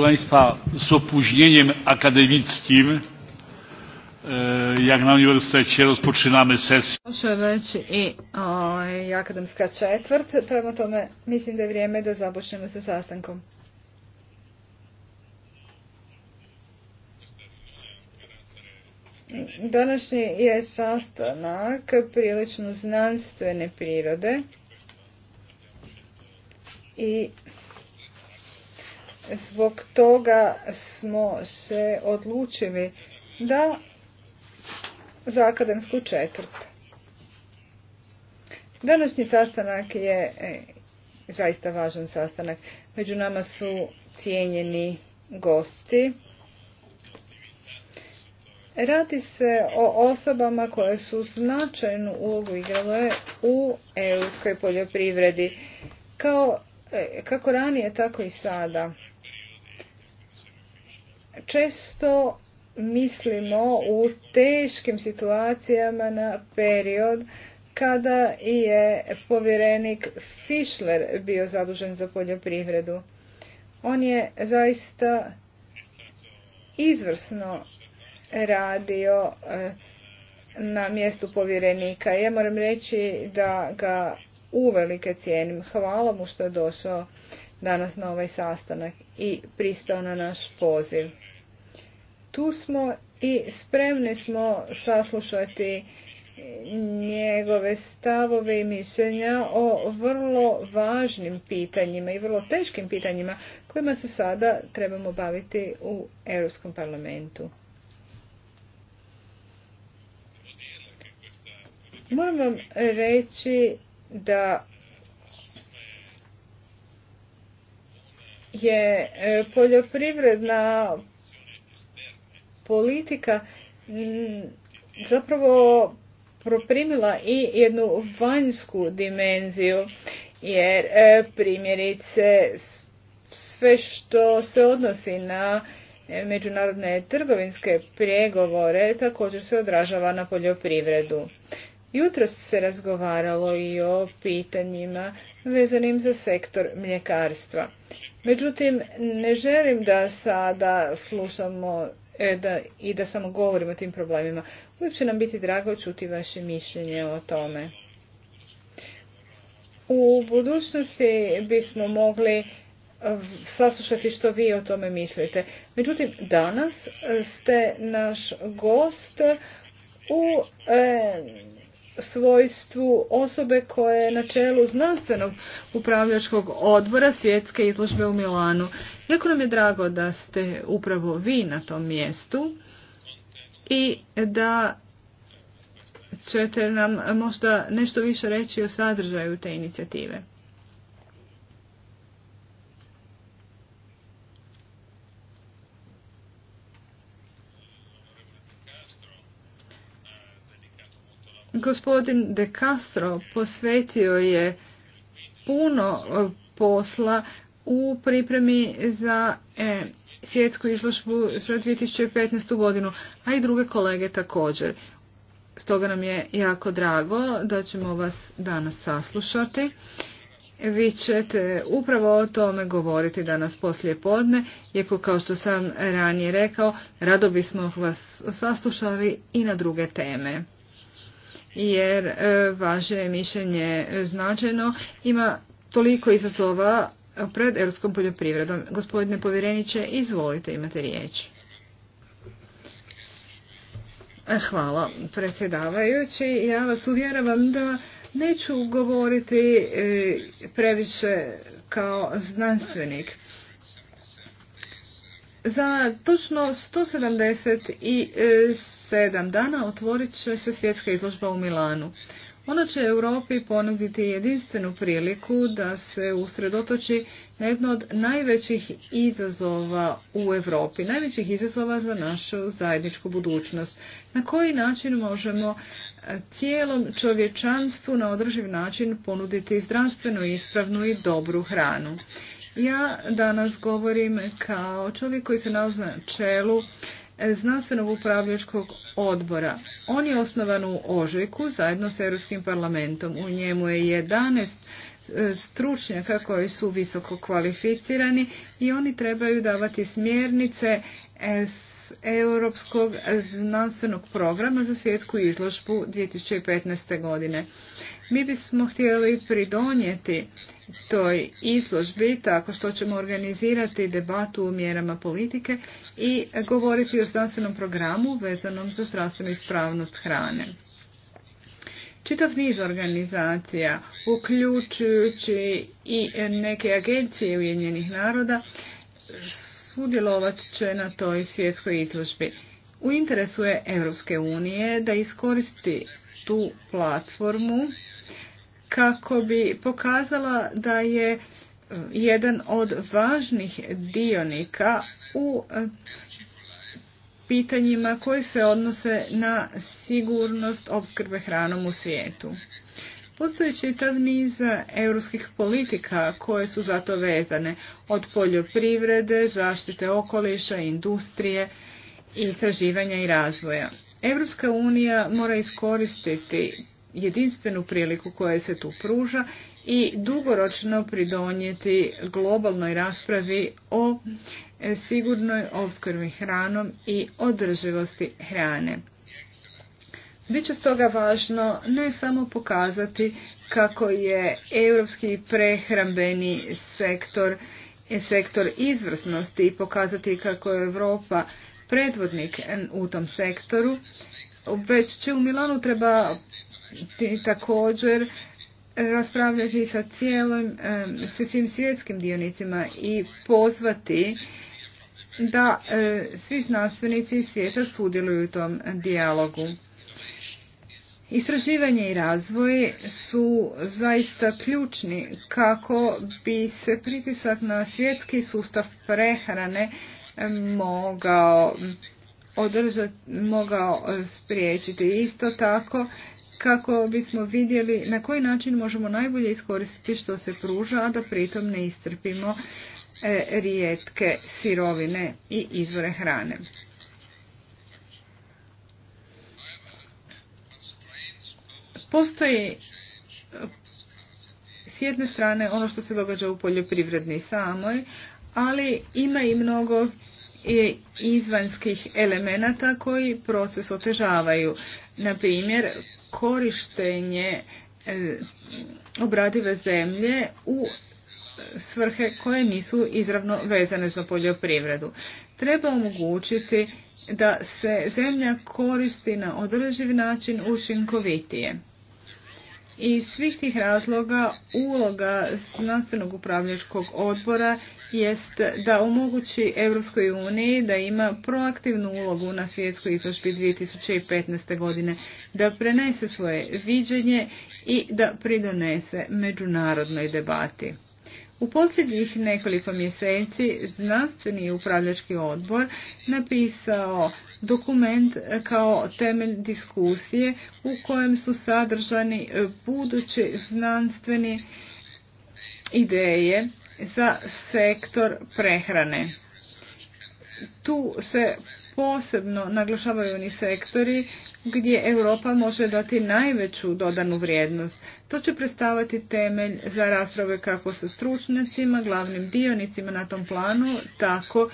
proszę państwa z opóźnieniem akademickim e, jak na uniwersytecie rozpoczynamy sesję. Proszę być i o, akademska četvrt, prema tome mislim da je vrijeme da započnemo sa sastankom. Današnji je sastanak prilično znanstvene prirode i Zbog toga smo se odlučili da za akademsku četvrt. Današnji sastanak je e, zaista važan sastanak. Među nama su cijenjeni gosti. Radi se o osobama koje su značajnu ulogu igrale u europskoj poljoprivredi, kao, e, kako ranije, tako i sada često mislimo u teškim situacijama na period kada je povjerenik Fischler bio zadužen za poljoprivredu. On je zaista izvrsno radio eh, na mjestu povjerenika. Ja moram reći da ga uvelike cijenim. Hvala mu što je došao danas na ovaj sastanak i pristao na naš poziv tu smo i spremni smo saslušati njegove stavove i mišljenja o vrlo važnim pitanjima i vrlo teškim pitanjima kojima se sada trebamo baviti u Europskom parlamentu. Moram vam reći da je poljoprivredna politika mm, zapravo proprimila i jednu vanjsku dimenziju jer e, primjerice sve što se odnosi na međunarodne trgovinske pregovore također se odražava na poljoprivredu. Jutros se razgovaralo i o pitanjima vezanim za sektor mljekarstva. Međutim, ne želim da sada slušamo E, da, i da samo govorimo o tim problemima. Uvijek će nam biti drago čuti vaše mišljenje o tome. U budućnosti bismo mogli e, saslušati što vi o tome mislite. Međutim, danas ste naš gost u e, svojstvu osobe koja je na čelu znanstvenog upravljačkog odbora svjetske izložbe u Milanu. Jako nam je drago da ste upravo vi na tom mjestu i da ćete nam možda nešto više reći o sadržaju te inicijative. Gospodin De Castro posvetio je puno e, posla u pripremi za e, svjetsku izložbu za 2015. godinu, a i druge kolege također. Stoga nam je jako drago da ćemo vas danas saslušati. Vi ćete upravo o tome govoriti danas poslije podne, iako kao što sam ranije rekao, rado bismo vas saslušali i na druge teme jer e, vaše mišljenje značajno. Ima toliko izazova pred europskom poljoprivredom. Gospodine povjereniče, izvolite, imate riječ. Hvala, predsjedavajući. Ja vas uvjeravam da neću govoriti e, previše kao znanstvenik. Za točno 177 dana otvorit će se svjetska izložba u Milanu. Ona će Europi ponuditi jedinstvenu priliku da se usredotoči na jedno od najvećih izazova u Europi, najvećih izazova za našu zajedničku budućnost. Na koji način možemo e, cijelom čovječanstvu na održiv način ponuditi zdravstvenu, ispravnu i dobru hranu. Ja danas govorim kao čovjek koji se nalazi na čelu e, znanstvenog upravljačkog odbora. On je osnovan u Ožujku zajedno s Europskim parlamentom. U njemu je 11 e, stručnjaka koji su visoko kvalificirani i oni trebaju davati smjernice e, s europskog znanstvenog programa za svjetsku izložbu 2015. godine. Mi bismo htjeli pridonijeti toj izložbi, tako što ćemo organizirati debatu o mjerama politike i govoriti o znanstvenom programu vezanom za zdravstvenu ispravnost hrane. Čitav niz organizacija, uključujući i neke agencije Ujedinjenih naroda, sudjelovat će na toj svjetskoj izložbi. U interesu je Europske unije da iskoristi tu platformu kako bi pokazala da je e, jedan od važnih dionika u e, pitanjima koji se odnose na sigurnost opskrbe hranom u svijetu. Postoji čitav niz europskih politika koje su za to vezane, od poljoprivrede, zaštite okoliša, industrije, istraživanja i razvoja. Europska unija mora iskoristiti jedinstvenu priliku koja se tu pruža i dugoročno pridonijeti globalnoj raspravi o e, sigurnoj opskrbi hranom i održivosti hrane. Biće stoga važno ne samo pokazati kako je europski prehrambeni sektor e, sektor izvrsnosti i pokazati kako je Europa predvodnik u tom sektoru, već će u Milanu treba također raspravljati sa cijelim, sa svim svjetskim dionicima i pozvati da e, svi znanstvenici svijeta sudjeluju u tom dijalogu. Istraživanje i razvoj su zaista ključni kako bi se pritisak na svjetski sustav prehrane mogao održati, mogao spriječiti. Isto tako kako bismo vidjeli na koji način možemo najbolje iskoristiti što se pruža, a da pritom ne istrpimo e, rijetke sirovine i izvore hrane. Postoji s jedne strane ono što se događa u poljoprivredni samoj, ali ima i mnogo izvanjskih elemenata koji proces otežavaju. Na primjer, korištenje e, obradive zemlje u svrhe koje nisu izravno vezane za poljoprivredu. Treba omogućiti da se zemlja koristi na održiv način učinkovitije. Iz svih tih razloga uloga znanstvenog upravljačkog odbora jest da omogući Europskoj uniji da ima proaktivnu ulogu na svjetskoj izložbi 2015. godine, da prenese svoje viđenje i da pridonese međunarodnoj debati. U posljednjih nekoliko mjeseci znanstveni upravljački odbor napisao dokument e, kao temelj diskusije u kojem su sadržani e, budući znanstveni ideje za sektor prehrane. Tu se posebno naglašavaju oni sektori gdje Europa može dati najveću dodanu vrijednost. To će predstavati temelj za rasprave kako sa stručnjacima, glavnim dionicima na tom planu, tako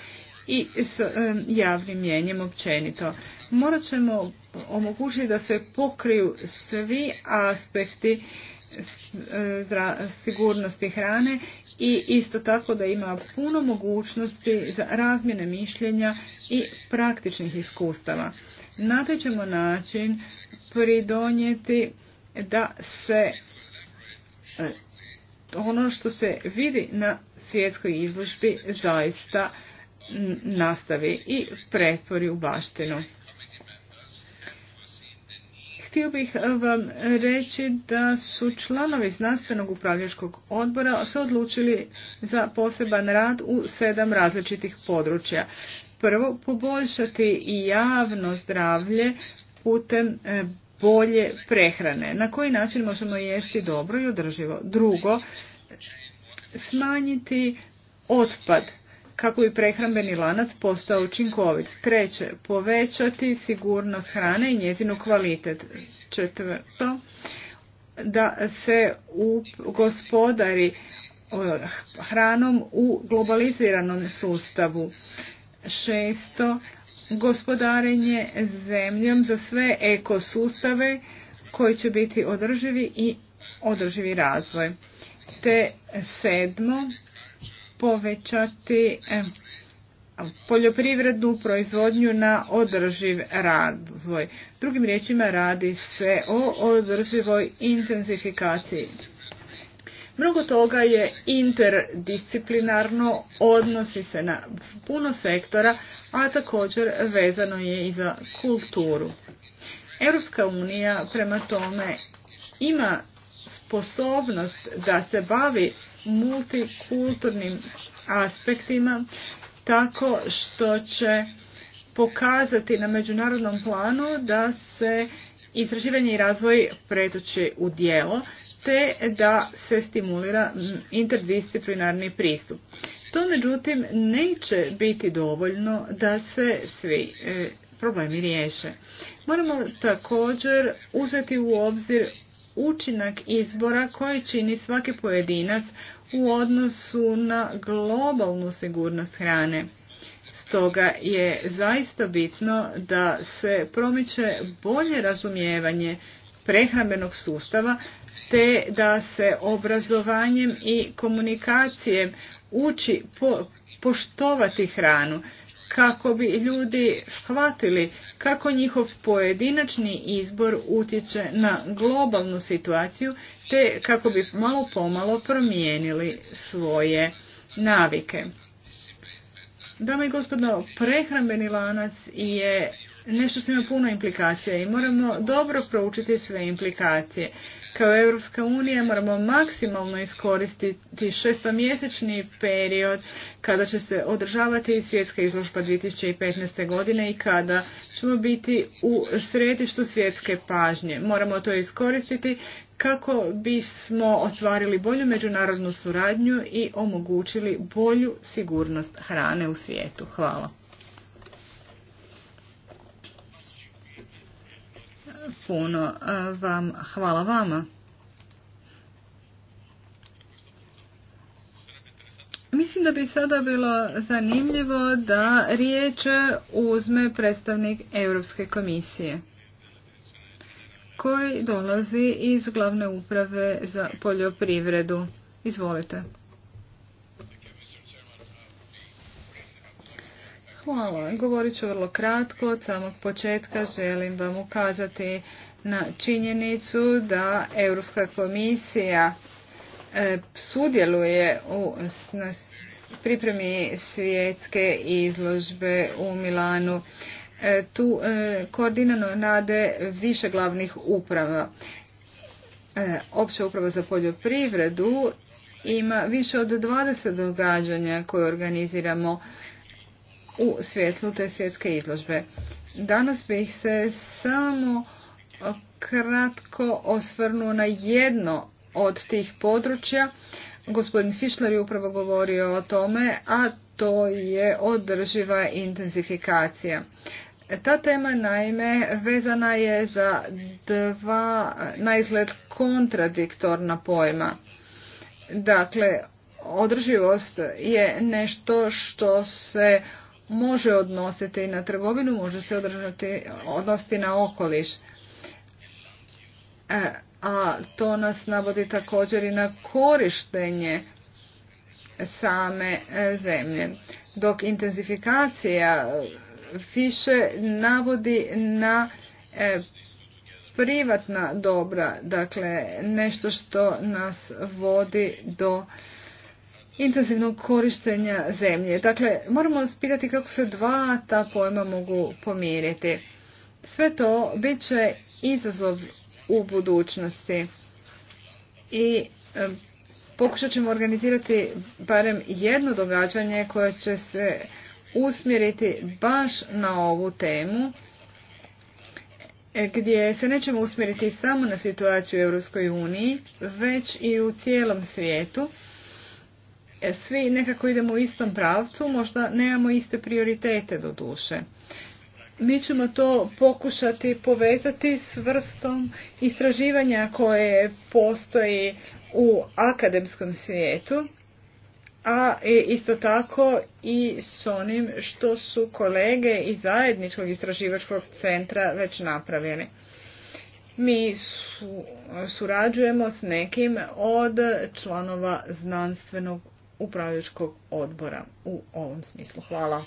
i s javnim mjenjem općenito. Morat ćemo omogućiti da se pokriju svi aspekti eh, sigurnosti hrane i isto tako da ima puno mogućnosti za razmjene mišljenja i praktičnih iskustava. Na taj ćemo način pridonijeti da se eh, ono što se vidi na svjetskoj izložbi zaista nastavi i pretvori u baštinu. Htio bih eh, vam reći da su članovi znanstvenog upravljačkog odbora se odlučili za poseban rad u sedam različitih područja. Prvo, poboljšati javno zdravlje putem eh, bolje prehrane. Na koji način možemo jesti dobro i održivo? Drugo, smanjiti otpad kako bi prehrambeni lanac postao učinkovit. Treće, povećati sigurnost hrane i njezinu kvalitet. Četvrto, da se u gospodari hranom u globaliziranom sustavu. Šesto, gospodarenje zemljom za sve ekosustave koji će biti održivi i održivi razvoj. Te sedmo, povećati poljoprivrednu proizvodnju na održiv razvoj. Drugim riječima radi se o održivoj intenzifikaciji. Mnogo toga je interdisciplinarno, odnosi se na puno sektora, a također vezano je i za kulturu. Europska unija prema tome ima sposobnost da se bavi multikulturnim aspektima tako što će pokazati na međunarodnom planu da se istraživanje i razvoj pretoči u dijelo te da se stimulira interdisciplinarni pristup. To međutim neće biti dovoljno da se svi e, problemi riješe. Moramo također uzeti u obzir učinak izbora koji čini svaki pojedinac u odnosu na globalnu sigurnost hrane. Stoga je zaista bitno da se promiče bolje razumijevanje prehrambenog sustava te da se obrazovanjem i komunikacijem uči poštovati hranu kako bi ljudi shvatili kako njihov pojedinačni izbor utječe na globalnu situaciju te kako bi malo pomalo promijenili svoje navike. Dame i gospodo, prehrambeni lanac je nešto što ima puno implikacija i moramo dobro proučiti sve implikacije kao Europska unija moramo maksimalno iskoristiti šestomjesečni period kada će se održavati svjetska izložba 2015. godine i kada ćemo biti u središtu svjetske pažnje. Moramo to iskoristiti kako bismo ostvarili bolju međunarodnu suradnju i omogućili bolju sigurnost hrane u svijetu. Hvala. puno vam hvala vama. Mislim da bi sada bilo zanimljivo da riječ uzme predstavnik Europske komisije koji dolazi iz glavne uprave za poljoprivredu. Izvolite. Hvala. Govorit ću vrlo kratko. Od samog početka želim vam ukazati na činjenicu da Europska komisija e, sudjeluje u pripremi svjetske izložbe u Milanu. E, tu e, koordinano rade više glavnih uprava. Opća uprava za poljoprivredu ima više od 20 događanja koje organiziramo u svjetlu te svjetske izložbe. Danas bih se samo kratko osvrnuo na jedno od tih područja. Gospodin Fišler je upravo govorio o tome, a to je održiva intenzifikacija. Ta tema naime vezana je za dva izgled kontradiktorna pojma. Dakle, održivost je nešto što se može odnositi i na trgovinu, može se održati, odnositi na okoliš. E, a to nas navodi također i na korištenje same e, zemlje. Dok intenzifikacija fiše navodi na e, privatna dobra, dakle nešto što nas vodi do intenzivnog korištenja zemlje. Dakle, moramo spitati kako se dva ta pojma mogu pomiriti. Sve to bit će izazov u budućnosti i e, pokušat ćemo organizirati barem jedno događanje koje će se usmjeriti baš na ovu temu e, gdje se nećemo usmjeriti samo na situaciju u Europskoj uniji, već i u cijelom svijetu svi nekako idemo u istom pravcu, možda nemamo iste prioritete do duše. Mi ćemo to pokušati povezati s vrstom istraživanja koje postoji u akademskom svijetu, a isto tako i s onim što su kolege iz zajedničkog istraživačkog centra već napravili. Mi surađujemo s nekim od članova znanstvenog upravljačkog odbora u ovom smislu. Hvala.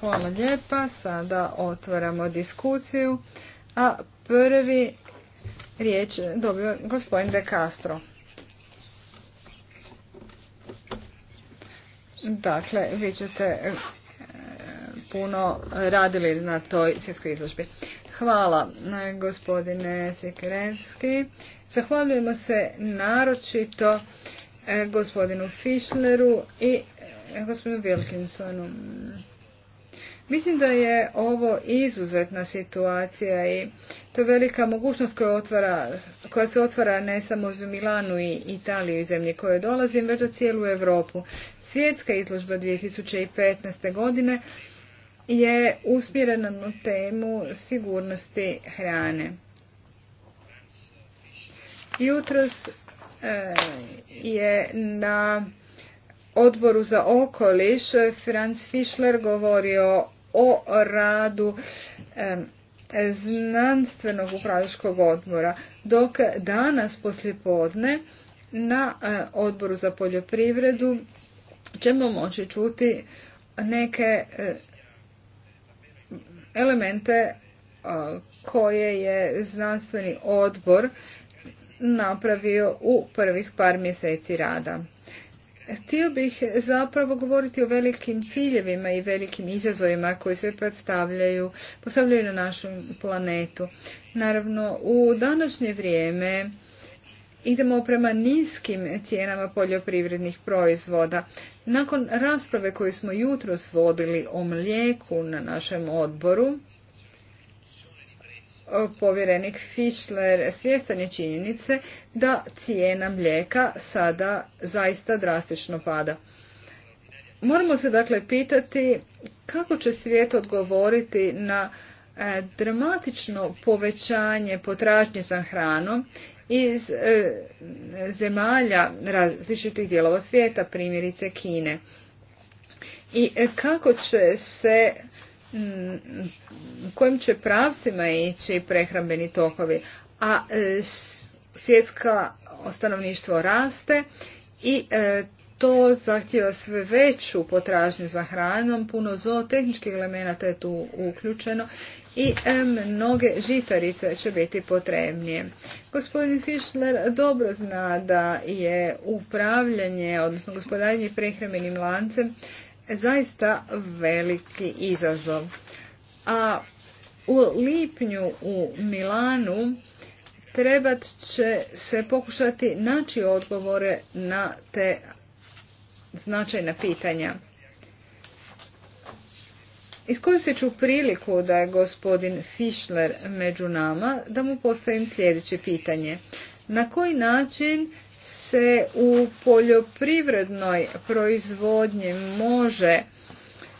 Hvala lijepa. Sada otvaramo diskuciju. A prvi riječ dobio gospodin De Castro. Dakle, vi ćete eh, puno radili na toj svjetskoj izložbi. Hvala e, gospodine Sikrenski. Zahvaljujemo se naročito e, gospodinu Fischleru i e, gospodinu Wilkinsonu. Mislim da je ovo izuzetna situacija i to je velika mogućnost koja, otvara, koja se otvara ne samo za Milanu i Italiju i zemlje koje dolazim, već za cijelu Europu. Svjetska izložba 2015. godine je usmjerena na temu sigurnosti hrane. Jutros eh, je na odboru za okoliš Franz Fischler govorio o radu eh, znanstvenog upravljačkog odbora, dok danas poslijepodne na eh, odboru za poljoprivredu ćemo moći čuti neke elemente koje je znanstveni odbor napravio u prvih par mjeseci rada. Htio bih zapravo govoriti o velikim ciljevima i velikim izazovima koji se predstavljaju, postavljaju na našem planetu. Naravno, u današnje vrijeme idemo prema niskim cijenama poljoprivrednih proizvoda. Nakon rasprave koju smo jutro svodili o mlijeku na našem odboru, povjerenik Fischler svjestan je činjenice da cijena mlijeka sada zaista drastično pada. Moramo se dakle pitati kako će svijet odgovoriti na e, dramatično povećanje potražnje za hranom iz e, zemalja različitih dijelova svijeta, primjerice Kine. I e, kako će se mm, kojim će pravcima ići prehrambeni tokovi, a e, svjetska stanovništvo raste i to zahtjeva sve veću potražnju za hranom, puno zootehničkih elemenata je tu uključeno i mnoge žitarice će biti potrebnije. Gospodin Fischler dobro zna da je upravljanje, odnosno gospodarenje prehrambenim lancem zaista veliki izazov. A u lipnju u Milanu trebat će se pokušati naći odgovore na te značajna pitanja. Iskoristit ću priliku da je gospodin Fischler među nama da mu postavim sljedeće pitanje. Na koji način se u poljoprivrednoj proizvodnji može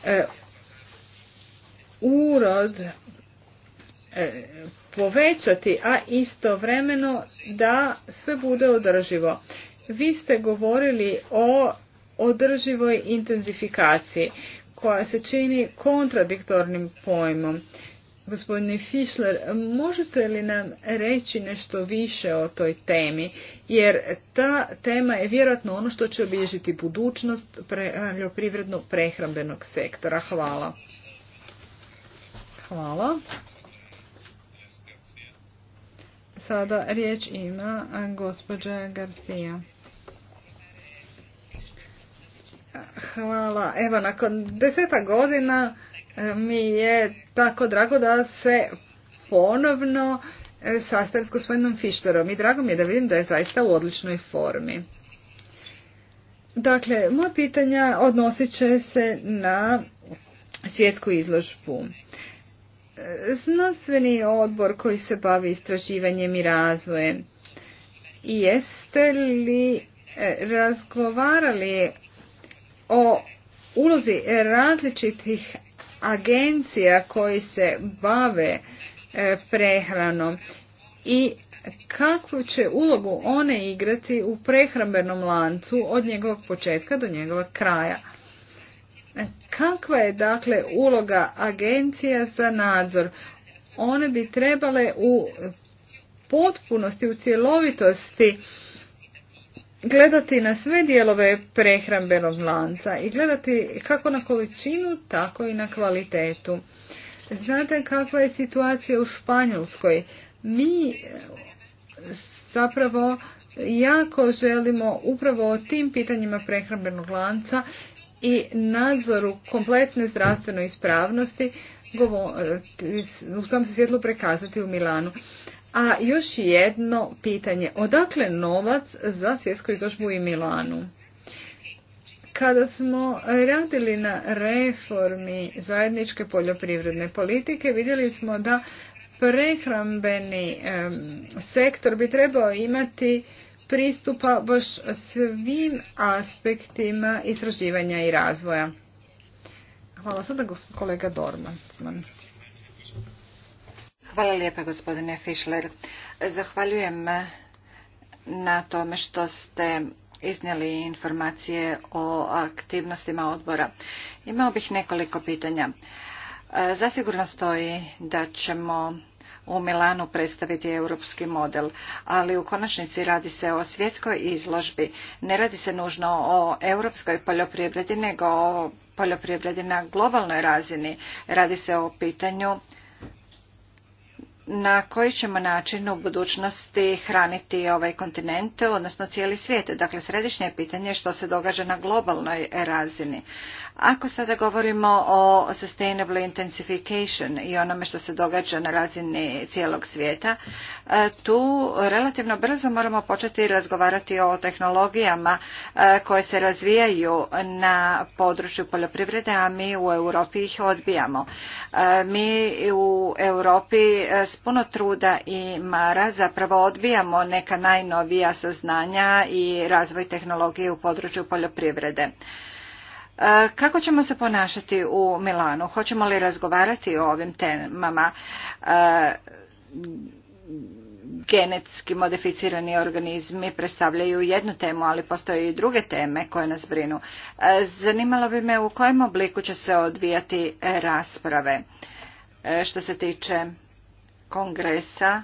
e, urod e, povećati, a istovremeno da sve bude održivo. Vi ste govorili o održivoj intenzifikaciji koja se čini kontradiktornim pojmom. Gospodine Fischler, možete li nam reći nešto više o toj temi? Jer ta tema je vjerojatno ono što će obježiti budućnost poljoprivredno prehrambenog sektora. Hvala. Hvala. Sada riječ ima gospođa Garcia. Hvala. Evo, nakon deseta godina e, mi je tako drago da se ponovno e, sastavim s gospodinom Fišterom i drago mi je da vidim da je zaista u odličnoj formi. Dakle, moja pitanja odnosit će se na svjetsku izložbu. E, znanstveni odbor koji se bavi istraživanjem i razvojem. Jeste li razgovarali o ulozi različitih agencija koji se bave e, prehranom i kakvu će ulogu one igrati u prehrambenom lancu od njegovog početka do njegovog kraja. Kakva je dakle uloga agencija za nadzor? One bi trebale u potpunosti, u cjelovitosti gledati na sve dijelove prehrambenog lanca i gledati kako na količinu, tako i na kvalitetu. Znate kakva je situacija u Španjolskoj? Mi e, zapravo jako želimo upravo o tim pitanjima prehrambenog lanca i nadzoru kompletne zdravstvene ispravnosti e, u tom se svjetlu prekazati u Milanu. A još jedno pitanje. Odakle novac za svjetsku izložbu i Milanu? Kada smo radili na reformi zajedničke poljoprivredne politike, vidjeli smo da prehrambeni sektor bi trebao imati pristupa baš svim aspektima istraživanja i razvoja. Hvala sada kolega Dormansman. Hvala lijepa gospodine Fischler. Zahvaljujem na tome što ste iznijeli informacije o aktivnostima odbora. Imao bih nekoliko pitanja. Zasigurno stoji da ćemo u Milanu predstaviti europski model, ali u konačnici radi se o svjetskoj izložbi. Ne radi se nužno o europskoj poljoprivredi, nego o poljoprivredi na globalnoj razini. Radi se o pitanju na koji ćemo način u budućnosti hraniti ovaj kontinent, odnosno cijeli svijet. Dakle, središnje je pitanje što se događa na globalnoj razini. Ako sada govorimo o sustainable intensification i onome što se događa na razini cijelog svijeta, e, tu relativno brzo moramo početi razgovarati o tehnologijama e, koje se razvijaju na području poljoprivrede, a mi u Europi ih odbijamo. E, mi u Europi puno truda i mara zapravo odbijamo neka najnovija saznanja i razvoj tehnologije u području poljoprivrede. E, kako ćemo se ponašati u Milanu? Hoćemo li razgovarati o ovim temama? E, genetski modificirani organizmi predstavljaju jednu temu, ali postoje i druge teme koje nas brinu. E, zanimalo bi me u kojem obliku će se odvijati rasprave što se tiče kongresa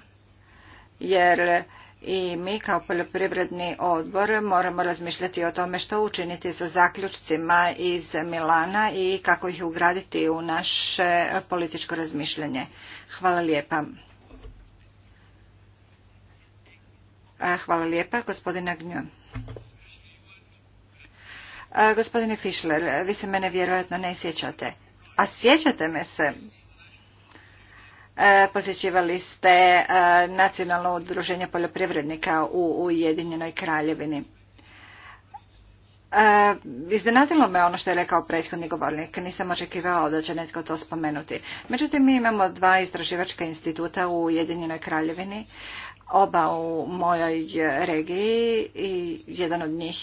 jer i mi kao poljoprivredni odbor moramo razmišljati o tome što učiniti sa zaključcima iz Milana i kako ih ugraditi u naše političko razmišljanje. Hvala lijepa. Hvala lijepa, gospodina Gnjom. Gospodine Fischler, vi se mene vjerojatno ne sjećate. A sjećate me se, E, posjećivali ste e, Nacionalno udruženje poljoprivrednika u Ujedinjenoj kraljevini. E, iznenadilo me ono što je rekao prethodni govornik. Nisam očekivao da će netko to spomenuti. Međutim, mi imamo dva istraživačka instituta u Ujedinjenoj kraljevini, oba u mojoj regiji i jedan od njih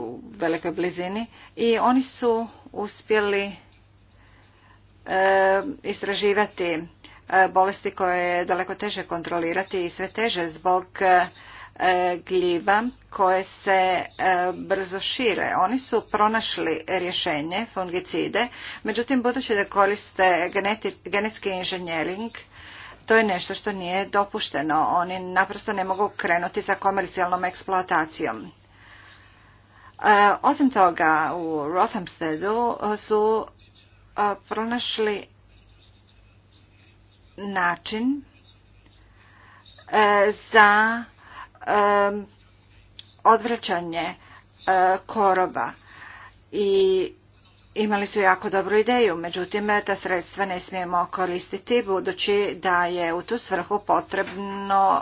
u velikoj blizini. I oni su uspjeli E, istraživati e, bolesti koje je daleko teže kontrolirati i sve teže zbog e, gljiva koje se brzo šire. Oni su pronašli rješenje, fungicide, međutim budući da koriste genetski inženjering, to je nešto što nije dopušteno. Oni naprosto ne mogu krenuti sa komercijalnom eksploatacijom. Osim toga, u Rothamstedu su pronašli način e, za e, odvraćanje e, koroba i imali su jako dobru ideju, međutim ta sredstva ne smijemo koristiti budući da je u tu svrhu potrebno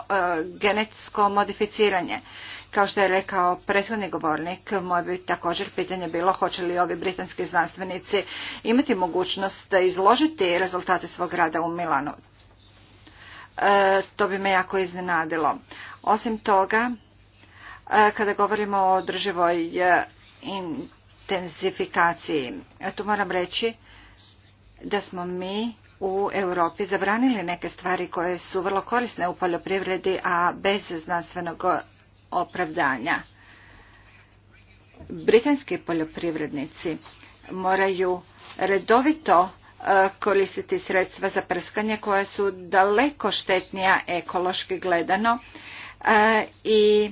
genetsko modificiranje. Kao što je rekao prethodni govornik, moje bi također pitanje bilo hoće li ovi britanski znanstvenici imati mogućnost da izložiti rezultate svog rada u Milanu. E, to bi me jako iznenadilo. Osim toga, e, kada govorimo o održivoj e, intenzifikaciji, e, tu moram reći da smo mi u Europi zabranili neke stvari koje su vrlo korisne u poljoprivredi, a bez znanstvenog opravdanja. Britanski poljoprivrednici moraju redovito e, koristiti sredstva za prskanje koja su daleko štetnija ekološki gledano e, i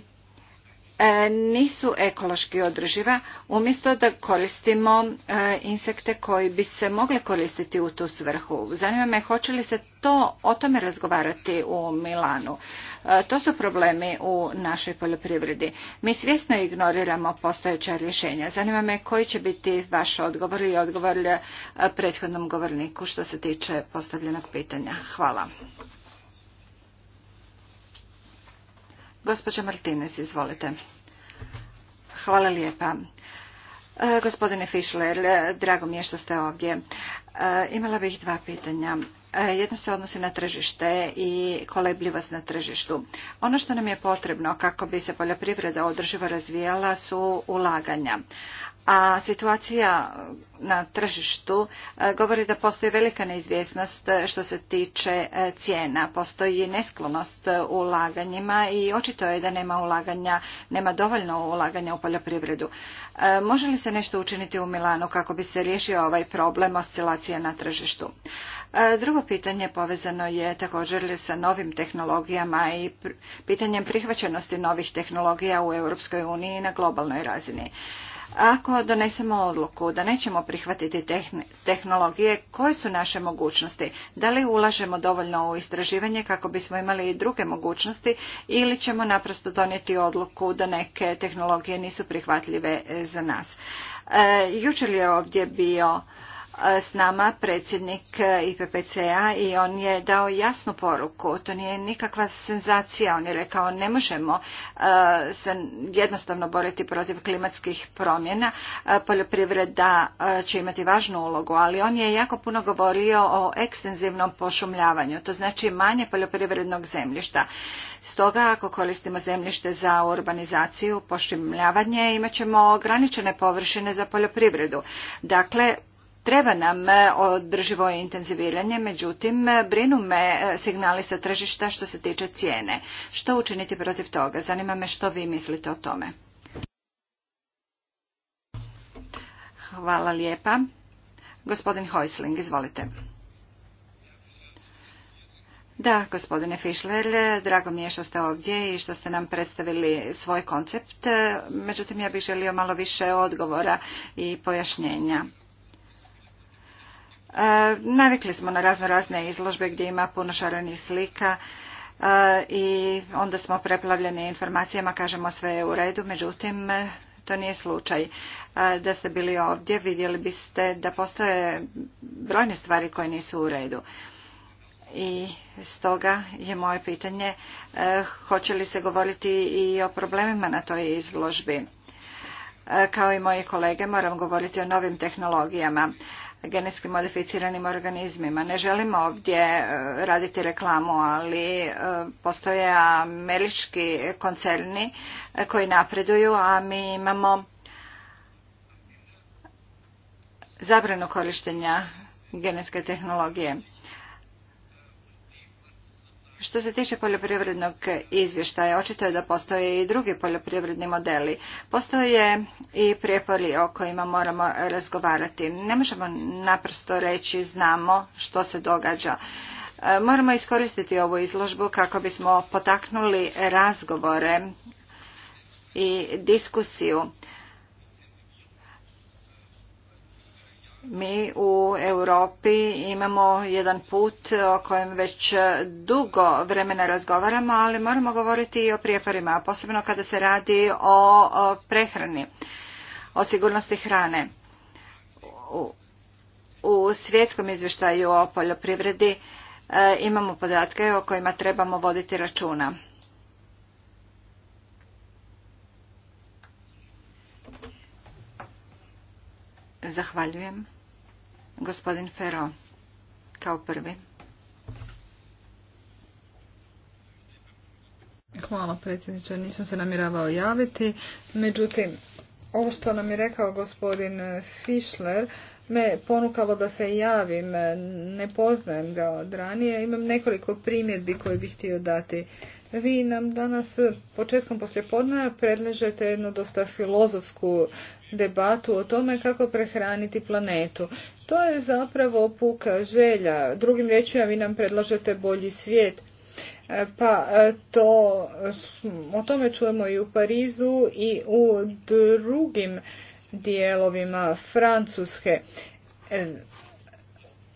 E, nisu ekološki održiva umjesto da koristimo e, insekte koji bi se mogli koristiti u tu svrhu. Zanima me hoće li se to o tome razgovarati u Milanu. E, to su problemi u našoj poljoprivredi. Mi svjesno ignoriramo postojeća rješenja. Zanima me koji će biti vaš odgovor i odgovor prethodnom govorniku što se tiče postavljenog pitanja. Hvala. Gospođa Martinez, izvolite. Hvala lijepa. E, gospodine Fischler, drago mi je što ste ovdje. E, imala bih dva pitanja. E, jedno se odnosi na tržište i kolebljivost na tržištu. Ono što nam je potrebno kako bi se poljoprivreda održivo razvijala su ulaganja a situacija na tržištu e, govori da postoji velika neizvjesnost e, što se tiče e, cijena. Postoji nesklonost u ulaganjima i očito je da nema ulaganja, nema dovoljno ulaganja u poljoprivredu. Može li se nešto učiniti u Milanu kako bi se riješio ovaj problem oscilacije na tržištu? Drugo pitanje povezano je također sa novim tehnologijama i pitanjem prihvaćenosti novih tehnologija u Europskoj uniji na globalnoj razini. Ako donesemo odluku da nećemo prihvatiti tehnologije, koje su naše mogućnosti? Da li ulažemo dovoljno u istraživanje kako bismo imali i druge mogućnosti ili ćemo naprosto donijeti odluku da neke tehnologije nisu prihvatljive e, za nas? E, jučer je ovdje bio s nama predsjednik IPPC-a i on je dao jasnu poruku. To nije nikakva senzacija. On je rekao ne možemo e, se jednostavno boriti protiv klimatskih promjena. E, poljoprivreda e, će imati važnu ulogu, ali on je jako puno govorio o ekstenzivnom pošumljavanju. To znači manje poljoprivrednog zemljišta. Stoga ako koristimo zemljište za urbanizaciju, pošumljavanje, imat ćemo ograničene površine za poljoprivredu. Dakle, Treba nam e, održivo intenziviranje, međutim, e, brinu me e, signali sa tržišta što se tiče cijene. Što učiniti protiv toga? Zanima me što vi mislite o tome. Hvala lijepa. Gospodin Hojsling, izvolite. Da, gospodine Fischler, drago mi je što ste ovdje i što ste nam predstavili svoj koncept. Međutim, ja bih želio malo više odgovora i pojašnjenja. E, navikli smo na razno razne izložbe gdje ima puno šarenih slika e, i onda smo preplavljeni informacijama, kažemo sve je u redu, međutim e, to nije slučaj. Da ste bili ovdje vidjeli biste da postoje brojne stvari koje nisu u redu. I stoga je moje pitanje hoće li se govoriti i o problemima na toj izložbi. Kao i moji kolege moram govoriti o novim tehnologijama genetski modificiranim organizmima. Ne želimo ovdje e, raditi reklamu, ali e, postoje američki koncerni e, koji napreduju, a mi imamo zabranu korištenja genetske tehnologije. Što se tiče poljoprivrednog izvještaja, očito je da postoje i drugi poljoprivredni modeli. Postoje i prijepori o kojima moramo razgovarati. Ne možemo naprosto reći znamo što se događa. E, moramo iskoristiti ovu izložbu kako bismo potaknuli razgovore i diskusiju Mi u Europi imamo jedan put o kojem već dugo vremena razgovaramo, ali moramo govoriti i o prijeporima, posebno kada se radi o prehrani, o sigurnosti hrane. U svjetskom izvještaju o poljoprivredi e, imamo podatke o kojima trebamo voditi računa. Zahvaljujem. Gospodin Fero, kao prvi. Hvala predsjedniče, nisam se namiravao javiti. Međutim, ovo što nam je rekao gospodin Fischler me ponukalo da se javim. Ne poznajem ga od ranije. Imam nekoliko primjedbi koje bih htio dati vi nam danas početkom poslijepodneva predlažete jednu dosta filozofsku debatu o tome kako prehraniti planetu. To je zapravo puka želja. Drugim riječima vi nam predlažete bolji svijet. E, pa e, to, o tome čujemo i u Parizu i u drugim dijelovima Francuske. E,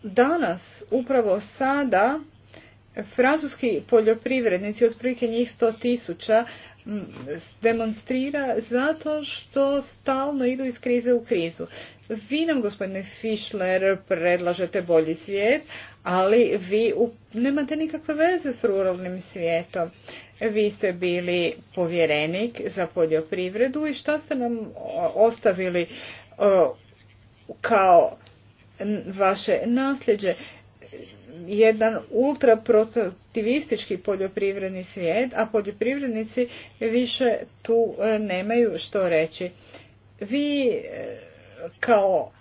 danas, upravo sada, Francuski poljoprivrednici, otprilike njih 100 tisuća, demonstrira zato što stalno idu iz krize u krizu. Vi nam, gospodine Fischler, predlažete bolji svijet, ali vi nemate nikakve veze s ruralnim svijetom. Vi ste bili povjerenik za poljoprivredu i šta ste nam ostavili kao vaše nasljeđe? jedan ultraprotektivistički poljoprivredni svijet, a poljoprivrednici više tu e, nemaju što reći. Vi e, kao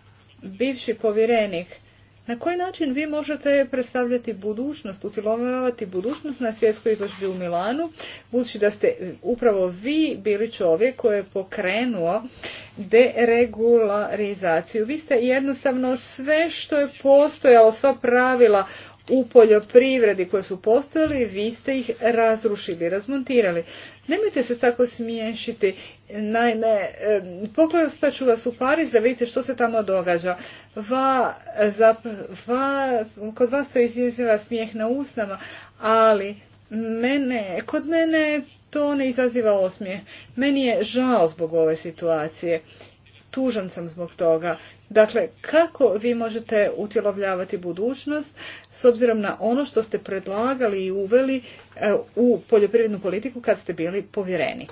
bivši povjerenik na koji način vi možete predstavljati budućnost, utjelovati budućnost na svjetskoj izložbi u Milanu, budući da ste upravo vi bili čovjek koji je pokrenuo deregularizaciju. Vi ste jednostavno sve što je postojalo, sva pravila u poljoprivredi koje su postojali, vi ste ih razrušili, razmontirali. Nemojte se tako smiješiti. Naime, pogledat ću vas u Pariz da vidite što se tamo događa. Va, va, kod vas to izaziva smijeh na usnama, ali mene, kod mene to ne izaziva osmijeh. Meni je žao zbog ove situacije tužan sam zbog toga. Dakle, kako vi možete utjelovljavati budućnost s obzirom na ono što ste predlagali i uveli e, u poljoprivrednu politiku kad ste bili povjerenik?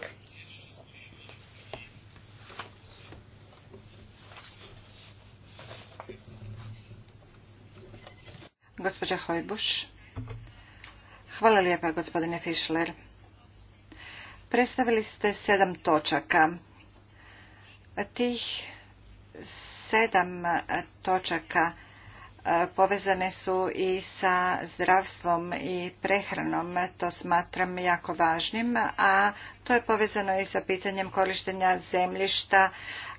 Gospođa Hojbuš. Hvala lijepa, gospodine Fischler. Predstavili ste sedam točaka Tih sedam e, točaka e, povezane su i sa zdravstvom i prehranom. To smatram jako važnim, a to je povezano i sa pitanjem korištenja zemljišta,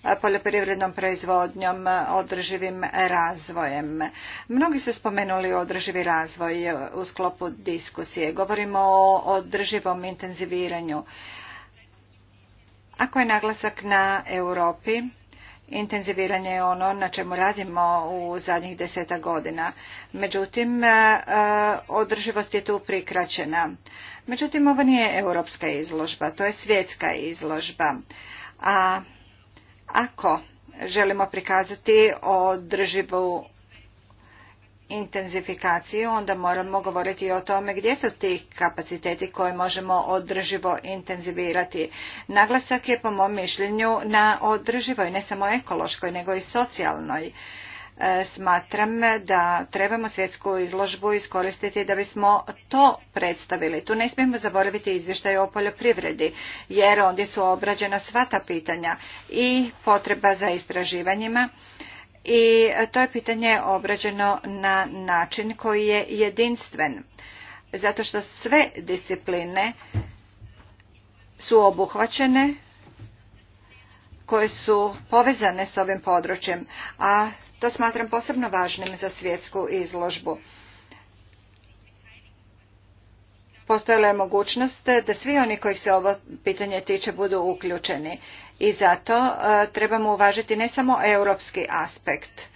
e, poljoprivrednom proizvodnjom, održivim razvojem. Mnogi su spomenuli održivi razvoj u sklopu diskusije. Govorimo o održivom intenziviranju ako je naglasak na Europi, intenziviranje je ono na čemu radimo u zadnjih deseta godina. Međutim, e, održivost je tu prikraćena. Međutim, ovo nije europska izložba, to je svjetska izložba. A ako želimo prikazati održivu intenzifikaciju, onda moramo govoriti o tome gdje su ti kapaciteti koje možemo održivo intenzivirati. Naglasak je po mom mišljenju na održivoj, ne samo ekološkoj, nego i socijalnoj. E, smatram da trebamo svjetsku izložbu iskoristiti da bismo to predstavili. Tu ne smijemo zaboraviti izvještaj o poljoprivredi, jer ondje su obrađena sva ta pitanja i potreba za istraživanjima i e, to je pitanje obrađeno na način koji je jedinstven zato što sve discipline su obuhvaćene koje su povezane s ovim područjem, a to smatram posebno važnim za svjetsku izložbu. Postojala je mogućnost da svi oni kojih se ovo pitanje tiče budu uključeni i zato e, trebamo uvažiti ne samo europski aspekt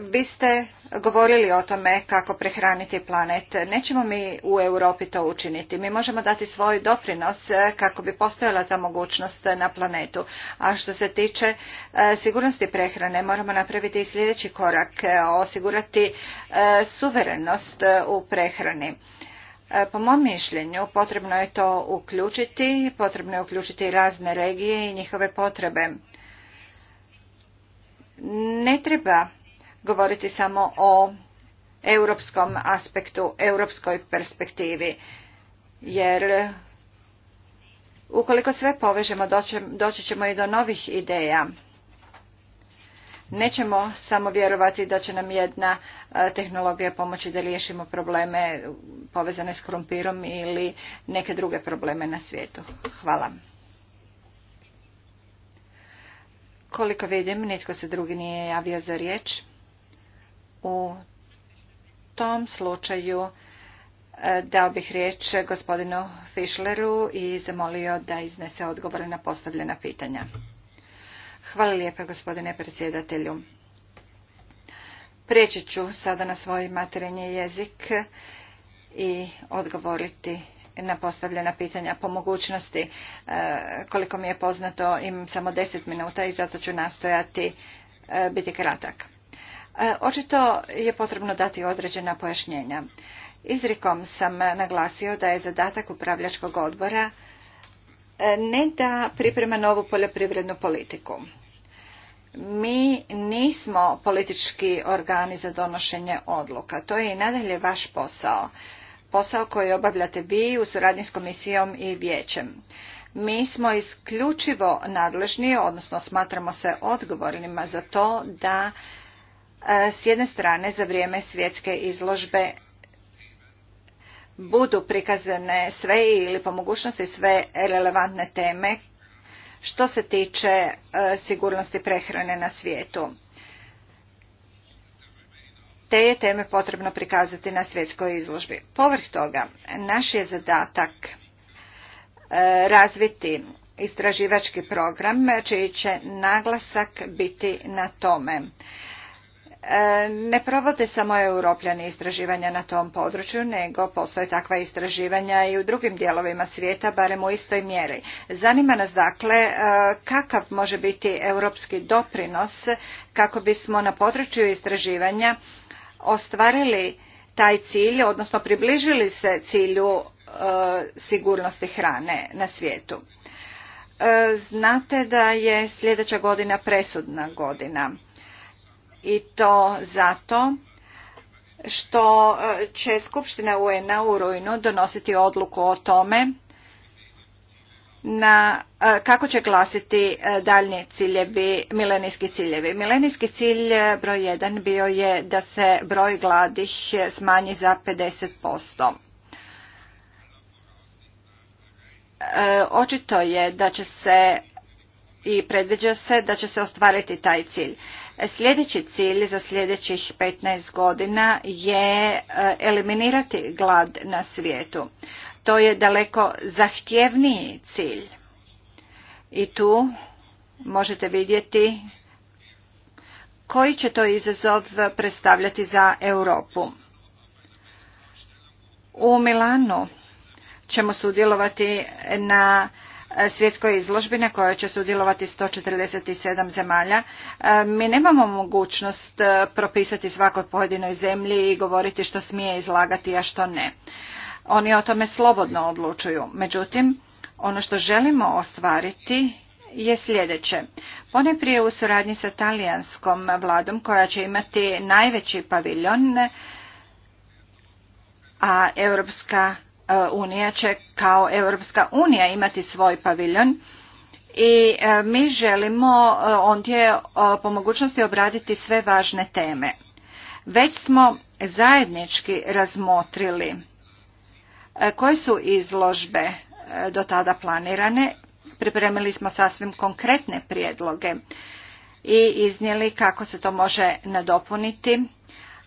Vi ste govorili o tome kako prehraniti planet. Nećemo mi u Europi to učiniti. Mi možemo dati svoj doprinos kako bi postojala ta mogućnost na planetu. A što se tiče e, sigurnosti prehrane, moramo napraviti i sljedeći korak, e, osigurati e, suverenost u prehrani. Po mom mišljenju potrebno je to uključiti, potrebno je uključiti razne regije i njihove potrebe. Ne treba govoriti samo o europskom aspektu, europskoj perspektivi. Jer ukoliko sve povežemo doći ćemo i do novih ideja. Nećemo samo vjerovati da će nam jedna e, tehnologija pomoći da riješimo probleme povezane s krumpirom ili neke druge probleme na svijetu. Hvala. Koliko vidim, nitko se drugi nije javio za riječ. U tom slučaju e, dao bih riječ gospodinu Fischleru i zamolio da iznese odgovore na postavljena pitanja. Hvala lijepa gospodine predsjedatelju. Prijeći ću sada na svoj materinji jezik i odgovoriti na postavljena pitanja po mogućnosti. E, koliko mi je poznato imam samo deset minuta i zato ću nastojati e, biti kratak. E, očito je potrebno dati određena pojašnjenja. Izrikom sam naglasio da je zadatak upravljačkog odbora e, ne da priprema novu poljoprivrednu politiku. Mi nismo politički organi za donošenje odluka. To je i nadalje vaš posao. Posao koji obavljate vi u suradnji s komisijom i vijećem. Mi smo isključivo nadležni, odnosno smatramo se odgovornima za to da E, s jedne strane za vrijeme svjetske izložbe budu prikazane sve ili po mogućnosti sve relevantne teme što se tiče e, sigurnosti prehrane na svijetu. Te je teme potrebno prikazati na svjetskoj izložbi. Povrh toga, naš je zadatak e, razviti istraživački program čiji će naglasak biti na tome. E, ne provode samo europljani istraživanja na tom području, nego postoje takva istraživanja i u drugim dijelovima svijeta, barem u istoj mjeri. Zanima nas dakle e, kakav može biti europski doprinos kako bismo na području istraživanja ostvarili taj cilj, odnosno približili se cilju e, sigurnosti hrane na svijetu. Znate da je sljedeća godina presudna godina i to zato što e, će Skupština UN-a u rujnu donositi odluku o tome na e, kako će glasiti e, daljnji ciljevi, milenijski ciljevi. Milenijski cilj broj 1 bio je da se broj gladih smanji za 50%. Očito je da će se i predviđa se da će se ostvariti taj cilj. Sljedeći cilj za sljedećih 15 godina je e, eliminirati glad na svijetu. To je daleko zahtjevniji cilj. I tu možete vidjeti koji će to izazov predstavljati za Europu. U Milanu ćemo sudjelovati na E, svjetskoj izložbi na kojoj će sudjelovati 147 zemalja. E, mi nemamo mogućnost e, propisati svakoj pojedinoj zemlji i govoriti što smije izlagati, a što ne. Oni o tome slobodno odlučuju. Međutim, ono što želimo ostvariti je sljedeće. Pone u suradnji sa talijanskom vladom koja će imati najveći paviljon, a Europska Eh, unija će kao Europska unija imati svoj paviljon i eh, mi želimo eh, ondje po mogućnosti obraditi sve važne teme. Već smo zajednički razmotrili koje su izložbe do tada planirane. Pripremili smo sasvim konkretne prijedloge i iznijeli kako se to može nadopuniti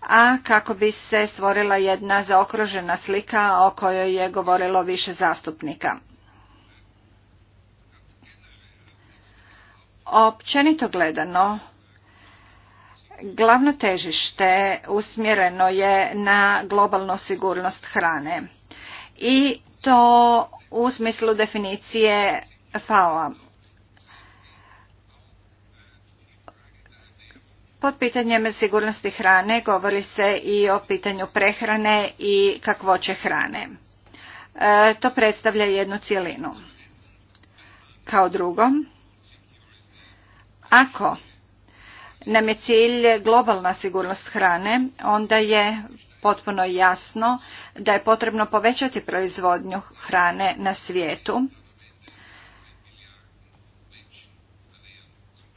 a kako bi se stvorila jedna zaokružena slika o kojoj je govorilo više zastupnika. Općenito gledano, glavno težište usmjereno je na globalnu sigurnost hrane i to u smislu definicije FAO-a Pod pitanjem sigurnosti hrane govori se i o pitanju prehrane i kakvoće hrane. E, to predstavlja jednu cjelinu. Kao drugo, ako nam je cilj globalna sigurnost hrane, onda je potpuno jasno da je potrebno povećati proizvodnju hrane na svijetu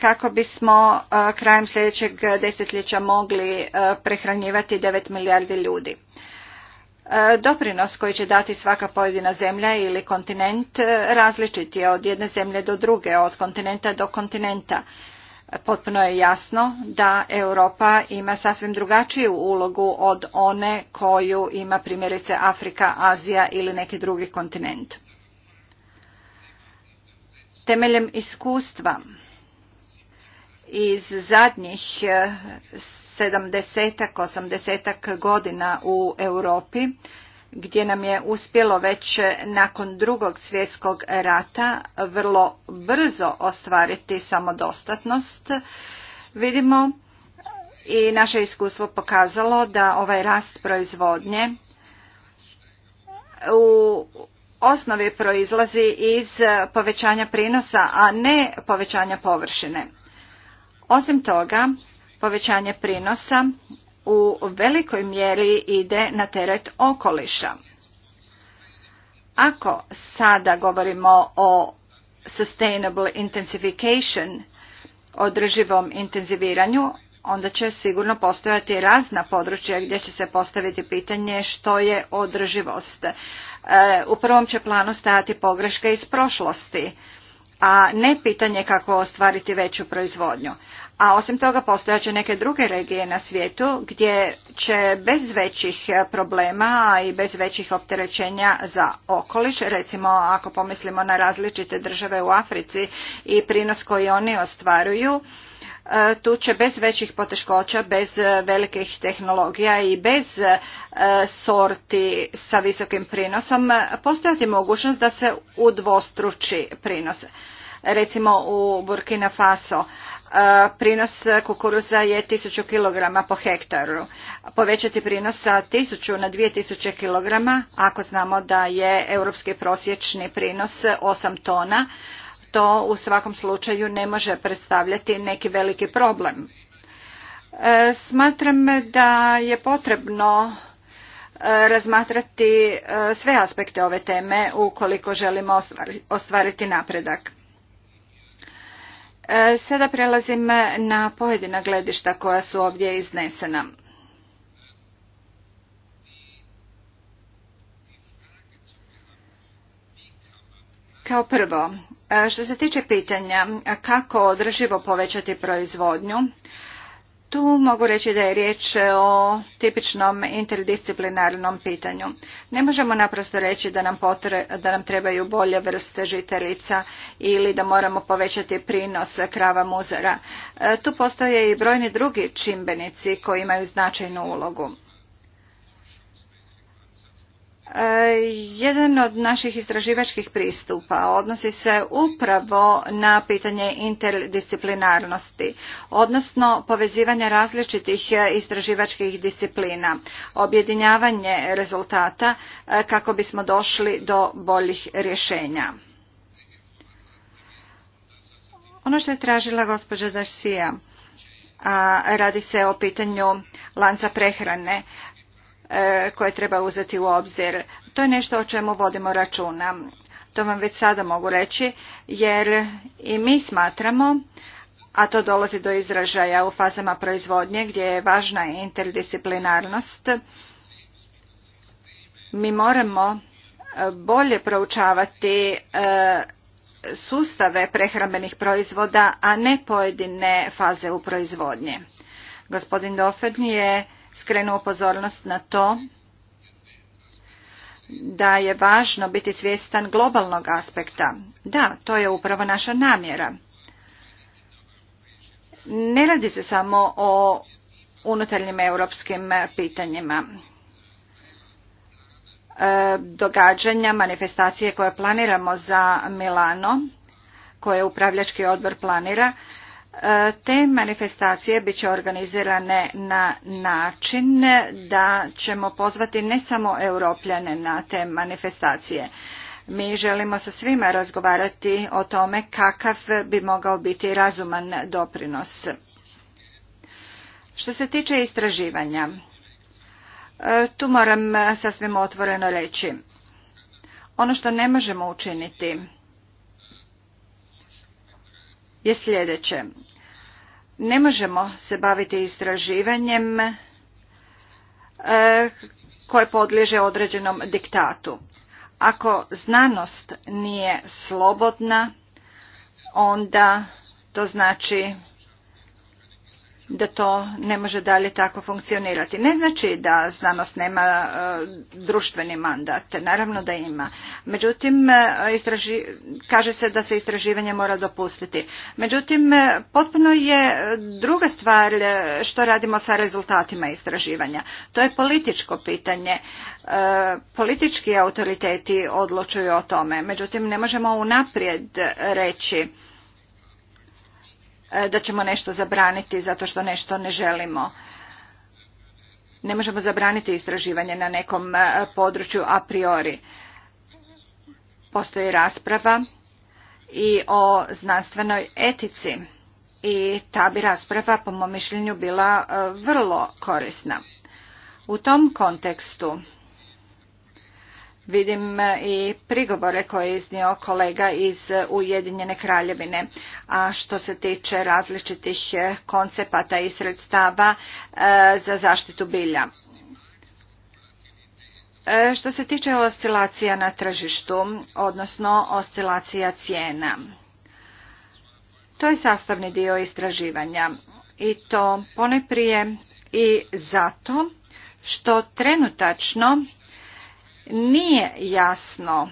kako bismo e, krajem sljedećeg desetljeća mogli e, prehranjivati 9 milijardi ljudi. E, doprinos koji će dati svaka pojedina zemlja ili kontinent različit je od jedne zemlje do druge, od kontinenta do kontinenta. Potpuno je jasno da Europa ima sasvim drugačiju ulogu od one koju ima primjerice Afrika, Azija ili neki drugi kontinent. Temeljem iskustva iz zadnjih eh, sedamdesetak, osamdesetak godina u Europi gdje nam je uspjelo već eh, nakon drugog svjetskog rata vrlo brzo ostvariti samodostatnost. Vidimo i naše iskustvo pokazalo da ovaj rast proizvodnje eh, u osnovi proizlazi iz povećanja prinosa, a ne povećanja površine. Osim toga, povećanje prinosa u velikoj mjeri ide na teret okoliša. Ako sada govorimo o sustainable intensification, održivom intenziviranju, onda će sigurno postojati razna područja gdje će se postaviti pitanje što je održivost. E, u prvom će planu stajati pogreške iz prošlosti, a ne pitanje kako ostvariti veću proizvodnju. A osim toga postojaće neke druge regije na svijetu gdje će bez većih problema i bez većih opterećenja za okoliš, recimo ako pomislimo na različite države u Africi i prinos koji oni ostvaruju, e, tu će bez većih poteškoća, bez velikih tehnologija i bez e, sorti sa visokim prinosom e, postojati mogućnost da se udvostruči prinos. Recimo u Burkina Faso E, prinos kukuruza je 1000 kg po hektaru. Povećati prinos sa 1000 na 2000 kg, ako znamo da je europski prosječni prinos 8 tona, to u svakom slučaju ne može predstavljati neki veliki problem. E, smatram da je potrebno e, razmatrati sve aspekte ove teme ukoliko želimo ostvariti napredak. E, sada prelazim na pojedina gledišta koja su ovdje iznesena. Kao prvo, e, što se tiče pitanja kako održivo povećati proizvodnju, tu mogu reći da je riječ o tipičnom interdisciplinarnom pitanju. Ne možemo naprosto reći da nam, da nam trebaju bolje vrste žiteljica ili da moramo povećati prinos krava muzara. E, tu postoje i brojni drugi čimbenici koji imaju značajnu ulogu. Jedan od naših istraživačkih pristupa odnosi se upravo na pitanje interdisciplinarnosti, odnosno povezivanja različitih istraživačkih disciplina, objedinjavanje rezultata e, kako bismo došli do boljih rješenja. Ono što je tražila gospođa Darsija, a radi se o pitanju lanca prehrane. E, koje treba uzeti u obzir. To je nešto o čemu vodimo računa. To vam već sada mogu reći jer i mi smatramo a to dolazi do izražaja u fazama proizvodnje gdje je važna interdisciplinarnost. Mi moramo e, bolje proučavati e, sustave prehrambenih proizvoda, a ne pojedine faze u proizvodnje. Gospodin Dofen je skrenuo pozornost na to da je važno biti svjestan globalnog aspekta. Da, to je upravo naša namjera. Ne radi se samo o unutarnjim europskim pitanjima. E, događanja, manifestacije koje planiramo za Milano, koje upravljački odbor planira, te manifestacije bit će organizirane na način da ćemo pozvati ne samo europljane na te manifestacije. Mi želimo sa svima razgovarati o tome kakav bi mogao biti razuman doprinos. Što se tiče istraživanja, tu moram sasvim otvoreno reći. Ono što ne možemo učiniti je sljedeće. Ne možemo se baviti istraživanjem e, koje podliježe određenom diktatu. Ako znanost nije slobodna, onda to znači da to ne može dalje tako funkcionirati. Ne znači da znanost nema e, društveni mandat, naravno da ima. Međutim, e, istraži, kaže se da se istraživanje mora dopustiti. Međutim, e, potpuno je druga stvar što radimo sa rezultatima istraživanja. To je političko pitanje. Politički autoriteti odlučuju o tome. Međutim, ne možemo unaprijed reći E, da ćemo nešto zabraniti zato što nešto ne želimo. Ne možemo zabraniti istraživanje na nekom e, području a priori. Postoji rasprava i o znanstvenoj etici i ta bi rasprava po mom mišljenju bila e, vrlo korisna. U tom kontekstu Vidim e, i prigovore koje je iznio kolega iz Ujedinjene kraljevine. A što se tiče različitih e, koncepata i sredstava e, za zaštitu bilja. Što se tiče oscilacija na tržištu, odnosno oscilacija cijena, to je sastavni dio istraživanja i to poneprije i zato što trenutačno nije jasno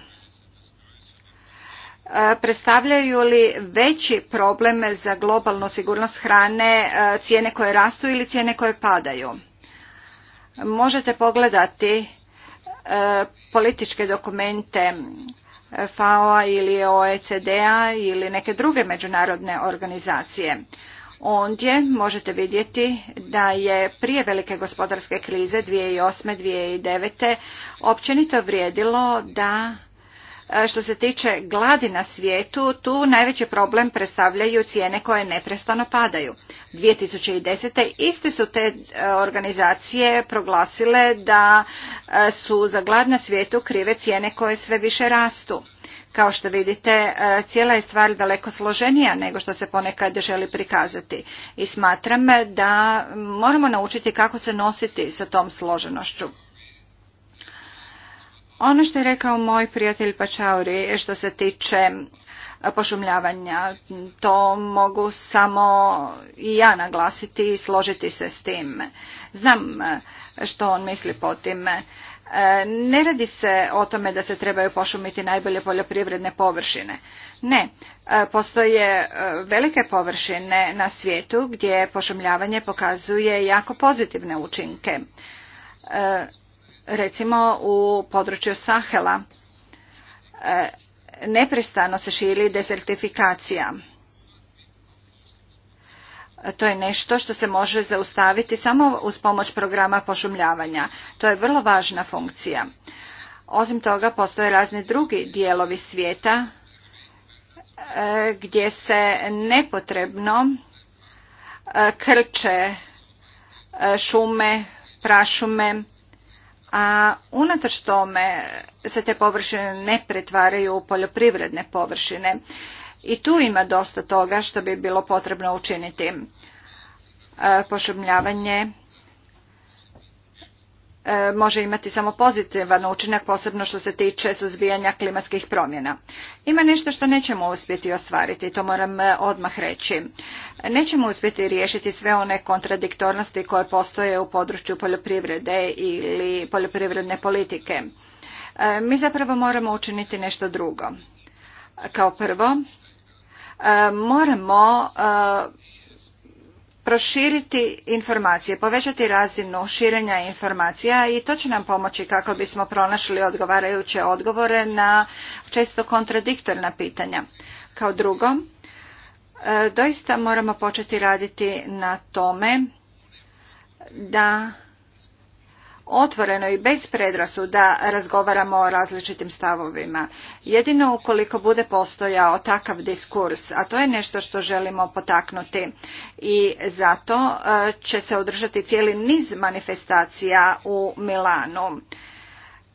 e, predstavljaju li veći problem za globalnu sigurnost hrane e, cijene koje rastu ili cijene koje padaju. Možete pogledati e, političke dokumente FAO-a ili OECD-a ili neke druge međunarodne organizacije. Ondje možete vidjeti da je prije velike gospodarske krize 2008. 2009. općenito vrijedilo da e, što se tiče gladi na svijetu, tu najveći problem predstavljaju cijene koje neprestano padaju. 2010. iste su te e, organizacije proglasile da e, su za glad na svijetu krive cijene koje sve više rastu. Kao što vidite, e, cijela je stvar daleko složenija nego što se ponekad želi prikazati. I smatram da moramo naučiti kako se nositi sa tom složenošću. Ono što je rekao moj prijatelj Pačauri što se tiče e, pošumljavanja, to mogu samo i ja naglasiti i složiti se s tim. Znam e, što on misli po time. E, ne radi se o tome da se trebaju pošumiti najbolje poljoprivredne površine. Ne, e, postoje e, velike površine na svijetu gdje pošumljavanje pokazuje jako pozitivne učinke. Recimo u području Sahela neprestano se širi desertifikacija. To je nešto što se može zaustaviti samo uz pomoć programa pošumljavanja. To je vrlo važna funkcija. Osim toga, postoje razni drugi dijelovi svijeta e, gdje se nepotrebno e, krče e, šume, prašume, a unatoč tome se te površine ne pretvaraju u poljoprivredne površine i tu ima dosta toga što bi bilo potrebno učiniti. E, pošumljavanje e, može imati samo pozitivan učinak, posebno što se tiče suzbijanja klimatskih promjena. Ima nešto što nećemo uspjeti ostvariti, to moram e, odmah reći. Nećemo uspjeti riješiti sve one kontradiktornosti koje postoje u području poljoprivrede ili poljoprivredne politike. Mi zapravo moramo učiniti nešto drugo. Kao prvo, E, moramo e, proširiti informacije, povećati razinu širenja informacija i to će nam pomoći kako bismo pronašli odgovarajuće odgovore na često kontradiktorna pitanja. Kao drugo, e, doista moramo početi raditi na tome da otvoreno i bez predrasuda razgovaramo o različitim stavovima. Jedino ukoliko bude postojao takav diskurs, a to je nešto što želimo potaknuti i zato e, će se održati cijeli niz manifestacija u Milanu.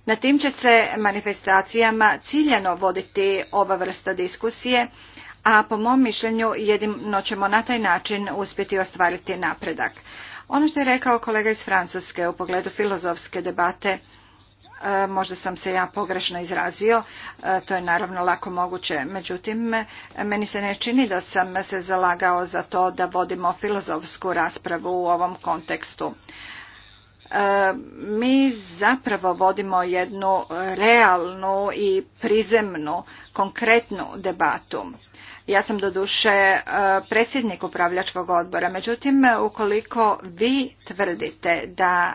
Na tim će se manifestacijama ciljano voditi ova vrsta diskusije, a po mom mišljenju jedino ćemo na taj način uspjeti ostvariti napredak. Ono što je rekao kolega iz Francuske u pogledu filozofske debate, e, možda sam se ja pogrešno izrazio, e, to je naravno lako moguće. Međutim, meni se ne čini da sam se zalagao za to da vodimo filozofsku raspravu u ovom kontekstu. E, mi zapravo vodimo jednu realnu i prizemnu, konkretnu debatu ja sam doduše e, predsjednik upravljačkog odbora, međutim ukoliko vi tvrdite da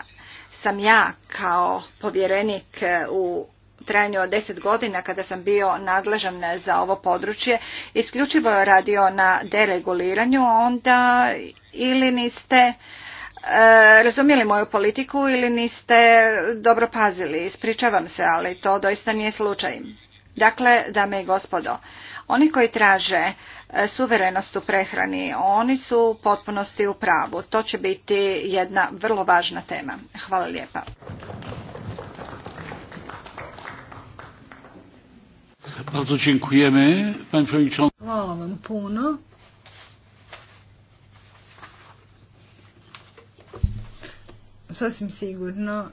sam ja kao povjerenik u trajanju od deset godina kada sam bio nadležan za ovo područje isključivo radio na dereguliranju onda ili niste razumijeli razumjeli moju politiku ili niste dobro pazili ispričavam se ali to doista nije slučaj dakle dame i gospodo oni koji traže e, suverenost u prehrani, oni su u potpunosti u pravu. To će biti jedna vrlo važna tema. Hvala lijepa. Bardzo Hvala vam puno. Sasvim sigurno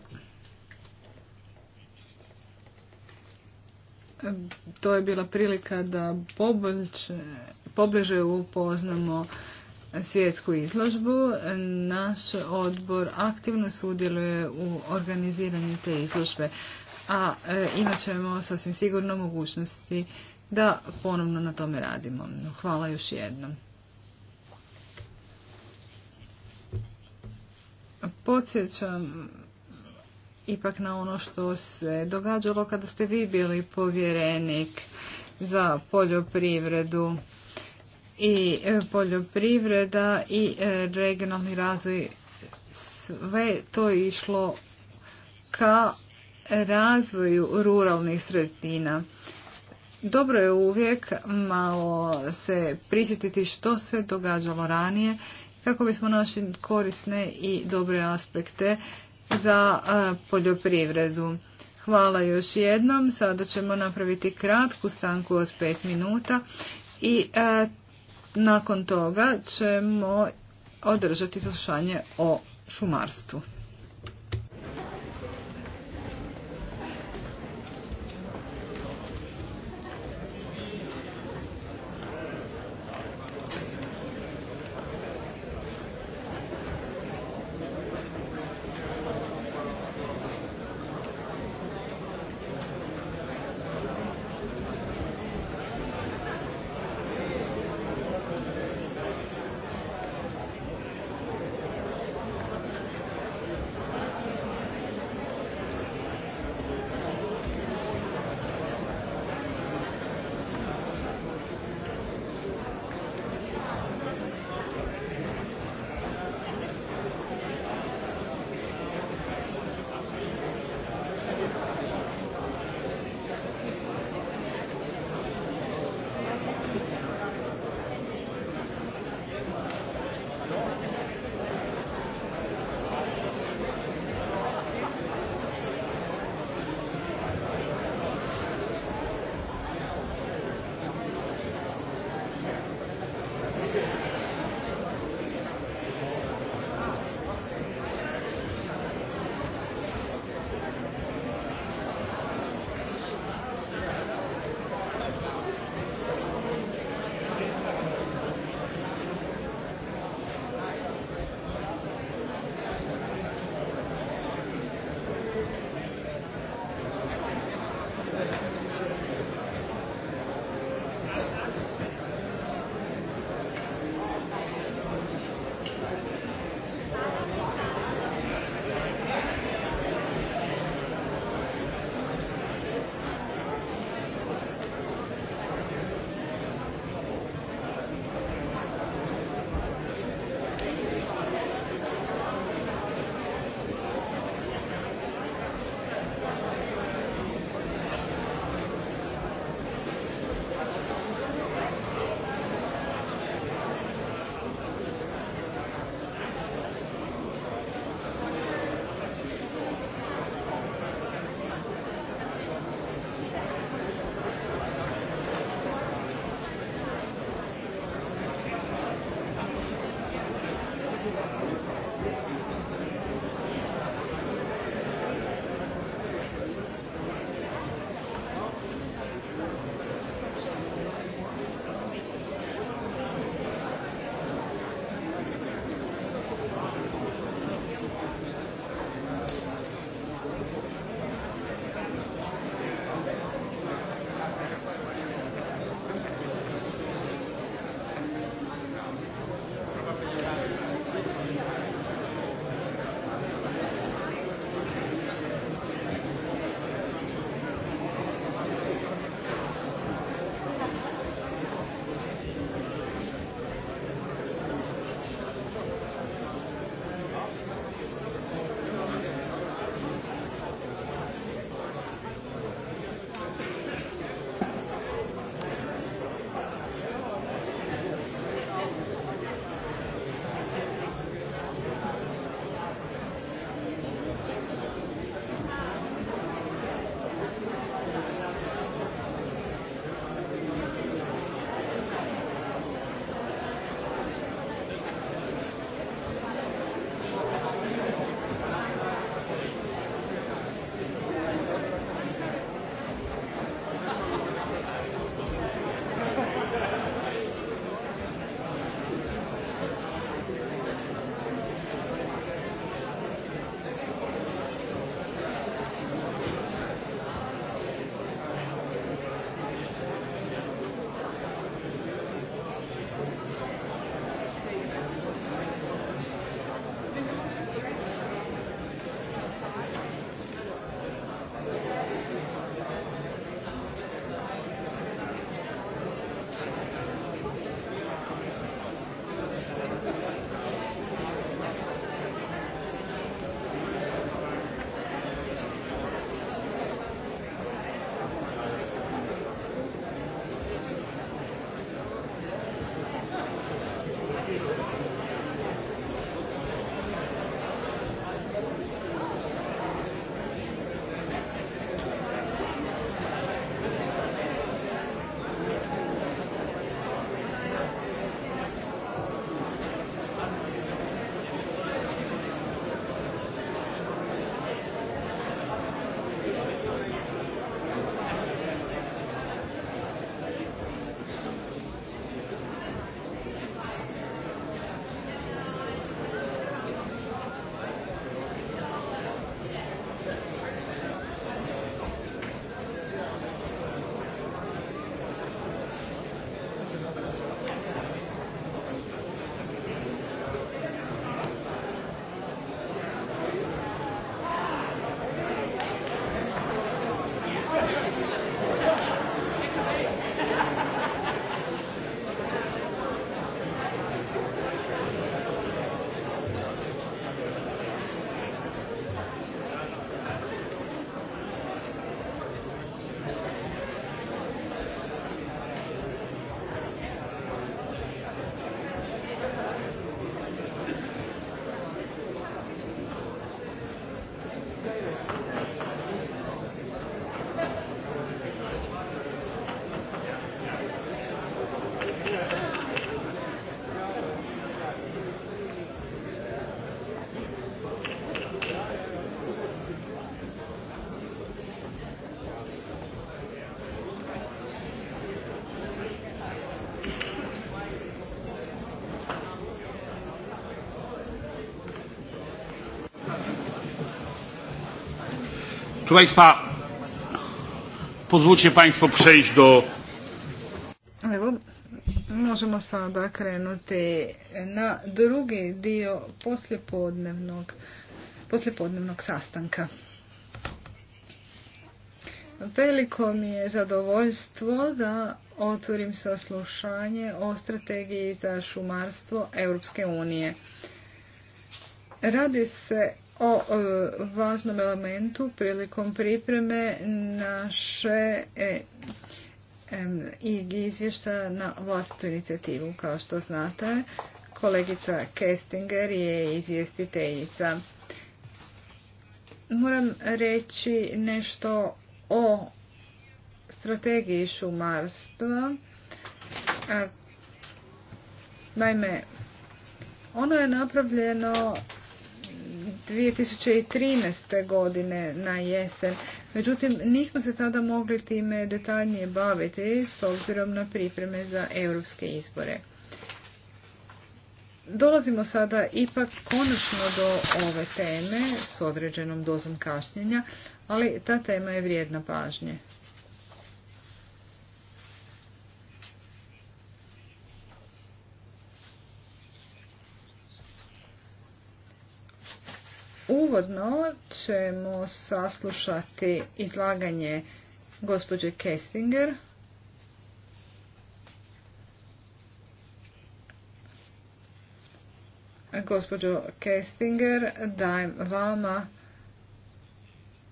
to je bila prilika da pobliže, pobliže upoznamo svjetsku izložbu. Naš odbor aktivno sudjeluje u organiziranju te izložbe, a e, imat ćemo sasvim sigurno mogućnosti da ponovno na tome radimo. Hvala još jednom. Podsjećam ipak na ono što se događalo kada ste vi bili povjerenik za poljoprivredu i e, poljoprivreda i e, regionalni razvoj sve to je išlo ka razvoju ruralnih sredina. Dobro je uvijek malo se prisjetiti što se događalo ranije kako bismo našli korisne i dobre aspekte za poljoprivredu. Hvala još jednom. Sada ćemo napraviti kratku stanku od pet minuta i nakon toga ćemo održati slušanje o šumarstvu. Proszę Państwa, pozwólcie Państwo przejść do... Evo, možemo sada krenuti na drugi dio poslijepodnevnog, poslijepodnevnog sastanka. Veliko mi je zadovoljstvo da otvorim saslušanje o strategiji za šumarstvo Europske unije. Radi se o e, važnom elementu prilikom pripreme naše e, IG izvještaja na vlastitu inicijativu. Kao što znate, kolegica Kestinger je izvjestiteljica. Moram reći nešto o strategiji šumarstva. Naime, ono je napravljeno 2013. godine na jesen. Međutim, nismo se tada mogli time detaljnije baviti s obzirom na pripreme za europske izbore. Dolazimo sada ipak konačno do ove teme s određenom dozom kašnjenja, ali ta tema je vrijedna pažnje. Uvodno ćemo saslušati izlaganje gospođe Kestinger. Gospođo Kestinger, dajem vama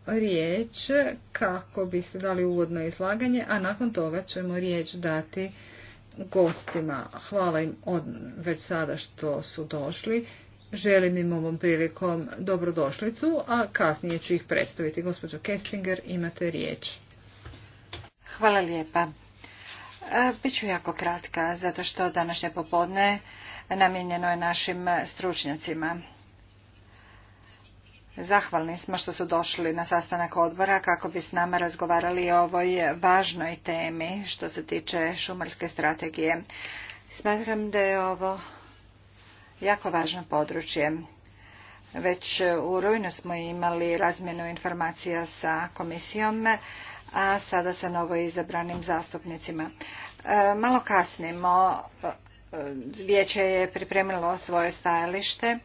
riječ kako biste dali uvodno izlaganje, a nakon toga ćemo riječ dati gostima. Hvala im od, već sada što su došli Želim im ovom prilikom dobrodošlicu, a kasnije ću ih predstaviti. Gospođo Kestinger, imate riječ. Hvala lijepa. E, Biću jako kratka, zato što današnje popodne namijenjeno je našim stručnjacima. Zahvalni smo što su došli na sastanak odbora kako bi s nama razgovarali o ovoj važnoj temi što se tiče šumarske strategije. Smatram da je ovo jako važno područje. Već u rujnu smo imali razmjenu informacija sa komisijom, a sada sa novo izabranim zastupnicima. E, malo kasnimo, vijeće je pripremilo svoje stajalište,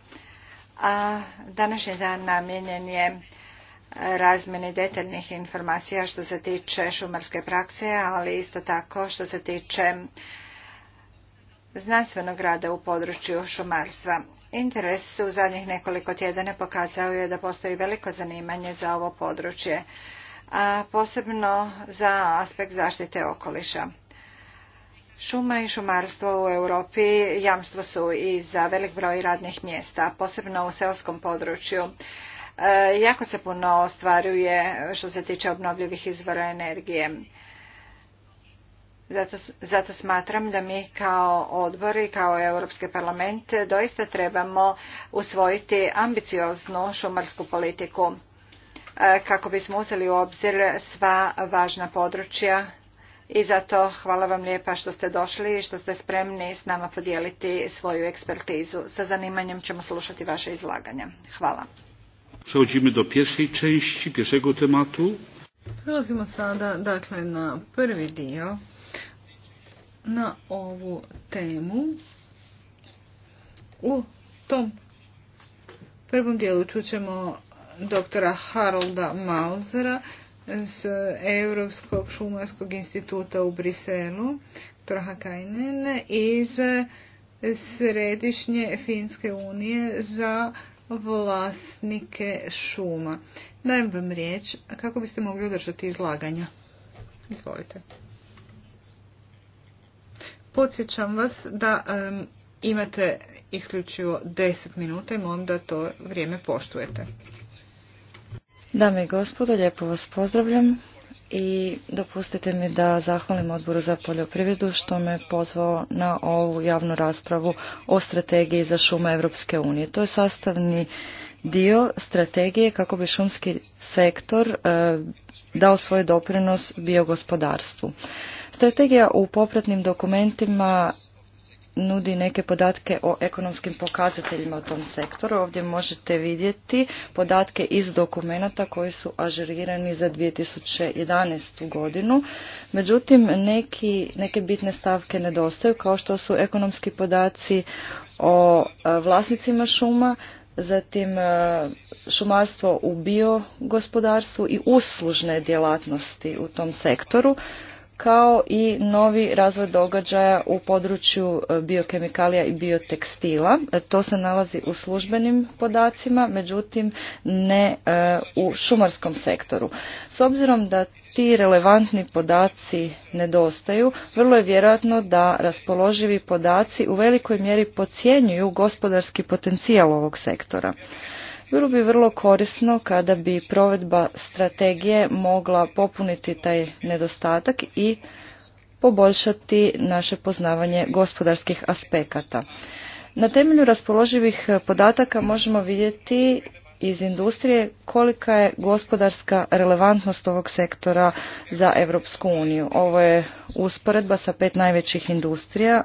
a današnji dan namijenjen je razmjeni detaljnih informacija što se tiče šumarske prakse, ali isto tako što se tiče znanstvenog rada u području šumarstva. Interes u zadnjih nekoliko tjedana pokazao je da postoji veliko zanimanje za ovo područje, a posebno za aspekt zaštite okoliša. Šuma i šumarstvo u Europi jamstvo su i za velik broj radnih mjesta, posebno u seoskom području. E, jako se puno ostvaruje što se tiče obnovljivih izvora energije. Zato, smatram da mi kao odbor i kao Europski parlament doista trebamo usvojiti ambicioznu šumarsku politiku e, kako bismo uzeli u obzir sva važna područja i zato hvala vam lijepa što ste došli i što ste spremni s nama podijeliti svoju ekspertizu. Sa zanimanjem ćemo slušati vaše izlaganja. Hvala. do tematu. Prelazimo sada dakle na prvi dio na ovu temu. U tom prvom dijelu čućemo doktora Harolda Mausera s Europskog šumarskog instituta u Briselu, Troha Kajnen, iz Središnje Finske unije za vlasnike šuma. Dajem vam riječ kako biste mogli održati izlaganja. Izvolite. Podsjećam vas da imate isključivo 10 minuta i molim da to vrijeme poštujete. Dame i gospodo, lijepo vas pozdravljam i dopustite mi da zahvalim odboru za poljoprivredu što me pozvao na ovu javnu raspravu o strategiji za šume Europske unije. To je sastavni dio strategije kako bi šumski sektor eh, dao svoj doprinos biogospodarstvu. Strategija u popratnim dokumentima nudi neke podatke o ekonomskim pokazateljima u tom sektoru. Ovdje možete vidjeti podatke iz dokumenata koji su ažerirani za 2011. godinu. Međutim, neki, neke bitne stavke nedostaju kao što su ekonomski podaci o e, vlasnicima šuma, zatim e, šumarstvo u biogospodarstvu i uslužne djelatnosti u tom sektoru kao i novi razvoj događaja u području e, biokemikalija i biotekstila. E, to se nalazi u službenim podacima, međutim ne e, u šumarskom sektoru. S obzirom da ti relevantni podaci nedostaju, vrlo je vjerojatno da raspoloživi podaci u velikoj mjeri pocijenjuju gospodarski potencijal ovog sektora. Bilo bi vrlo korisno kada bi provedba strategije mogla popuniti taj nedostatak i poboljšati naše poznavanje gospodarskih aspekata. Na temelju raspoloživih podataka možemo vidjeti iz industrije kolika je gospodarska relevantnost ovog sektora za Europsku uniju. Ovo je usporedba sa pet najvećih industrija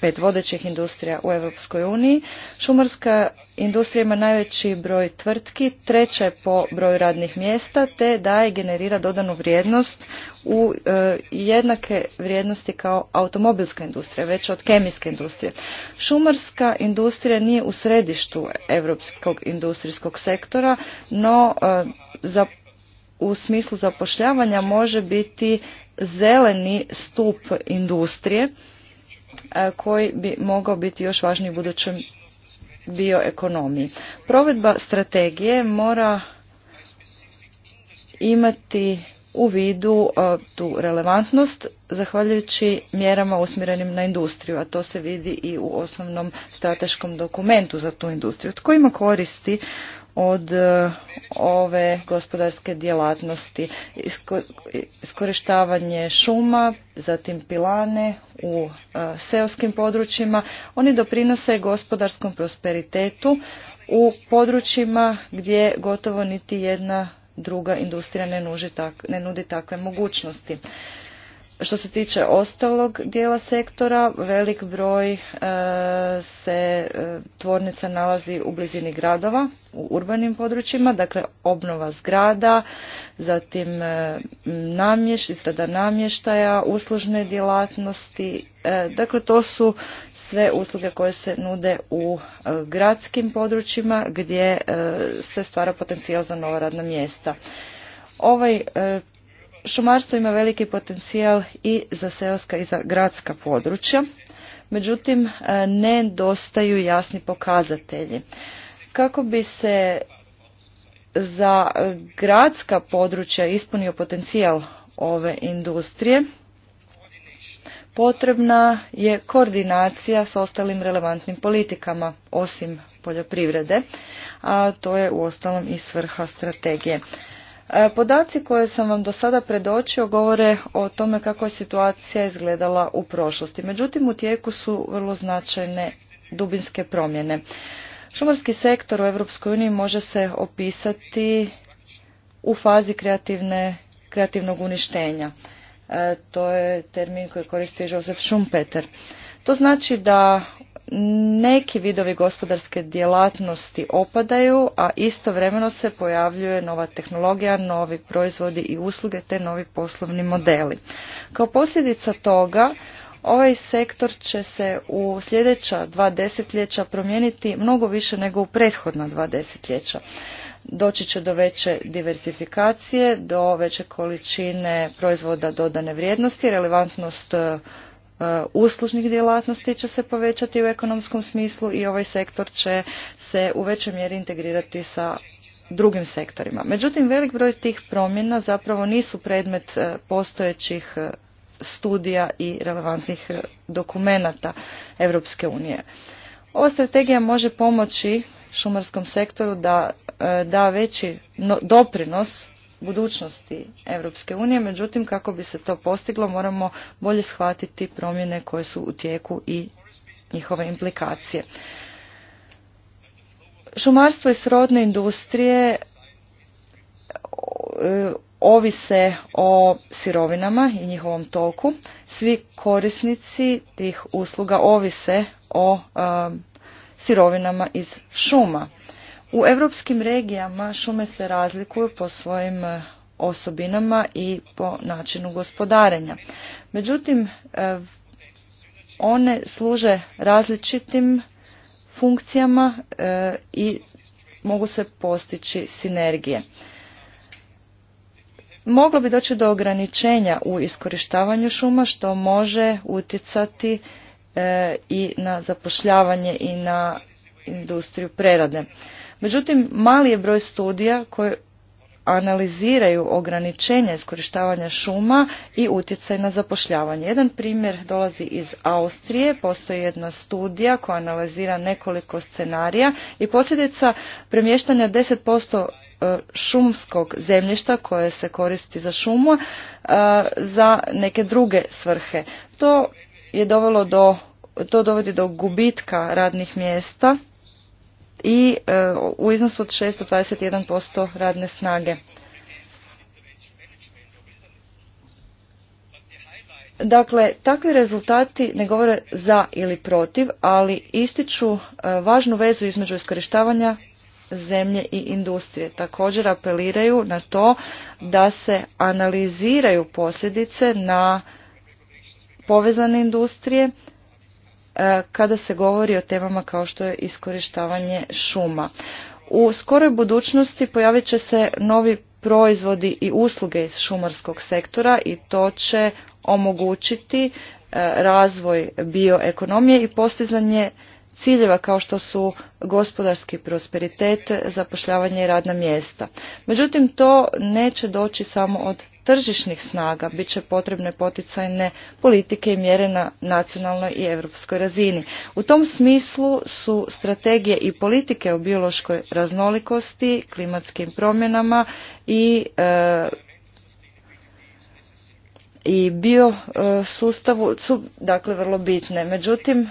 pet vodećih industrija u Europskoj uniji. Šumarska industrija ima najveći broj tvrtki, treća je po broju radnih mjesta, te daje i generira dodanu vrijednost u e, jednake vrijednosti kao automobilska industrija, već od kemijske industrije. Šumarska industrija nije u središtu europskog industrijskog sektora, no e, za u smislu zapošljavanja može biti zeleni stup industrije E, koji bi mogao biti još važniji u budućem bioekonomiji. Provedba strategije mora imati u vidu e, tu relevantnost zahvaljujući mjerama usmjerenim na industriju, a to se vidi i u osnovnom strateškom dokumentu za tu industriju. Tko ima koristi od e, ove gospodarske djelatnosti. Iskorištavanje šuma, zatim pilane u e, seoskim područjima, oni doprinose gospodarskom prosperitetu u područjima gdje gotovo niti jedna druga industrija ne nudi takve mogućnosti. Što se tiče ostalog dijela sektora, velik broj e, se e, tvornica nalazi u blizini gradova, u urbanim područjima, dakle obnova zgrada, zatim e, namješ, izrada namještaja, uslužne djelatnosti, dakle to su sve usluge koje se nude u gradskim područjima gdje se stvara potencijal za nova radna mjesta. Ovaj Šumarstvo ima veliki potencijal i za seoska i za gradska područja, međutim e, dostaju jasni pokazatelji. Kako bi se za gradska područja ispunio potencijal ove industrije, potrebna je koordinacija s ostalim relevantnim politikama osim poljoprivrede, a to je uostalom i svrha strategije. E, podaci koje sam vam do sada predočio govore o tome kako je situacija izgledala u prošlosti. Međutim, u tijeku su vrlo značajne dubinske promjene. Šumarski sektor u EU može se opisati u fazi kreativne, kreativnog uništenja. E, to je termin koji koristi Josef Schumpeter. To znači da neki vidovi gospodarske djelatnosti opadaju, a istovremeno se pojavljuje nova tehnologija, novi proizvodi i usluge te novi poslovni modeli. Kao posljedica toga, ovaj sektor će se u sljedeća dva desetljeća promijeniti mnogo više nego u prethodna dva desetljeća. Doći će do veće diversifikacije, do veće količine proizvoda dodane vrijednosti, relevantnost E, uslužnih djelatnosti će se povećati u ekonomskom smislu i ovaj sektor će se u većoj mjeri integrirati sa drugim sektorima. Međutim, velik broj tih promjena zapravo nisu predmet e, postojećih e, studija i relevantnih dokumenata Europske unije. Ova strategija može pomoći šumarskom sektoru da da veći doprinos budućnosti Europske unije, međutim kako bi se to postiglo moramo bolje shvatiti promjene koje su u tijeku i njihove implikacije. Šumarstvo i srodne industrije e, ovise o sirovinama i njihovom toku. Svi korisnici tih usluga ovise o e, sirovinama iz šuma. U europskim regijama šume se razlikuju po svojim e, osobinama i po načinu gospodarenja. Međutim, e, one služe različitim funkcijama e, i mogu se postići sinergije. Moglo bi doći do ograničenja u iskorištavanju šuma što može utjecati i na zapošljavanje i na industriju prerade. Međutim, mali je broj studija koje analiziraju ograničenja iskorištavanja šuma i utjecaj na zapošljavanje. Jedan primjer dolazi iz Austrije, postoji jedna studija koja analizira nekoliko scenarija i posljedica premještanja 10% e, šumskog zemljišta koje se koristi za šumu e, za neke druge svrhe. To je dovelo do to dovodi do gubitka radnih mjesta i e, u iznosu od 621% radne snage. Dakle, takvi rezultati ne govore za ili protiv, ali ističu e, važnu vezu između iskorištavanja zemlje i industrije. Također apeliraju na to da se analiziraju posljedice na povezane industrije E, kada se govori o temama kao što je iskorištavanje šuma. U skoroj budućnosti pojavit će se novi proizvodi i usluge iz šumarskog sektora i to će omogućiti e, razvoj bioekonomije i postizanje ciljeva kao što su gospodarski prosperitet, zapošljavanje i radna mjesta. Međutim, to neće doći samo od tržišnih snaga bit će potrebne poticajne politike i mjere na nacionalnoj i europskoj razini. U tom smislu su strategije i politike o biološkoj raznolikosti, klimatskim promjenama i e, i bio e, sustavu su dakle vrlo bitne. Međutim,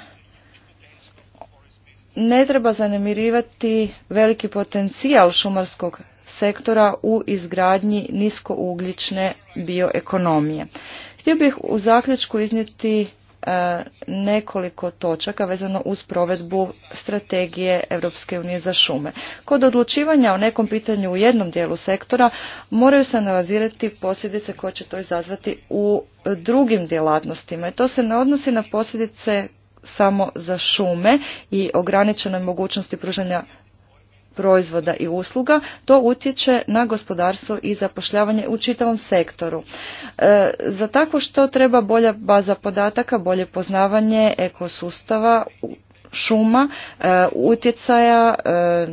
ne treba zanemirivati veliki potencijal šumarskog sektora u izgradnji niskougljične bioekonomije. Htio bih u zaključku iznijeti e, nekoliko točaka vezano uz provedbu strategije Europske unije za šume. Kod odlučivanja o nekom pitanju u jednom dijelu sektora moraju se analizirati posljedice koje će to izazvati u drugim djelatnostima. I to se ne odnosi na posljedice samo za šume i ograničene mogućnosti pružanja proizvoda i usluga, to utječe na gospodarstvo i zapošljavanje u čitavom sektoru. E, za tako što treba bolja baza podataka, bolje poznavanje ekosustava, šuma, e, utjecaja e,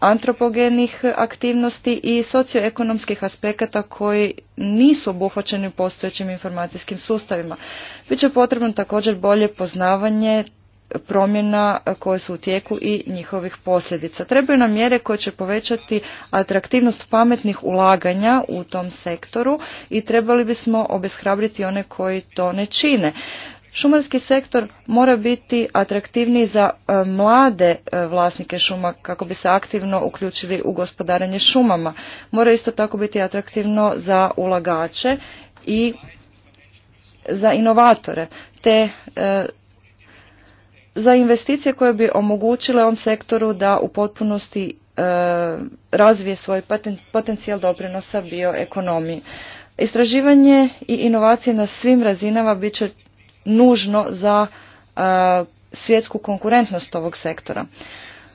antropogenih aktivnosti i socioekonomskih aspekata koji nisu obuhvaćeni postojećim informacijskim sustavima. Biće potrebno također bolje poznavanje promjena koje su u tijeku i njihovih posljedica. Trebaju nam mjere koje će povećati atraktivnost pametnih ulaganja u tom sektoru i trebali bismo obeshrabriti one koji to ne čine. Šumarski sektor mora biti atraktivniji za e, mlade e, vlasnike šuma kako bi se aktivno uključili u gospodarenje šumama. Mora isto tako biti atraktivno za ulagače i za inovatore te e, za investicije koje bi omogućile ovom sektoru da u potpunosti e, razvije svoj potencijal doprinosa bioekonomiji. Istraživanje i inovacije na svim razinama bit će nužno za e, svjetsku konkurentnost ovog sektora.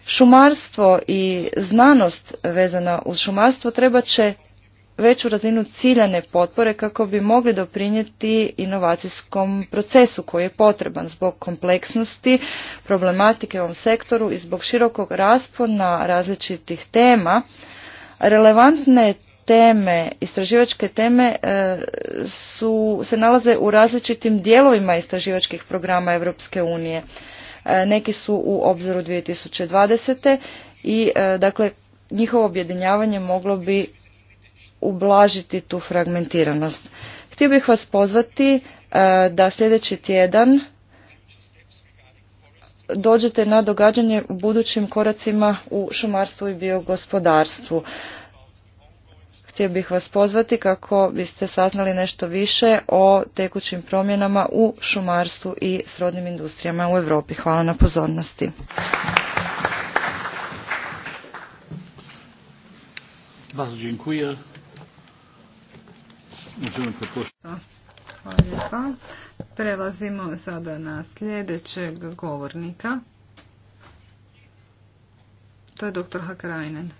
Šumarstvo i znanost vezana uz šumarstvo treba će veću razinu ciljane potpore kako bi mogli doprinijeti inovacijskom procesu koji je potreban zbog kompleksnosti problematike u ovom sektoru i zbog širokog raspona različitih tema. Relevantne teme, istraživačke teme e, su, se nalaze u različitim dijelovima istraživačkih programa Europske unije. E, neki su u obzoru 2020. i e, dakle njihovo objedinjavanje moglo bi ublažiti tu fragmentiranost. Htio bih vas pozvati e, da sljedeći tjedan dođete na događanje u budućim koracima u šumarstvu i biogospodarstvu. Htio bih vas pozvati kako biste saznali nešto više o tekućim promjenama u šumarstvu i srodnim industrijama u Europi. Hvala na pozornosti. Hvala lijepa. Prelazimo sada na sljedećeg govornika. To je doktor Hakrajnen.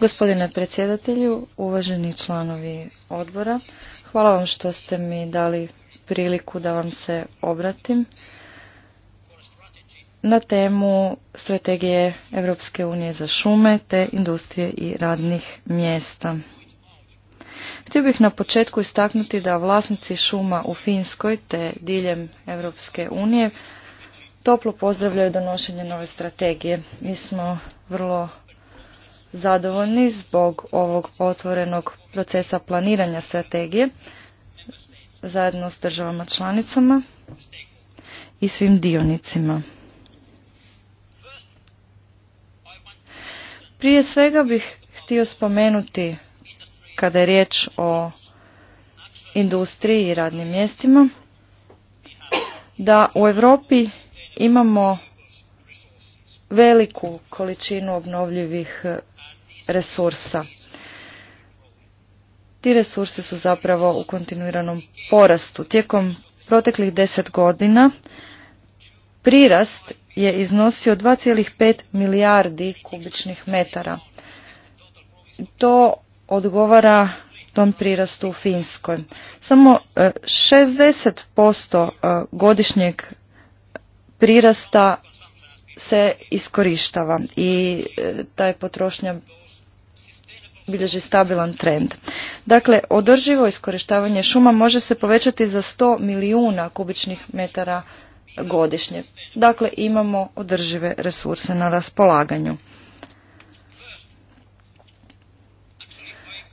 Gospodine predsjedatelju, uvaženi članovi odbora, hvala vam što ste mi dali priliku da vam se obratim na temu strategije Europske unije za šume te industrije i radnih mjesta. Htio bih na početku istaknuti da vlasnici šuma u Finskoj te diljem Europske unije toplo pozdravljaju donošenje nove strategije. Mi smo vrlo zadovoljni zbog ovog otvorenog procesa planiranja strategije zajedno s državama članicama i svim dionicima. Prije svega bih htio spomenuti kada je riječ o industriji i radnim mjestima da u Europi imamo veliku količinu obnovljivih e, resursa. Ti resursi su zapravo u kontinuiranom porastu. Tijekom proteklih deset godina prirast je iznosio 2,5 milijardi kubičnih metara. To odgovara tom prirastu u Finskoj. Samo 60% e, e, godišnjeg prirasta se iskorištava i e, ta je potrošnja bilježi stabilan trend. Dakle, održivo iskorištavanje šuma može se povećati za 100 milijuna kubičnih metara godišnje. Dakle, imamo održive resurse na raspolaganju.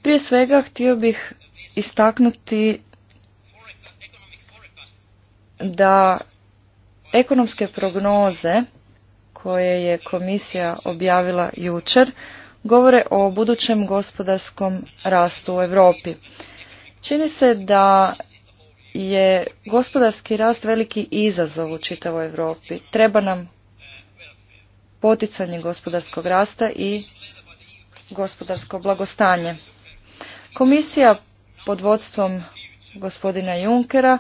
Prije svega htio bih istaknuti da Ekonomske prognoze koje je komisija objavila jučer govore o budućem gospodarskom rastu u Europi. Čini se da je gospodarski rast veliki izazov u čitavoj Europi. Treba nam poticanje gospodarskog rasta i gospodarsko blagostanje. Komisija pod vodstvom gospodina Junkera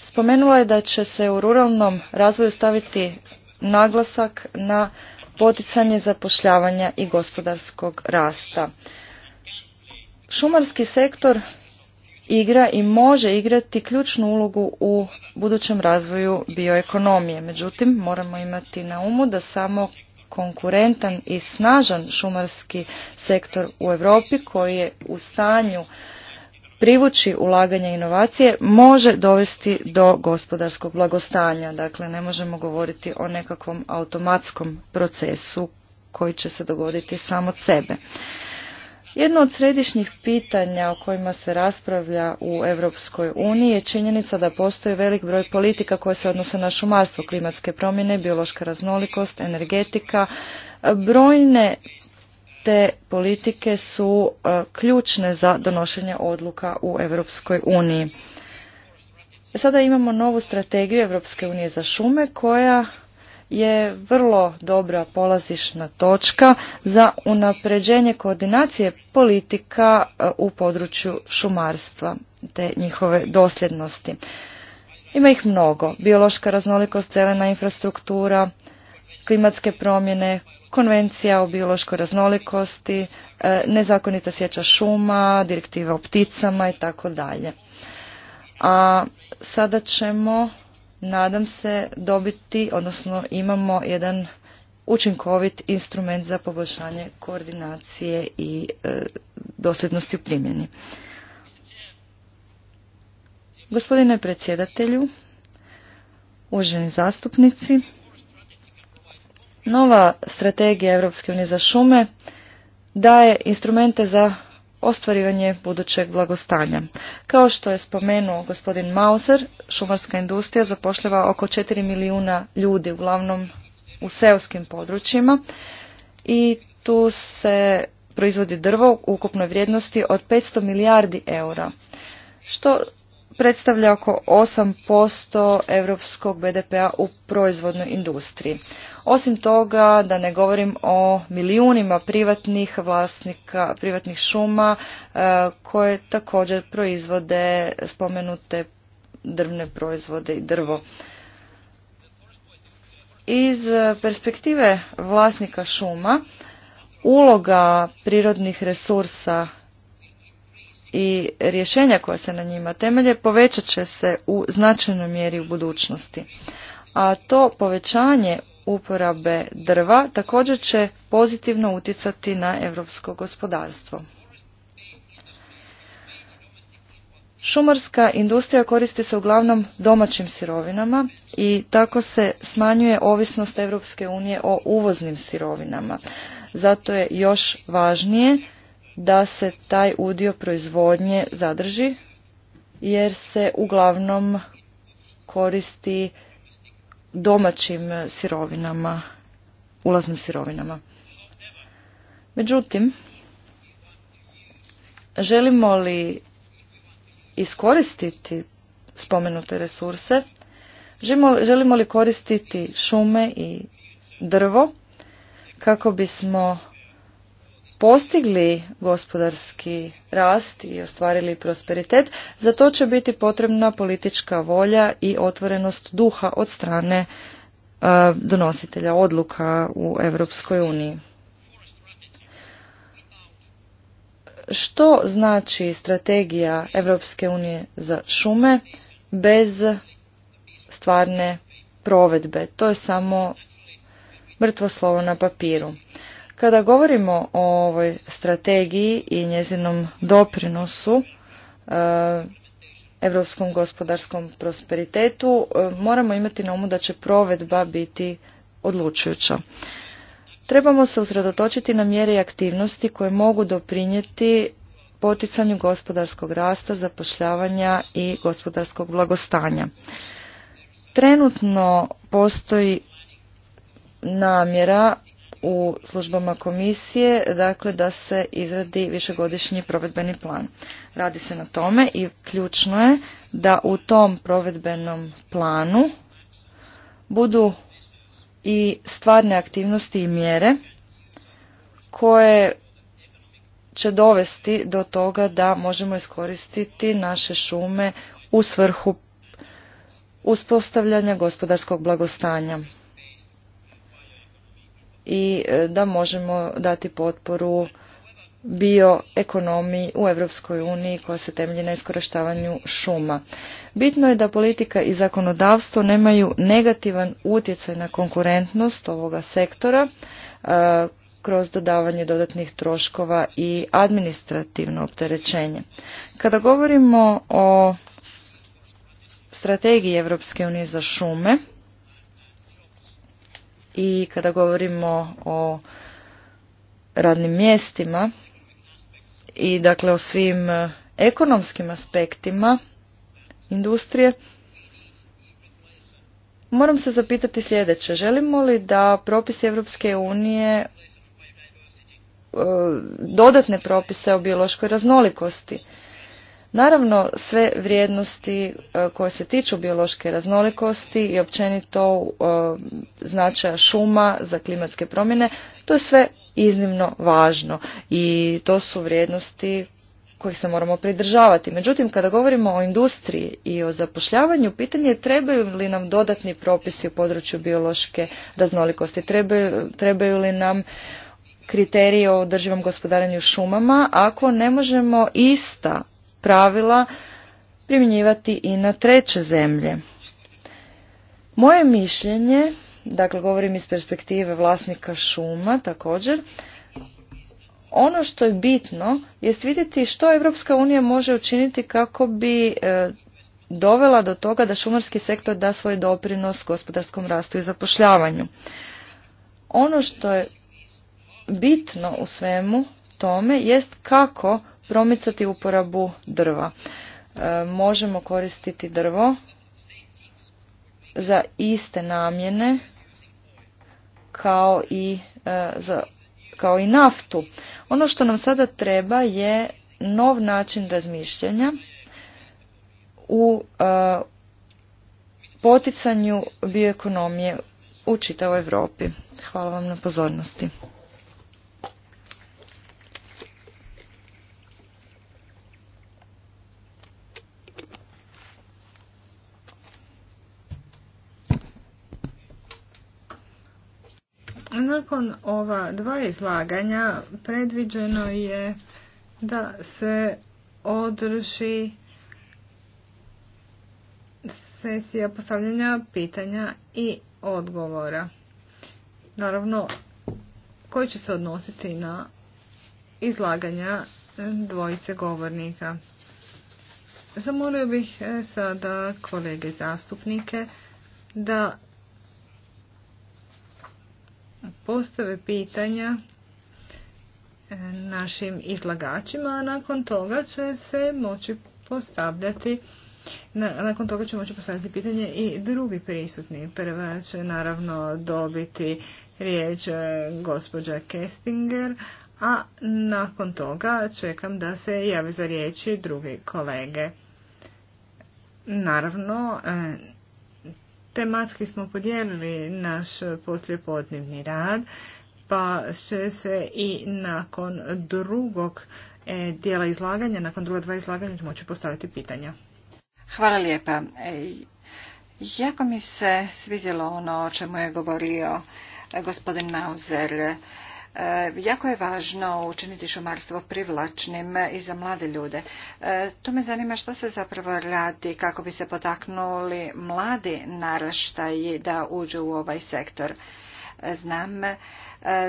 Spomenula je da će se u ruralnom razvoju staviti naglasak na poticanje zapošljavanja i gospodarskog rasta. Šumarski sektor igra i može igrati ključnu ulogu u budućem razvoju bioekonomije. Međutim, moramo imati na umu da samo konkurentan i snažan šumarski sektor u Europi koji je u stanju privući ulaganje inovacije može dovesti do gospodarskog blagostanja. Dakle, ne možemo govoriti o nekakvom automatskom procesu koji će se dogoditi samo od sebe. Jedno od središnjih pitanja o kojima se raspravlja u Europskoj uniji je činjenica da postoji velik broj politika koje se odnose na šumarstvo, klimatske promjene, biološka raznolikost, energetika, brojne te politike su e, ključne za donošenje odluka u Europskoj uniji. Sada imamo novu strategiju Europske unije za šume koja je vrlo dobra polazišna točka za unapređenje koordinacije politika e, u području šumarstva te njihove dosljednosti. Ima ih mnogo. Biološka raznolikost, zelena infrastruktura, klimatske promjene, konvencija o biološkoj raznolikosti, e, nezakonita sjeća šuma, direktiva o pticama i tako dalje. A sada ćemo, nadam se, dobiti, odnosno imamo jedan učinkovit instrument za poboljšanje koordinacije i e, dosljednosti u primjeni. Gospodine predsjedatelju, uvaženi zastupnici, Nova strategija Europske unije za šume daje instrumente za ostvarivanje budućeg blagostanja. Kao što je spomenuo gospodin Mauser, šumarska industrija zapošljava oko 4 milijuna ljudi, uglavnom u seoskim područjima i tu se proizvodi drvo u ukupnoj vrijednosti od 500 milijardi eura, što predstavlja oko 8% europskog BDP-a u proizvodnoj industriji. Osim toga, da ne govorim o milijunima privatnih vlasnika, privatnih šuma e, koje također proizvode spomenute drvne proizvode i drvo. Iz perspektive vlasnika šuma, uloga prirodnih resursa i rješenja koja se na njima temelje povećat će se u značajnoj mjeri u budućnosti. A to povećanje uporabe drva također će pozitivno utjecati na europsko gospodarstvo. Šumarska industrija koristi se uglavnom domaćim sirovinama i tako se smanjuje ovisnost Europske unije o uvoznim sirovinama. Zato je još važnije da se taj udio proizvodnje zadrži jer se uglavnom koristi domaćim sirovinama, ulaznim sirovinama. Međutim, želimo li iskoristiti spomenute resurse, želimo, li koristiti šume i drvo kako bismo postigli gospodarski rast i ostvarili prosperitet, za to će biti potrebna politička volja i otvorenost duha od strane e, donositelja odluka u Europskoj uniji. Što znači strategija Europske unije za šume bez stvarne provedbe? To je samo mrtvo slovo na papiru. Kada govorimo o ovoj strategiji i njezinom doprinosu europskom gospodarskom prosperitetu, e, moramo imati na umu da će provedba biti odlučujuća. Trebamo se usredotočiti na mjere i aktivnosti koje mogu doprinijeti poticanju gospodarskog rasta, zapošljavanja i gospodarskog blagostanja. Trenutno postoji namjera u službama komisije, dakle da se izradi višegodišnji provedbeni plan. Radi se na tome i ključno je da u tom provedbenom planu budu i stvarne aktivnosti i mjere koje će dovesti do toga da možemo iskoristiti naše šume u svrhu uspostavljanja gospodarskog blagostanja i e, da možemo dati potporu bioekonomiji u Europskoj uniji koja se temelji na iskorištavanju šuma. Bitno je da politika i zakonodavstvo nemaju negativan utjecaj na konkurentnost ovoga sektora e, kroz dodavanje dodatnih troškova i administrativno opterećenje. Kada govorimo o strategiji Europske unije za šume, i kada govorimo o radnim mjestima i dakle o svim e, ekonomskim aspektima industrije, moram se zapitati sljedeće. Želimo li da propisi Europske unije e, dodatne propise o biološkoj raznolikosti? Naravno, sve vrijednosti e, koje se tiču biološke raznolikosti i općenito e, značaja šuma za klimatske promjene, to je sve iznimno važno i to su vrijednosti kojih se moramo pridržavati. Međutim, kada govorimo o industriji i o zapošljavanju, pitanje je trebaju li nam dodatni propisi u području biološke raznolikosti, trebaju, li nam kriterije o održivom gospodarenju šumama ako ne možemo ista pravila primjenjivati i na treće zemlje. Moje mišljenje, dakle govorim iz perspektive vlasnika šuma također, ono što je bitno jest vidjeti što Europska unija može učiniti kako bi e, dovela do toga da šumarski sektor da svoj doprinos gospodarskom rastu i zapošljavanju. Ono što je bitno u svemu tome jest kako promicati uporabu drva. E, možemo koristiti drvo za iste namjene kao i e, za kao i naftu. Ono što nam sada treba je nov način razmišljanja u e, poticanju bioekonomije u čitavoj Europi. Hvala vam na pozornosti. Nakon ova dva izlaganja predviđeno je da se održi sesija postavljanja pitanja i odgovora. Naravno, koji će se odnositi na izlaganja dvojice govornika. Zamolio bih e, sada kolege zastupnike da postave pitanja e, našim izlagačima, a nakon toga će se moći postavljati nakon toga će moći postaviti pitanje i drugi prisutni. Prva će naravno dobiti riječ e, gospođa Kestinger, a nakon toga čekam da se jave za riječi drugi kolege. Naravno, e, Tematski smo podijelili naš poslijepodnevni rad, pa će se i nakon drugog e, dijela izlaganja, nakon druga dva izlaganja moći postaviti pitanja. Hvala lijepa. E, jako mi se svidjelo ono o čemu je govorio e, gospodin Mauser E, jako je važno učiniti šumarstvo privlačnim i za mlade ljude. E, to me zanima što se zapravo radi kako bi se potaknuli mladi naraštaji da uđu u ovaj sektor. E, znam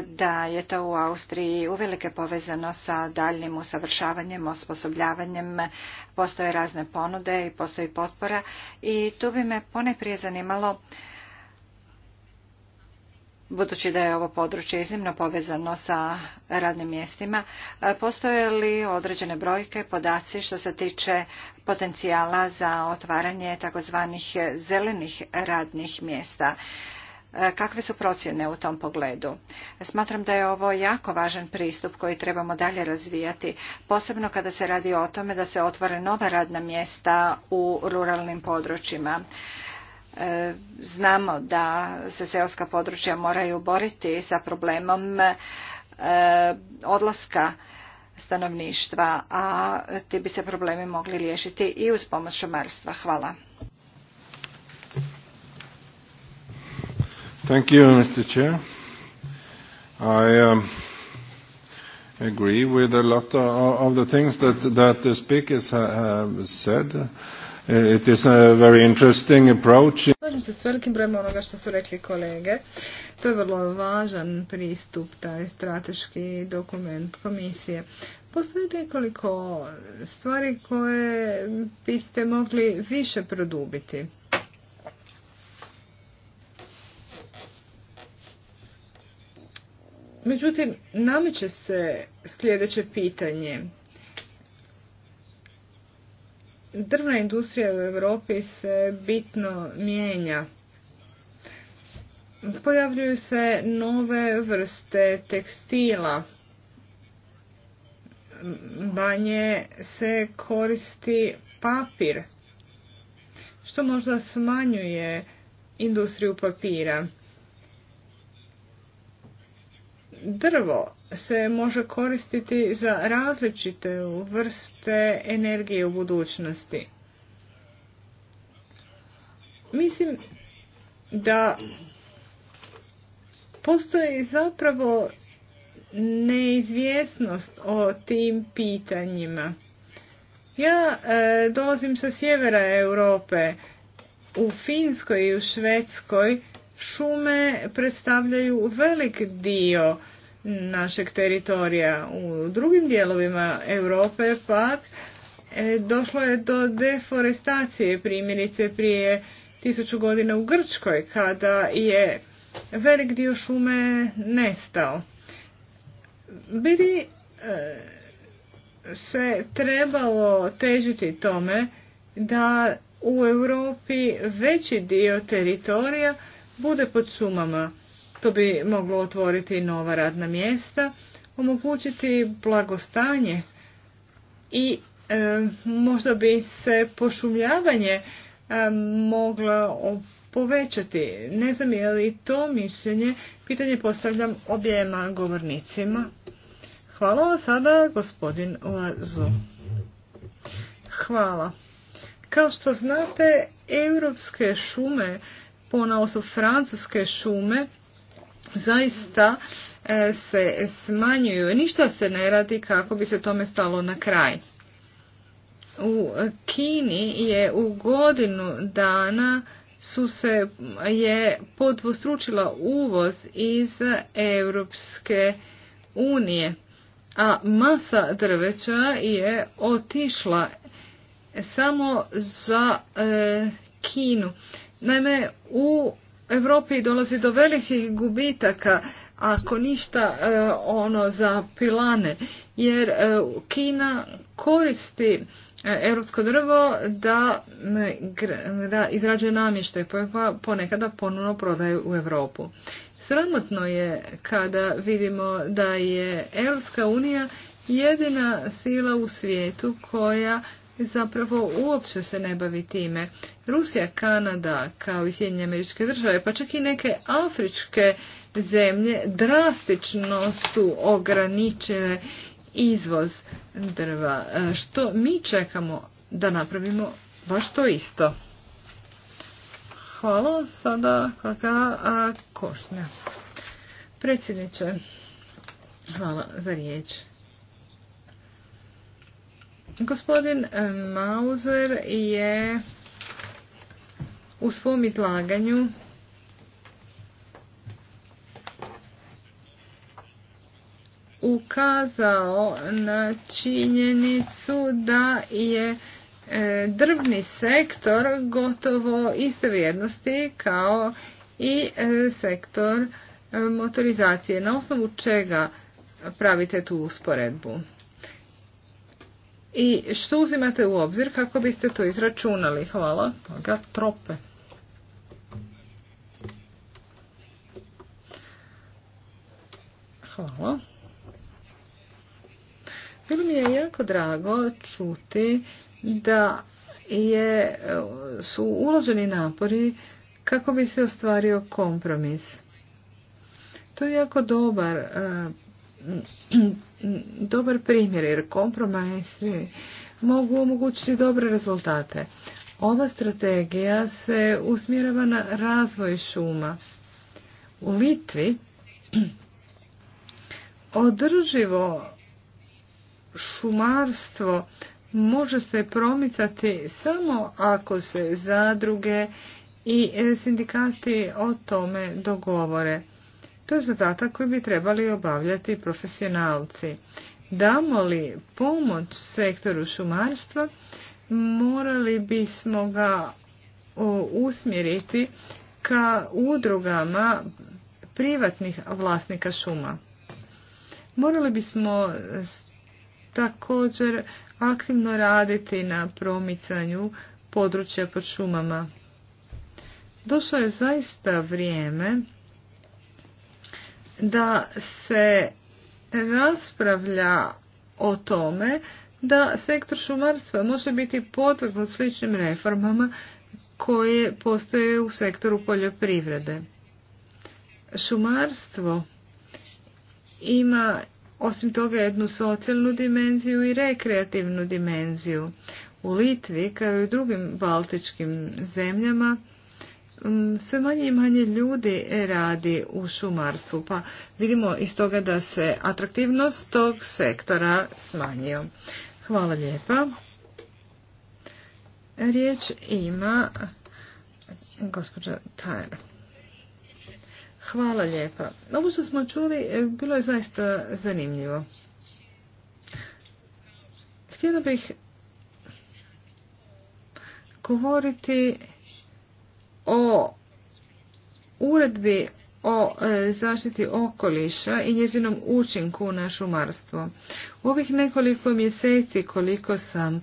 da je to u Austriji uvelike povezano sa daljnim usavršavanjem, osposobljavanjem, postoje razne ponude i postoji potpora i tu bi me prije zanimalo budući da je ovo područje iznimno povezano sa radnim mjestima, e, postoje li određene brojke, podaci što se tiče potencijala za otvaranje takozvanih zelenih radnih mjesta? E, kakve su procjene u tom pogledu? Smatram da je ovo jako važan pristup koji trebamo dalje razvijati, posebno kada se radi o tome da se otvore nova radna mjesta u ruralnim područjima. Znamo da se seoska područja moraju boriti sa problemom e, odlaska stanovništva, a ti bi se problemi mogli riješiti i uz pomoć šumarstva. Hvala. Thank you, Mr. Chair. I um, agree with a lot of, of the things that, that the speakers have uh, said. Eh, it is a very interesting approach. se s velikim brojem onoga što su rekli kolege. To je vrlo važan pristup, taj strateški dokument komisije. Postoji nekoliko stvari koje biste mogli više produbiti. Međutim, nameće se sljedeće pitanje drvna industrija u Europi se bitno mijenja. Pojavljuju se nove vrste tekstila. Banje se koristi papir, što možda smanjuje industriju papira drvo se može koristiti za različite vrste energije u budućnosti. Mislim da postoji zapravo neizvjesnost o tim pitanjima. Ja e, dolazim sa sjevera Europe. U Finskoj i u Švedskoj šume predstavljaju velik dio našeg teritorija. U drugim dijelovima Europe pak e, došlo je do deforestacije primjerice prije tisuću godina u Grčkoj kada je velik dio šume nestao. Bili e, se trebalo težiti tome da u Europi veći dio teritorija bude pod šumama. To bi moglo otvoriti nova radna mjesta, omogućiti blagostanje i e, možda bi se pošumljavanje e, moglo povećati. Ne znam je li to mišljenje, pitanje postavljam objema govornicima. Hvala sada gospodin Lazu. Hvala. Kao što znate, europske šume Ponao su francuske šume zaista e, se smanjuju. Ništa se ne radi kako bi se tome stalo na kraj. U Kini je u godinu dana su se je podvostručila uvoz iz Europske unije, a masa drveća je otišla samo za e, Kinu. Naime, u Europi dolazi do velikih gubitaka, ako ništa e, ono za pilane, jer e, Kina koristi e, europsko drvo da, izrađuje namještaj pa ponekada ponovno prodaju u Europu. Sramotno je kada vidimo da je Europska unija jedina sila u svijetu koja zapravo uopće se ne bavi time. Rusija, Kanada, kao i Sjedinje američke države, pa čak i neke afričke zemlje drastično su ograničile izvoz drva. E, što mi čekamo da napravimo baš to isto. Hvala, sada kaka košnja. Predsjedniče, hvala za riječ. Gospodin eh, Mauser je u svom izlaganju ukazao na činjenicu da je eh, drvni sektor gotovo iste vrijednosti kao i eh, sektor motorizacije. Na osnovu čega pravite tu usporedbu? i što uzimate u obzir kako biste to izračunali? Hvala. trope. Hvala. Bilo mi je jako drago čuti da je, su uloženi napori kako bi se ostvario kompromis. To je jako dobar eh, dobar primjer jer kompromise mogu omogućiti dobre rezultate. Ova strategija se usmjerava na razvoj šuma. U Litvi održivo šumarstvo može se promicati samo ako se zadruge i sindikati o tome dogovore. To je zadatak koji bi trebali obavljati profesionalci. Damo li pomoć sektoru šumarstva, morali bismo ga usmjeriti ka udrugama privatnih vlasnika šuma. Morali bismo također aktivno raditi na promicanju područja pod šumama. Došlo je zaista vrijeme da se raspravlja o tome da sektor šumarstva može biti potvrgnut sličnim reformama koje postoje u sektoru poljoprivrede. Šumarstvo ima osim toga jednu socijalnu dimenziju i rekreativnu dimenziju. U Litvi kao i u drugim baltičkim zemljama Mm, sve manje i manje ljudi e, radi u šumarstvu, pa vidimo iz toga da se atraktivnost tog sektora smanjio. Hvala lijepa. Riječ ima gospođa Tajer. Hvala lijepa. Ovo što smo čuli e, bilo je zaista zanimljivo. Htjela bih govoriti o uredbi o e, zaštiti okoliša i njezinom učinku na šumarstvo. U ovih nekoliko mjeseci koliko sam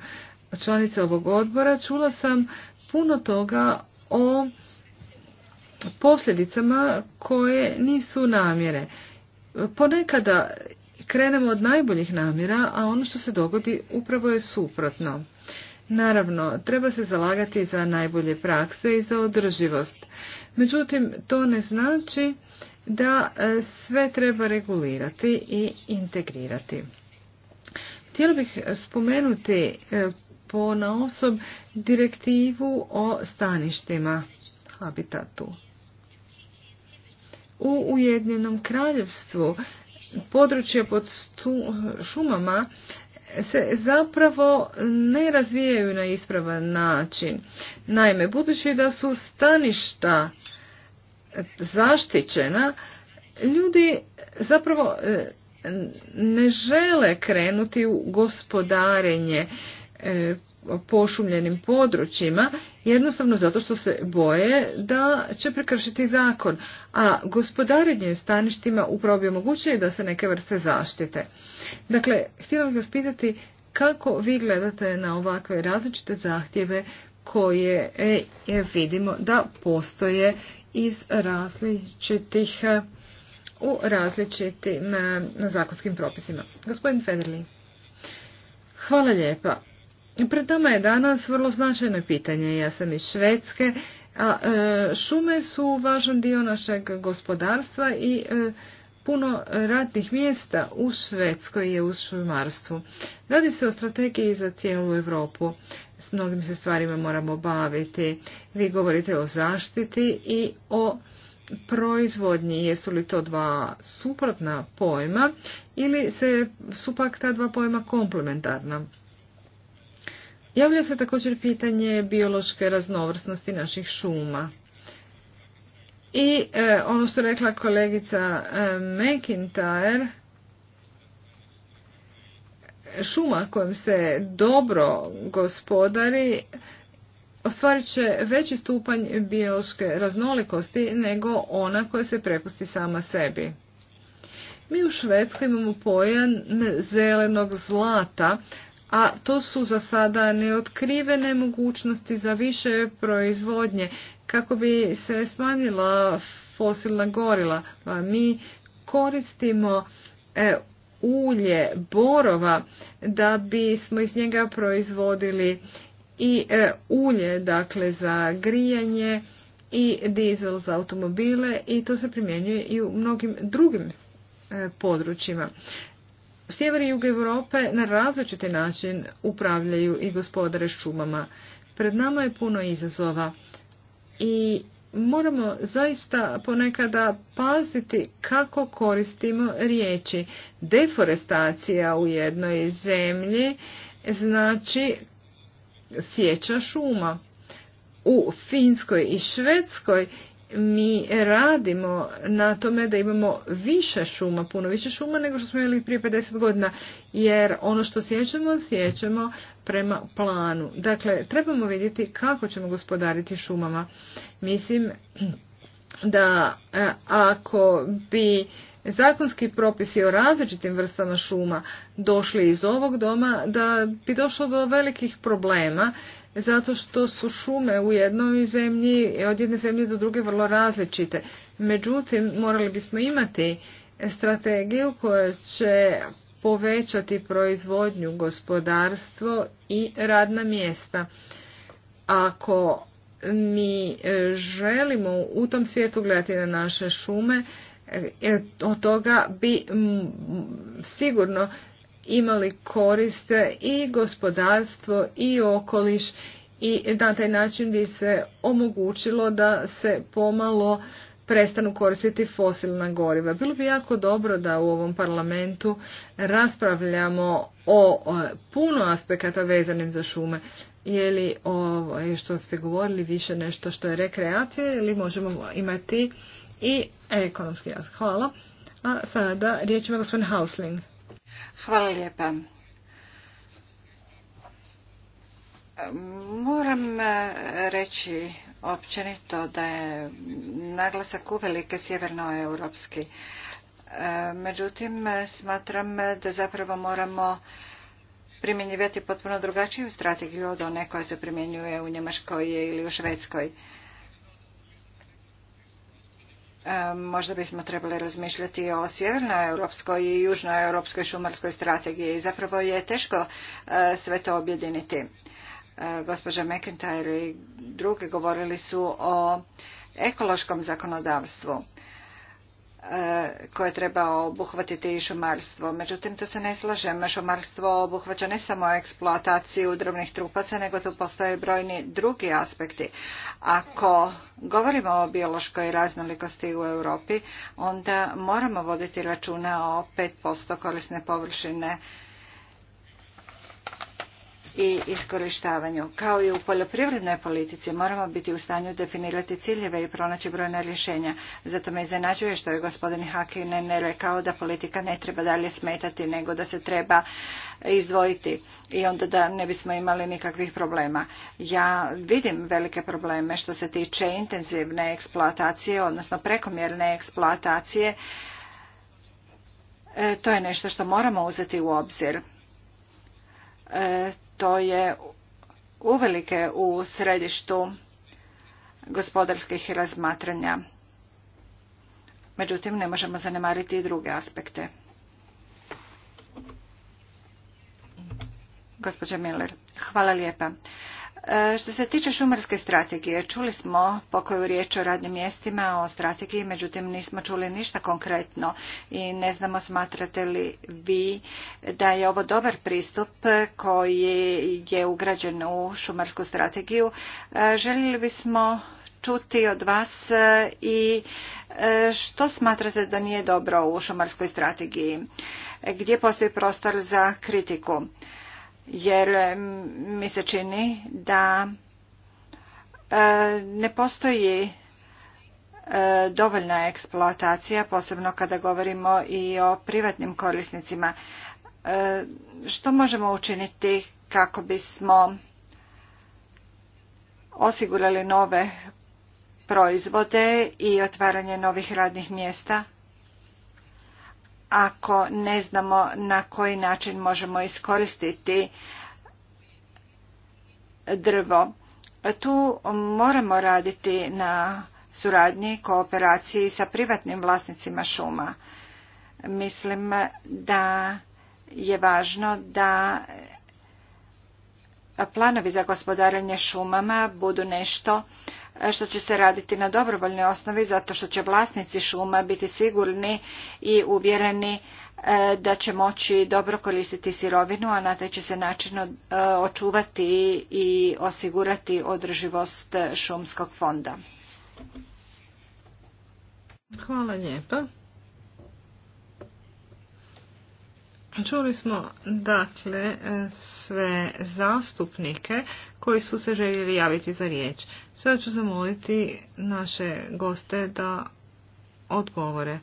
članica ovog odbora čula sam puno toga o posljedicama koje nisu namjere. Ponekada krenemo od najboljih namjera, a ono što se dogodi upravo je suprotno. Naravno, treba se zalagati za najbolje prakse i za održivost. Međutim, to ne znači da e, sve treba regulirati i integrirati. Htjela bih spomenuti e, po na osob direktivu o staništima habitatu. U Ujedinjenom kraljevstvu područje pod šumama se zapravo ne razvijaju na ispravan način. Naime, budući da su staništa zaštićena, ljudi zapravo e, ne žele krenuti u gospodarenje E, pošumljenim područjima jednostavno zato što se boje da će prekršiti zakon. A gospodarenje staništima upravo bi omogućuje da se neke vrste zaštite. Dakle, htjela bih vas pitati kako vi gledate na ovakve različite zahtjeve koje e, vidimo da postoje iz različitih e, u različitim zakonskim propisima. Gospodin Federli. Hvala lijepa. Pred nama je danas vrlo značajno pitanje. Ja sam iz Švedske, a e, šume su važan dio našeg gospodarstva i e, puno radnih mjesta u Švedskoj je u šumarstvu. Radi se o strategiji za cijelu Europu. S mnogim se stvarima moramo baviti. Vi govorite o zaštiti i o proizvodnji. Jesu li to dva suprotna pojma ili se, su pak ta dva pojma komplementarna? Javlja se također pitanje biološke raznovrsnosti naših šuma. I e, ono što rekla kolegica e, McIntyre, šuma kojom se dobro gospodari ostvarit će veći stupanj biološke raznolikosti nego ona koja se prepusti sama sebi. Mi u Švedskoj imamo pojam zelenog zlata a to su za sada neotkrivene mogućnosti za više proizvodnje kako bi se smanjila fosilna gorila. Pa mi koristimo e, ulje borova da bismo iz njega proizvodili i e, ulje dakle za grijanje i dizel za automobile i to se primjenjuje i u mnogim drugim e, područjima sjever i jug Europe na različiti način upravljaju i gospodare šumama. Pred nama je puno izazova i moramo zaista ponekada paziti kako koristimo riječi. Deforestacija u jednoj zemlji znači sjeća šuma. U Finskoj i Švedskoj mi radimo na tome da imamo više šuma, puno više šuma nego što smo imali prije 50 godina, jer ono što sjećamo, sjećamo prema planu. Dakle, trebamo vidjeti kako ćemo gospodariti šumama. Mislim da e, ako bi zakonski propisi o različitim vrstama šuma došli iz ovog doma, da bi došlo do velikih problema zato što su šume u jednoj zemlji, od jedne zemlje do druge vrlo različite. Međutim, morali bismo imati strategiju koja će povećati proizvodnju, gospodarstvo i radna mjesta. Ako mi e, želimo u tom svijetu gledati na naše šume, e, od toga bi sigurno imali koriste i gospodarstvo i okoliš i na taj način bi se omogućilo da se pomalo prestanu koristiti fosilna goriva. Bilo bi jako dobro da u ovom parlamentu raspravljamo o, puno aspekata vezanim za šume. Je li ovo što ste govorili više nešto što je rekreacija ili možemo imati i ekonomski jaz. Hvala. A sada riječ ima gospodin Hausling. Hvala lijepa. Moram e, reći općenito da je naglasak uvelike sjevernoeuropski. E, međutim, smatram da zapravo moramo primjenjivati potpuno drugačiju strategiju od one koja se primjenjuje u Njemačkoj ili u Švedskoj. Možda bismo trebali razmišljati o sjevernoeuropskoj i južnoeuropskoj šumarskoj strategiji. Zapravo je teško e, sve to objediniti. E, gospođa McIntyre i drugi govorili su o ekološkom zakonodavstvu. E, koje treba obuhvatiti i šumarstvo. Međutim, to se ne slažem. Šumarstvo obuhvaća ne samo eksploataciju drvnih trupaca, nego tu postoje brojni drugi aspekti. Ako govorimo o biološkoj raznolikosti u Europi, onda moramo voditi računa o 5% korisne površine i iskorištavanju. Kao i u poljoprivrednoj politici moramo biti u stanju definirati ciljeve i pronaći brojne rješenja. Zato me iznenađuje što je gospodin ne rekao da politika ne treba dalje smetati nego da se treba izdvojiti i onda da ne bismo imali nikakvih problema. Ja vidim velike probleme što se tiče intenzivne eksploatacije, odnosno prekomjerne eksploatacije. E, to je nešto što moramo uzeti u obzir. E, to je uvelike u središtu gospodarskih razmatranja. Međutim, ne možemo zanemariti i druge aspekte. Gospođa Miller, hvala lijepa. E, što se tiče šumarske strategije, čuli smo pokoju riječ o radnim mjestima, o strategiji, međutim nismo čuli ništa konkretno i ne znamo smatrate li vi da je ovo dobar pristup koji je ugrađen u šumarsku strategiju. E, željeli bismo čuti od vas e, i što smatrate da nije dobro u šumarskoj strategiji, gdje postoji prostor za kritiku jer mi se čini da e, ne postoji e, dovoljna eksploatacija, posebno kada govorimo i o privatnim korisnicima. E, što možemo učiniti kako bismo osigurali nove proizvode i otvaranje novih radnih mjesta? ako ne znamo na koji način možemo iskoristiti drvo. Tu moramo raditi na suradnji, kooperaciji sa privatnim vlasnicima šuma. Mislim da je važno da planovi za gospodarenje šumama budu nešto što će se raditi na dobrovoljnoj osnovi zato što će vlasnici šuma biti sigurni i uvjereni e, da će moći dobro koristiti sirovinu, a na taj će se način e, očuvati i osigurati održivost šumskog fonda. Hvala lijepa. Čuli smo dakle sve zastupnike koji su se željeli javiti za riječ. Sada ću zamoliti naše goste da odgovore.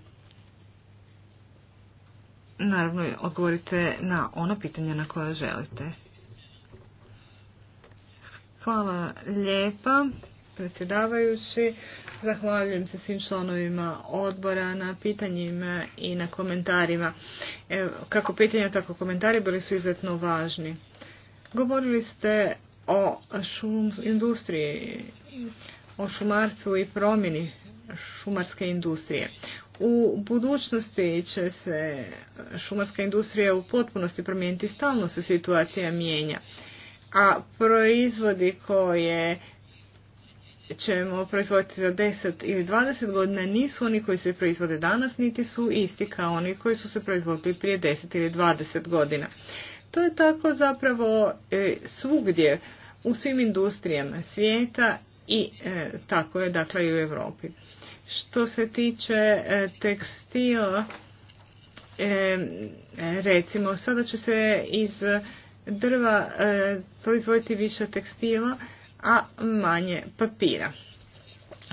Naravno, odgovorite na ono pitanja na koje želite. Hvala lijepa predsjedavajući. Zahvaljujem se svim članovima odbora na pitanjima i na komentarima. kako pitanja, tako komentari bili su izuzetno važni. Govorili ste o industriji, o šumarstvu i promjeni šumarske industrije. U budućnosti će se šumarska industrija u potpunosti promijeniti, stalno se situacija mijenja. A proizvodi koje ćemo proizvoditi za 10 ili 20 godina nisu oni koji se proizvode danas, niti su isti kao oni koji su se proizvodili prije 10 ili 20 godina. To je tako zapravo e, svugdje u svim industrijama svijeta i e, tako je dakle i u Europi. Što se tiče e, tekstila, recimo sada će se iz drva proizvoditi više tekstila, a manje papira.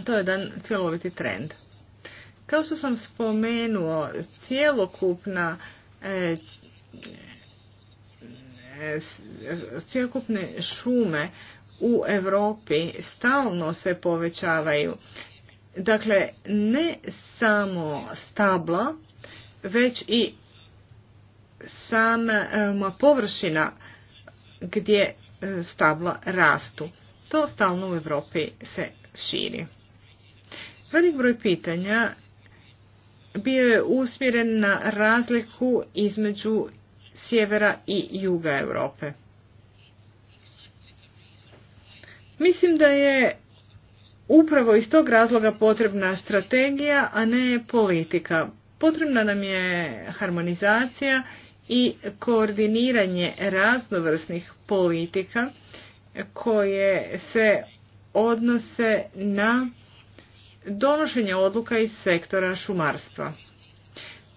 To je jedan cjeloviti trend. Kao što sam spomenuo, cjelokupna e, e, cjelokupne šume u Europi stalno se povećavaju. Dakle, ne samo stabla, već i sama e, površina gdje stabla rastu. To stalno u Europi se širi. Velik broj pitanja bio je usmjeren na razliku između sjevera i juga Europe. Mislim da je upravo iz tog razloga potrebna strategija, a ne politika. Potrebna nam je harmonizacija i koordiniranje raznovrsnih politika koje se odnose na donošenje odluka iz sektora šumarstva.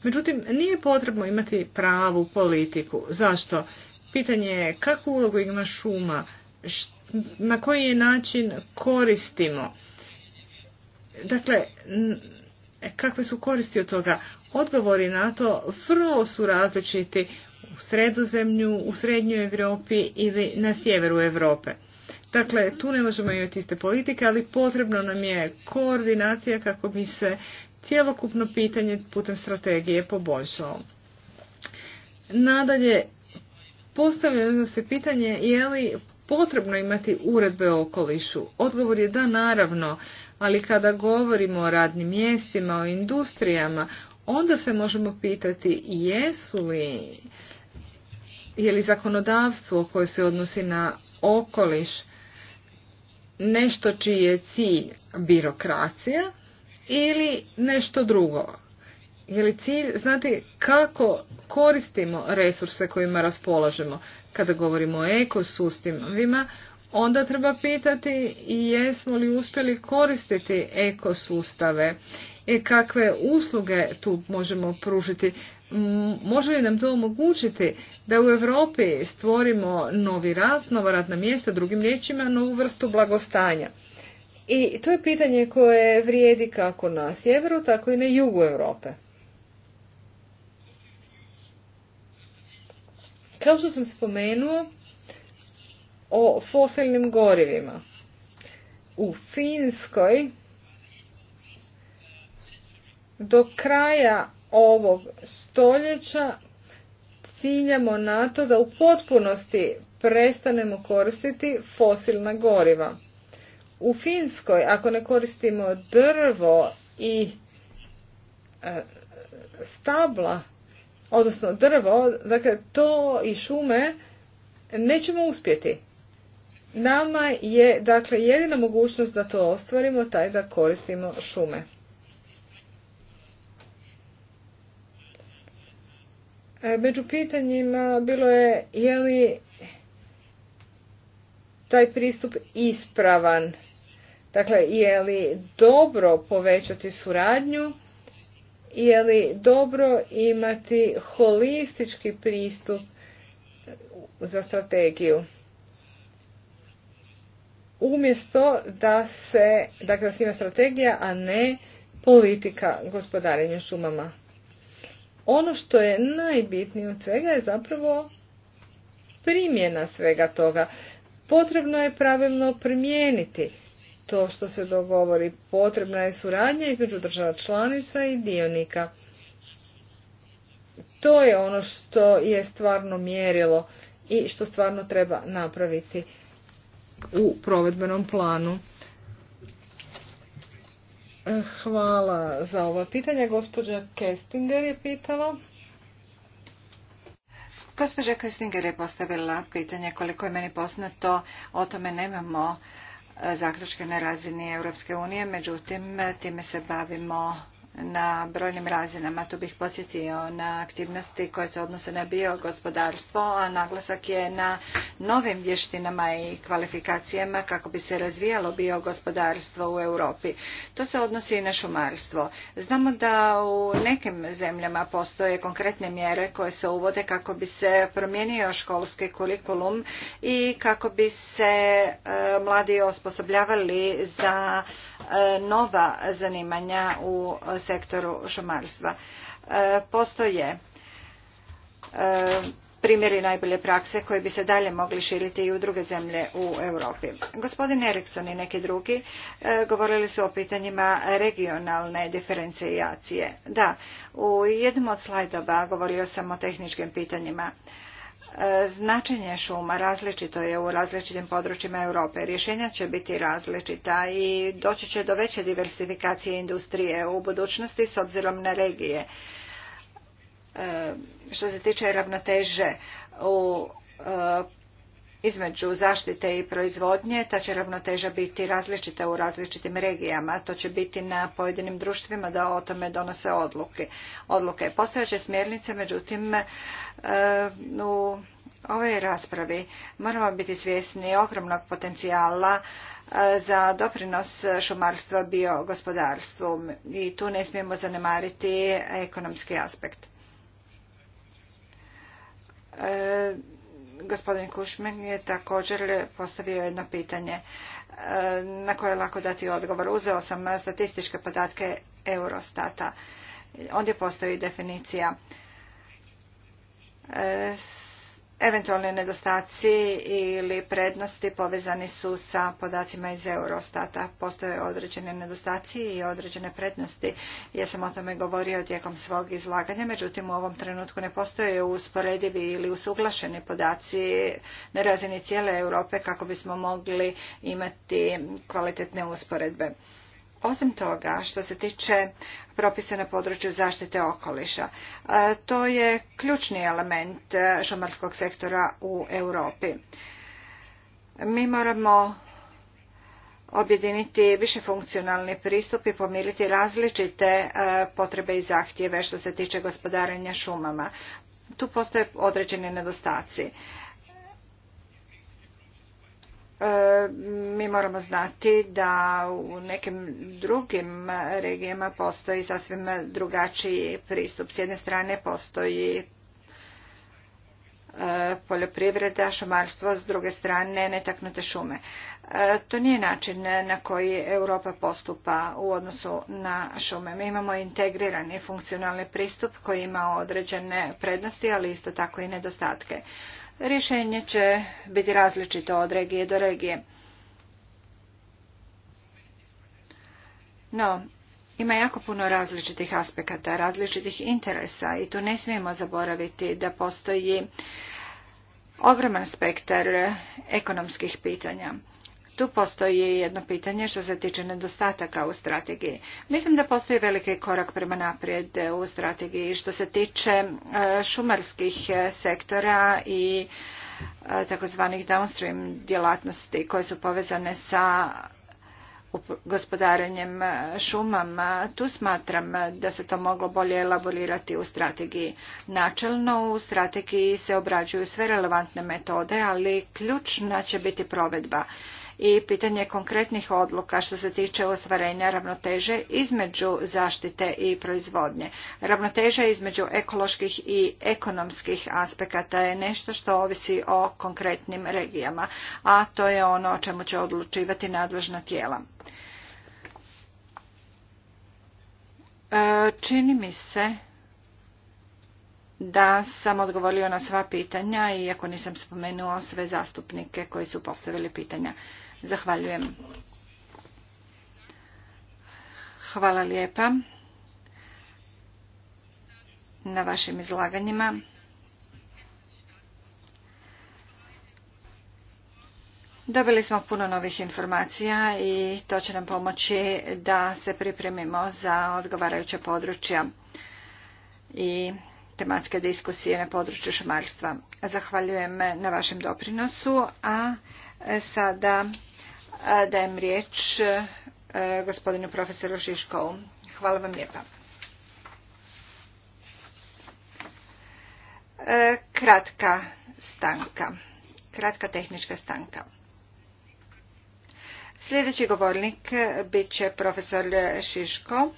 Međutim, nije potrebno imati pravu politiku. Zašto? Pitanje je kakvu ulogu ima šuma, na koji je način koristimo. Dakle, kakve su koristi od toga? Odgovori na to vrlo su različiti u sredozemlju, u srednjoj Europi ili na sjeveru Europe. Dakle, tu ne možemo imati iste politike, ali potrebno nam je koordinacija kako bi se cjelokupno pitanje putem strategije poboljšalo. Nadalje, postavljeno se pitanje je li potrebno imati uredbe o okolišu. Odgovor je da, naravno, ali kada govorimo o radnim mjestima, o industrijama, onda se možemo pitati jesu li je li zakonodavstvo koje se odnosi na okoliš nešto čiji je cilj birokracija ili nešto drugo. Je li cilj znati kako koristimo resurse kojima raspolažemo? Kada govorimo o ekosustavima, onda treba pitati i jesmo li uspjeli koristiti ekosustave i kakve usluge tu možemo pružiti može li nam to omogućiti da u Europi stvorimo novi rat, nova radna mjesta, drugim riječima novu vrstu blagostanja? I to je pitanje koje vrijedi kako na sjeveru, tako i na jugu Europe. Kao što sam spomenuo o fosilnim gorivima. U Finskoj do kraja ovog stoljeća ciljamo na to da u potpunosti prestanemo koristiti fosilna goriva. U Finskoj, ako ne koristimo drvo i e, stabla, odnosno drvo, dakle to i šume, nećemo uspjeti. Nama je, dakle, jedina mogućnost da to ostvarimo taj da koristimo šume. E, među pitanjima bilo je je li taj pristup ispravan. Dakle, je li dobro povećati suradnju, je li dobro imati holistički pristup za strategiju. Umjesto da se, dakle, da ima strategija, a ne politika gospodarenja šumama ono što je najbitnije od svega je zapravo primjena svega toga. Potrebno je pravilno primijeniti to što se dogovori. Potrebna je suradnja između država članica i dionika. To je ono što je stvarno mjerilo i što stvarno treba napraviti u provedbenom planu. Hvala za ova pitanja. Gospođa Kestinger je pitala. Gospođa Kestinger je postavila pitanje koliko je meni poznato. O tome nemamo e, zaključke na razini Europske unije, međutim time se bavimo na brojnim razinama. Tu bih podsjetio na aktivnosti koje se odnose na biogospodarstvo, a naglasak je na novim vještinama i kvalifikacijama kako bi se razvijalo biogospodarstvo u Europi. To se odnosi i na šumarstvo. Znamo da u nekim zemljama postoje konkretne mjere koje se uvode kako bi se promijenio školski kurikulum i kako bi se e, mladi osposobljavali za E, nova zanimanja u sektoru šumarstva. E, postoje e, primjeri najbolje prakse koji bi se dalje mogli širiti i u druge zemlje u Europi. Gospodin Eriksson i neki drugi govorili su o pitanjima regionalne diferencijacije. Da, u jednom od slajdova govorio sam o tehničkim pitanjima. E, značenje šuma različito je u različitim područjima Europe. Rješenja će biti različita i doći će do veće diversifikacije industrije u budućnosti s obzirom na regije. E, što se tiče ravnoteže u e, između zaštite i proizvodnje, ta će ravnoteža biti različita u različitim regijama. To će biti na pojedinim društvima da o tome donose odluke. odluke. Postojeće smjernice, međutim, e, u ovoj raspravi moramo biti svjesni ogromnog potencijala e, za doprinos šumarstva biogospodarstvu i tu ne smijemo zanemariti ekonomski aspekt. E, Gospodin Kušmen je također postavio jedno pitanje e, na koje je lako dati odgovor. Uzeo sam statističke podatke Eurostata. Ondje postoji definicija e, Eventualni nedostaci ili prednosti povezani su sa podacima iz Eurostata. Postoje određene nedostaci i određene prednosti. Ja sam o tome govorio tijekom svog izlaganja, međutim u ovom trenutku ne postoje usporedivi ili usuglašeni podaci na razini cijele Europe kako bismo mogli imati kvalitetne usporedbe. Osim toga, što se tiče propisa na području zaštite okoliša, e, to je ključni element e, šumarskog sektora u Europi. Mi moramo objediniti višefunkcionalni pristup i pomiriti različite e, potrebe i zahtjeve što se tiče gospodarenja šumama. Tu postoje određeni nedostaci. E, mi moramo znati da u nekim drugim regijama postoji sasvim drugačiji pristup. S jedne strane postoji e, poljoprivreda, šumarstvo, s druge strane netaknute šume. E, to nije način na koji Europa postupa u odnosu na šume. Mi imamo integrirani funkcionalni pristup koji ima određene prednosti, ali isto tako i nedostatke. Rješenje će biti različito od regije do regije. No, ima jako puno različitih aspekata, različitih interesa i tu ne smijemo zaboraviti da postoji ogroman spektar ekonomskih pitanja tu postoji jedno pitanje što se tiče nedostataka u strategiji. Mislim da postoji veliki korak prema naprijed u strategiji što se tiče e, šumarskih e, sektora i e, takozvanih downstream djelatnosti koje su povezane sa gospodarenjem šumama. Tu smatram da se to moglo bolje elaborirati u strategiji. Načelno u strategiji se obrađuju sve relevantne metode, ali ključna će biti provedba i pitanje konkretnih odluka što se tiče ostvarenja ravnoteže između zaštite i proizvodnje. Ravnoteža između ekoloških i ekonomskih aspekata je nešto što ovisi o konkretnim regijama, a to je ono o čemu će odlučivati nadležna tijela. E, čini mi se da sam odgovorio na sva pitanja, iako nisam spomenuo sve zastupnike koji su postavili pitanja. Zahvaljujem. Hvala lijepa na vašim izlaganjima. Dobili smo puno novih informacija i to će nam pomoći da se pripremimo za odgovarajuća područja i tematske diskusije na području šumarstva. Zahvaljujem na vašem doprinosu, a sada dajem riječ e, gospodinu profesoru Šiškovu. Hvala vam lijepa. E, kratka stanka. Kratka tehnička stanka. Sljedeći govornik bit će profesor Šiško,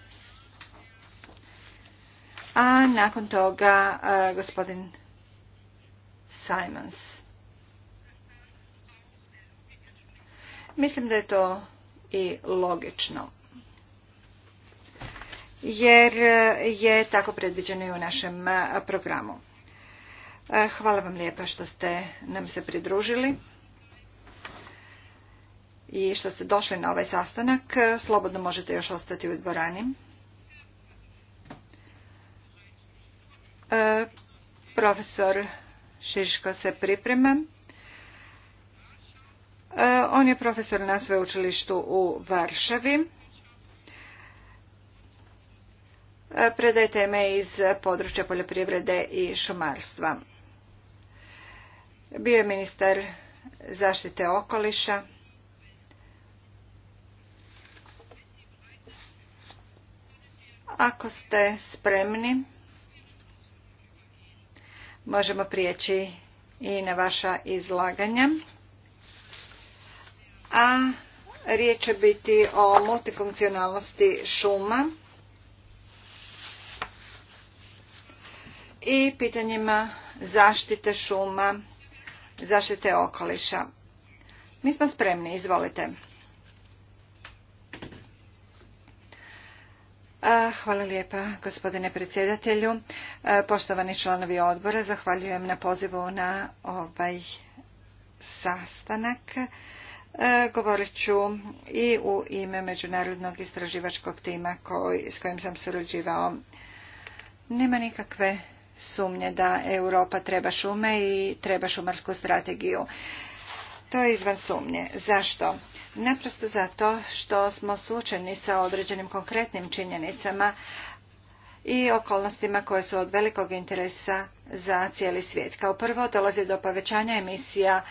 a nakon toga e, gospodin Simons. Mislim da je to i logično. Jer je tako predviđeno i u našem programu. Hvala vam lijepa što ste nam se pridružili i što ste došli na ovaj sastanak. Slobodno možete još ostati u dvorani. Profesor Šiško se priprema. E, on je profesor na sveučilištu u Varšavi. E, predaje teme iz područja poljoprivrede i šumarstva. Bio je ministar zaštite okoliša. Ako ste spremni, možemo prijeći i na vaša izlaganja a riječ će biti o multifunkcionalnosti šuma i pitanjima zaštite šuma, zaštite okoliša. Mi smo spremni, izvolite. Hvala lijepa gospodine predsjedatelju. Poštovani članovi odbora, zahvaljujem na pozivu na ovaj sastanak. E, govorit ću i u ime Međunarodnog istraživačkog tima s kojim sam surađivao. Nema nikakve sumnje da Europa treba šume i treba šumarsku strategiju. To je izvan sumnje. Zašto? Naprosto zato što smo suočeni sa određenim konkretnim činjenicama i okolnostima koje su od velikog interesa za cijeli svijet. Kao prvo dolazi do povećanja emisija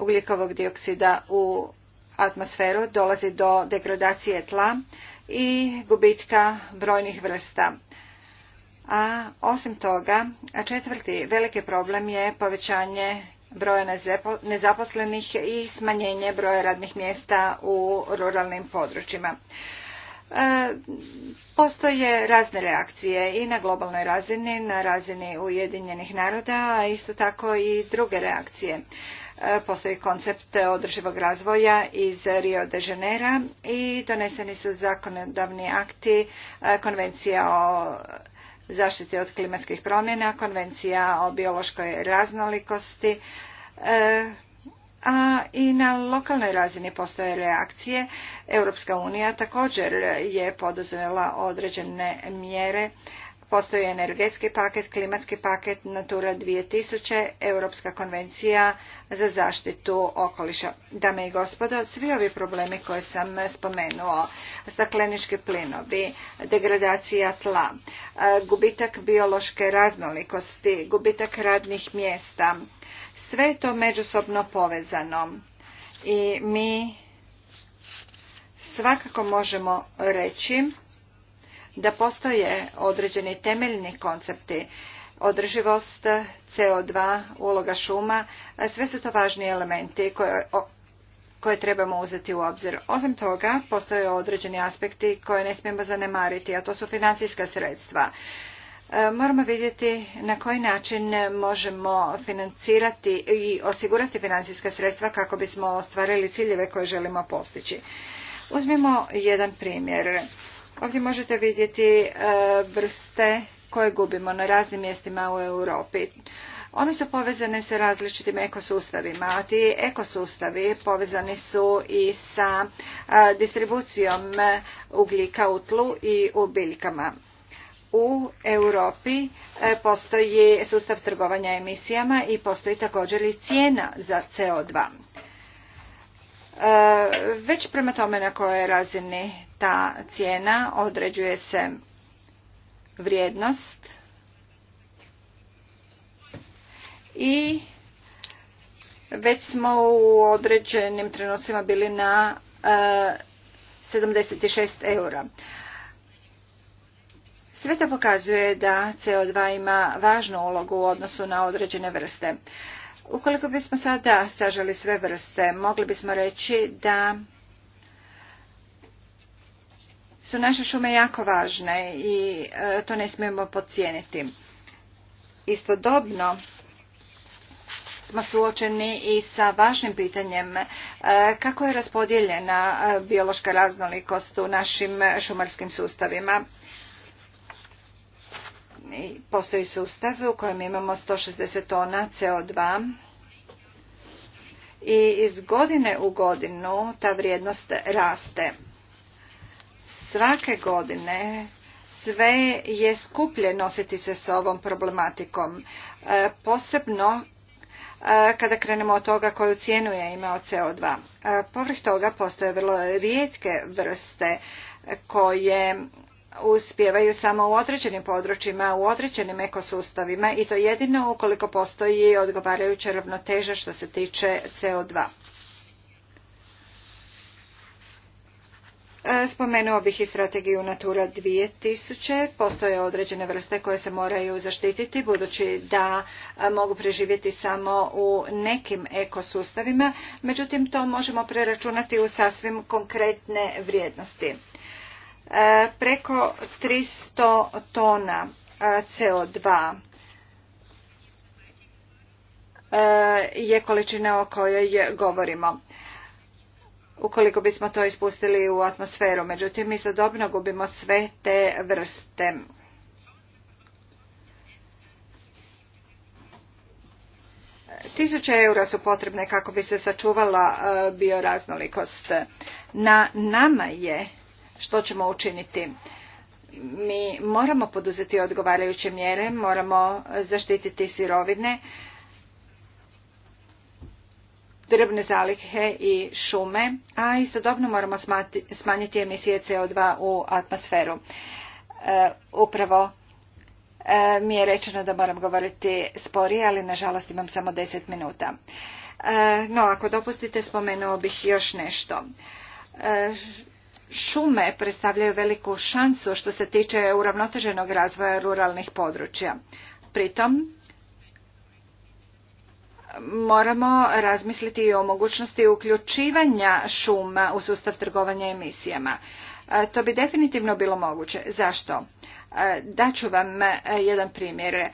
ugljikovog dioksida u atmosferu, dolazi do degradacije tla i gubitka brojnih vrsta. A osim toga, četvrti veliki problem je povećanje broja nezaposlenih i smanjenje broja radnih mjesta u ruralnim područjima. E, postoje razne reakcije i na globalnoj razini, na razini Ujedinjenih naroda, a isto tako i druge reakcije. E, postoji koncept održivog razvoja iz Rio de Janeira i doneseni su zakonodavni akti e, konvencija o zaštiti od klimatskih promjena, konvencija o biološkoj raznolikosti, e, a i na lokalnoj razini postoje reakcije. Europska unija također je poduzela određene mjere Postoji energetski paket, klimatski paket, Natura 2000, Europska konvencija za zaštitu okoliša. Dame i gospodo, svi ovi problemi koje sam spomenuo, staklenički plinovi, degradacija tla, gubitak biološke raznolikosti, gubitak radnih mjesta, sve je to međusobno povezano i mi svakako možemo reći da postoje određeni temeljni koncepti održivost CO2 uloga šuma sve su to važni elementi koje, koje trebamo uzeti u obzir. Osim toga, postoje određeni aspekti koje ne smijemo zanemariti, a to su financijska sredstva. E, moramo vidjeti na koji način možemo financirati i osigurati financijska sredstva kako bismo ostvarili ciljeve koje želimo postići. Uzmimo jedan primjer. Ovdje možete vidjeti e, vrste koje gubimo na raznim mjestima u Europi. One su povezane sa različitim ekosustavima, a ti ekosustavi povezani su i sa e, distribucijom e, ugljika u tlu i u biljkama. U Europi postoji sustav trgovanja emisijama i postoji također i cijena za CO2. E, već prema tome na kojoj razini ta cijena određuje se vrijednost i već smo u određenim trenucima bili na 76 e, eura. Sve to pokazuje da CO2 ima važnu ulogu u odnosu na određene vrste. Ukoliko bismo sada saželi sve vrste, mogli bismo reći da su naše šume jako važne i e, to ne smijemo podcijeniti. Istodobno smo suočeni i sa važnim pitanjem e, kako je raspodijeljena e, biološka raznolikost u našim šumarskim sustavima postoji sustav u kojem imamo 160 tona CO2 i iz godine u godinu ta vrijednost raste. Svake godine sve je skuplje nositi se s ovom problematikom, e, posebno e, kada krenemo od toga koju cijenu je imao CO2. E, povrh toga postoje vrlo rijetke vrste koje uspijevaju samo u određenim područjima, u određenim ekosustavima i to jedino ukoliko postoji odgovarajuća ravnoteža što se tiče CO2. E, spomenuo bih i strategiju Natura 2000. Postoje određene vrste koje se moraju zaštititi budući da e, mogu preživjeti samo u nekim ekosustavima. Međutim, to možemo preračunati u sasvim konkretne vrijednosti. E, preko 300 tona e, CO2 e, je količina o kojoj govorimo ukoliko bismo to ispustili u atmosferu. Međutim, istodobno gubimo sve te vrste. Tisuće eura su potrebne kako bi se sačuvala bioraznolikost. Na nama je što ćemo učiniti? Mi moramo poduzeti odgovarajuće mjere, moramo zaštititi sirovine, drbne zalihe i šume, a istodobno moramo smanjiti emisije CO2 u atmosferu. E, upravo e, mi je rečeno da moram govoriti sporije, ali nažalost imam samo 10 minuta. E, no, ako dopustite, spomenuo bih još nešto. Šume predstavljaju veliku šansu što se tiče uravnoteženog razvoja ruralnih područja. Pritom, moramo razmisliti i o mogućnosti uključivanja šuma u sustav trgovanja emisijama. E, to bi definitivno bilo moguće. Zašto? E, daću vam e, jedan primjer.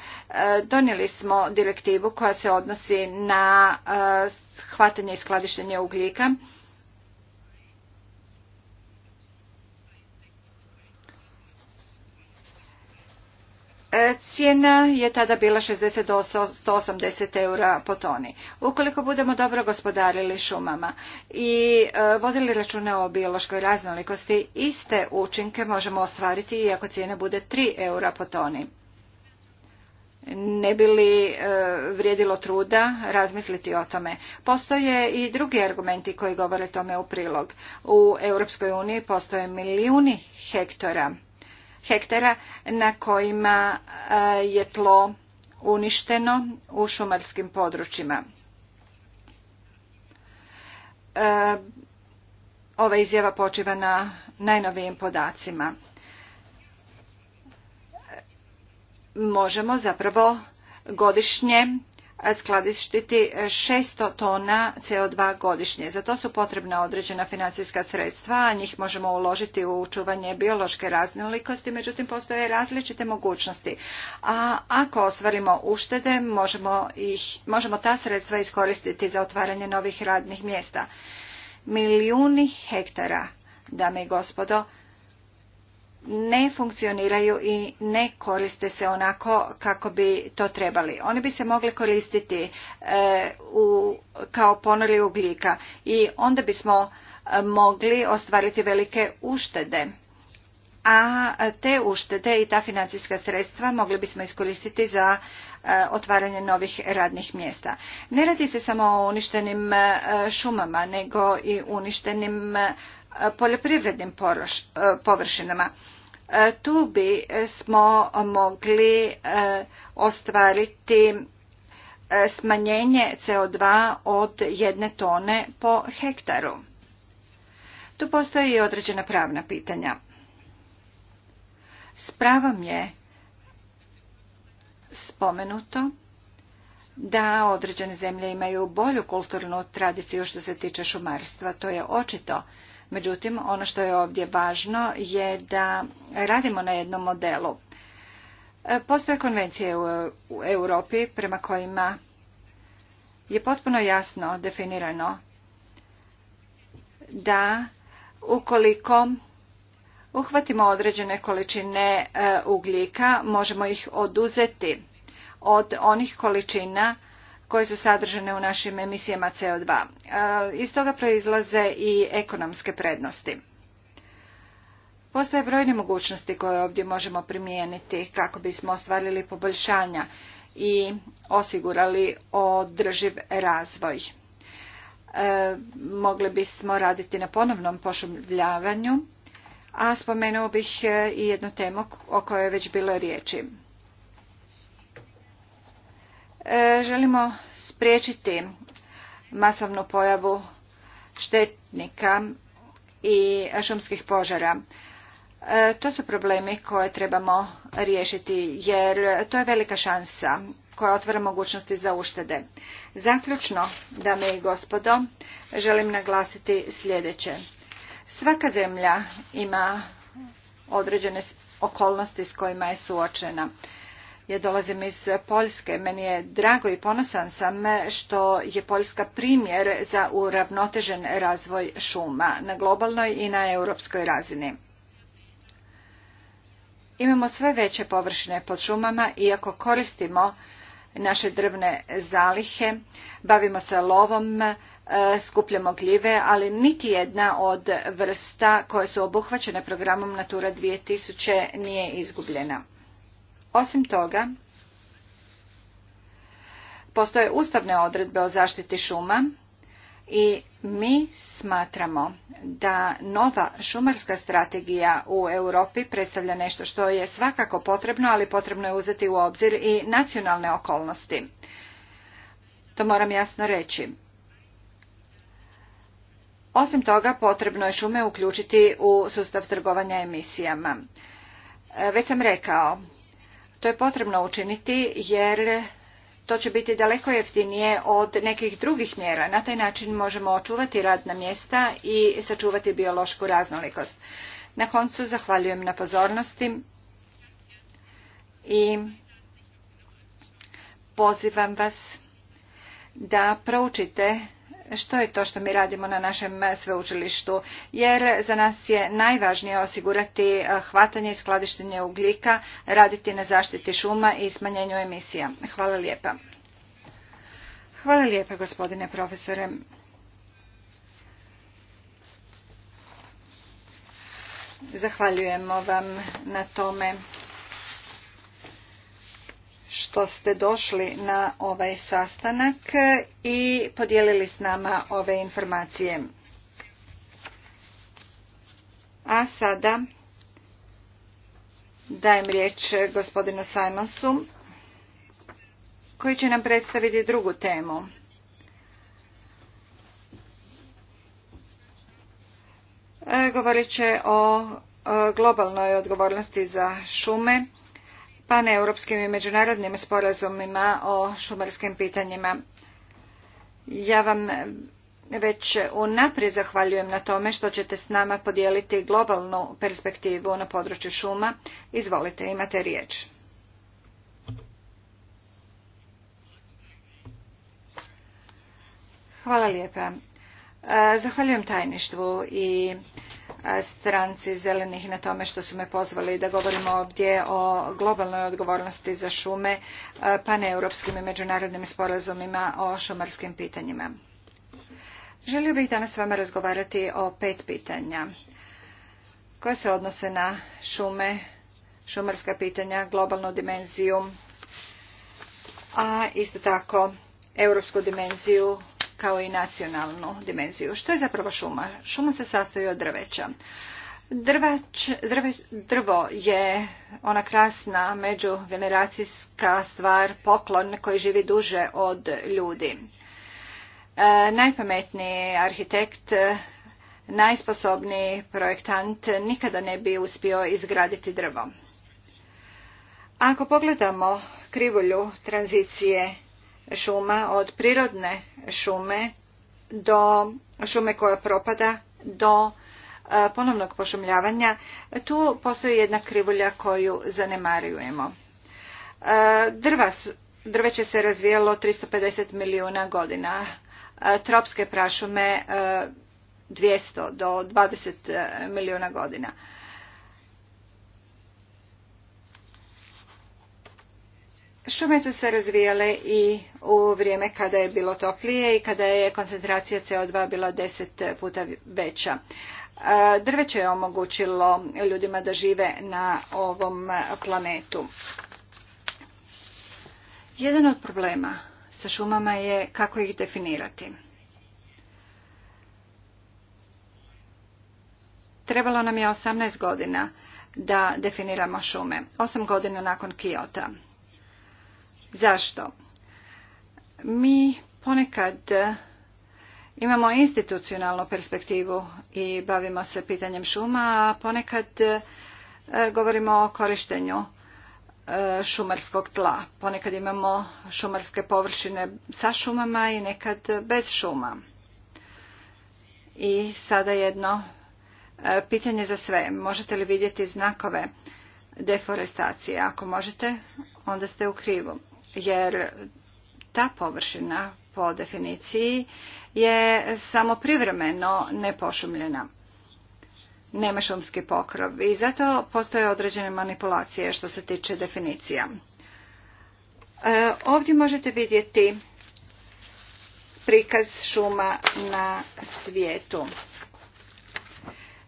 Donijeli smo direktivu koja se odnosi na hvatanje i skladištenje ugljika Cijena je tada bila 60 do 180 eura po toni. Ukoliko budemo dobro gospodarili šumama i e, vodili računa o biološkoj raznolikosti, iste učinke možemo ostvariti i ako cijena bude 3 eura po toni. Ne bi li e, vrijedilo truda razmisliti o tome? Postoje i drugi argumenti koji govore tome u prilog. U Europskoj uniji postoje milijuni hektara hektara na kojima e, je tlo uništeno u šumarskim područjima. E, ova izjava počiva na najnovijim podacima. Možemo zapravo godišnje skladištiti 600 tona CO2 godišnje. Za to su potrebna određena financijska sredstva, a njih možemo uložiti u očuvanje biološke raznolikosti, međutim postoje različite mogućnosti. A ako ostvarimo uštede, možemo, ih, možemo ta sredstva iskoristiti za otvaranje novih radnih mjesta. Milijuni hektara, dame i gospodo, ne funkcioniraju i ne koriste se onako kako bi to trebali. Oni bi se mogli koristiti e, u, kao ponori ugljika i onda bismo e, mogli ostvariti velike uštede. A te uštede i ta financijska sredstva mogli bismo iskoristiti za e, otvaranje novih radnih mjesta. Ne radi se samo o uništenim šumama, nego i uništenim poljoprivrednim površinama. E, tu bi smo mogli e, ostvariti e, smanjenje CO2 od jedne tone po hektaru. Tu postoji i određena pravna pitanja. S pravom je spomenuto da određene zemlje imaju bolju kulturnu tradiciju što se tiče šumarstva. To je očito. Međutim, ono što je ovdje važno je da radimo na jednom modelu. E, Postoje konvencije u Europi prema kojima je potpuno jasno definirano da ukoliko uhvatimo određene količine e, ugljika možemo ih oduzeti od onih količina koje su sadržane u našim emisijama CO2. E, iz toga proizlaze i ekonomske prednosti. Postoje brojne mogućnosti koje ovdje možemo primijeniti kako bismo ostvarili poboljšanja i osigurali održiv razvoj. E, mogli bismo raditi na ponovnom pošumljavanju, a spomenuo bih i jednu temu o kojoj je već bilo riječi. E, želimo spriječiti masovnu pojavu štetnika i šumskih požara. E, to su problemi koje trebamo riješiti jer to je velika šansa koja otvara mogućnosti za uštede. Zaključno, dame i gospodo, želim naglasiti sljedeće. Svaka zemlja ima određene okolnosti s kojima je suočena. Ja dolazim iz Poljske. Meni je drago i ponosan sam što je Poljska primjer za uravnotežen razvoj šuma na globalnoj i na europskoj razini. Imamo sve veće površine pod šumama, iako koristimo naše drvne zalihe, bavimo se lovom, e, skupljamo gljive, ali niti jedna od vrsta koje su obuhvaćene programom Natura 2000 nije izgubljena. Osim toga, postoje ustavne odredbe o zaštiti šuma i mi smatramo da nova šumarska strategija u Europi predstavlja nešto što je svakako potrebno, ali potrebno je uzeti u obzir i nacionalne okolnosti. To moram jasno reći. Osim toga, potrebno je šume uključiti u sustav trgovanja emisijama. E, već sam rekao to je potrebno učiniti jer to će biti daleko jeftinije od nekih drugih mjera. Na taj način možemo očuvati radna mjesta i sačuvati biološku raznolikost. Na koncu zahvaljujem na pozornosti i pozivam vas da proučite što je to što mi radimo na našem sveučilištu, jer za nas je najvažnije osigurati eh, hvatanje i skladištenje ugljika, raditi na zaštiti šuma i smanjenju emisija. Hvala lijepa. Hvala lijepa gospodine profesore. Zahvaljujemo vam na tome što ste došli na ovaj sastanak i podijelili s nama ove informacije. A sada dajem riječ gospodinu Simonsu koji će nam predstaviti drugu temu. E, govorit će o e, globalnoj odgovornosti za šume paneuropskim i međunarodnim sporazumima o šumarskim pitanjima. Ja vam već unaprijed zahvaljujem na tome što ćete s nama podijeliti globalnu perspektivu na području šuma. Izvolite, imate riječ. Hvala lijepa. E, zahvaljujem tajništvu i stranci zelenih na tome što su me pozvali da govorimo ovdje o globalnoj odgovornosti za šume, paneuropskim i međunarodnim sporazumima o šumarskim pitanjima. Želio bih danas s vama razgovarati o pet pitanja koja se odnose na šume, šumarska pitanja, globalnu dimenziju, a isto tako europsku dimenziju kao i nacionalnu dimenziju. Što je zapravo šuma? Šuma se sastoji od drveća. drvo je ona krasna međugeneracijska stvar, poklon koji živi duže od ljudi. E, najpametniji arhitekt najsposobniji projektant nikada ne bi uspio izgraditi drvo. Ako pogledamo krivulju tranzicije šuma od prirodne šume do šume koja propada do e, ponovnog pošumljavanja, tu postoji jedna krivulja koju zanemarujemo. E, drva, drveće se razvijalo 350 milijuna godina, e, tropske prašume 200 do 20 milijuna godina. Šume su se razvijale i u vrijeme kada je bilo toplije i kada je koncentracija CO2 bila deset puta veća. Drveće je omogućilo ljudima da žive na ovom planetu. Jedan od problema sa šumama je kako ih definirati. Trebalo nam je 18 godina da definiramo šume, 8 godina nakon Kijota. Zašto? Mi ponekad imamo institucionalnu perspektivu i bavimo se pitanjem šuma, a ponekad e, govorimo o korištenju e, šumarskog tla. Ponekad imamo šumarske površine sa šumama i nekad bez šuma. I sada jedno e, pitanje za sve. Možete li vidjeti znakove deforestacije? Ako možete, onda ste u krivu jer ta površina po definiciji je samo privremeno nepošumljena. Nema šumski pokrov i zato postoje određene manipulacije što se tiče definicija. E, ovdje možete vidjeti prikaz šuma na svijetu.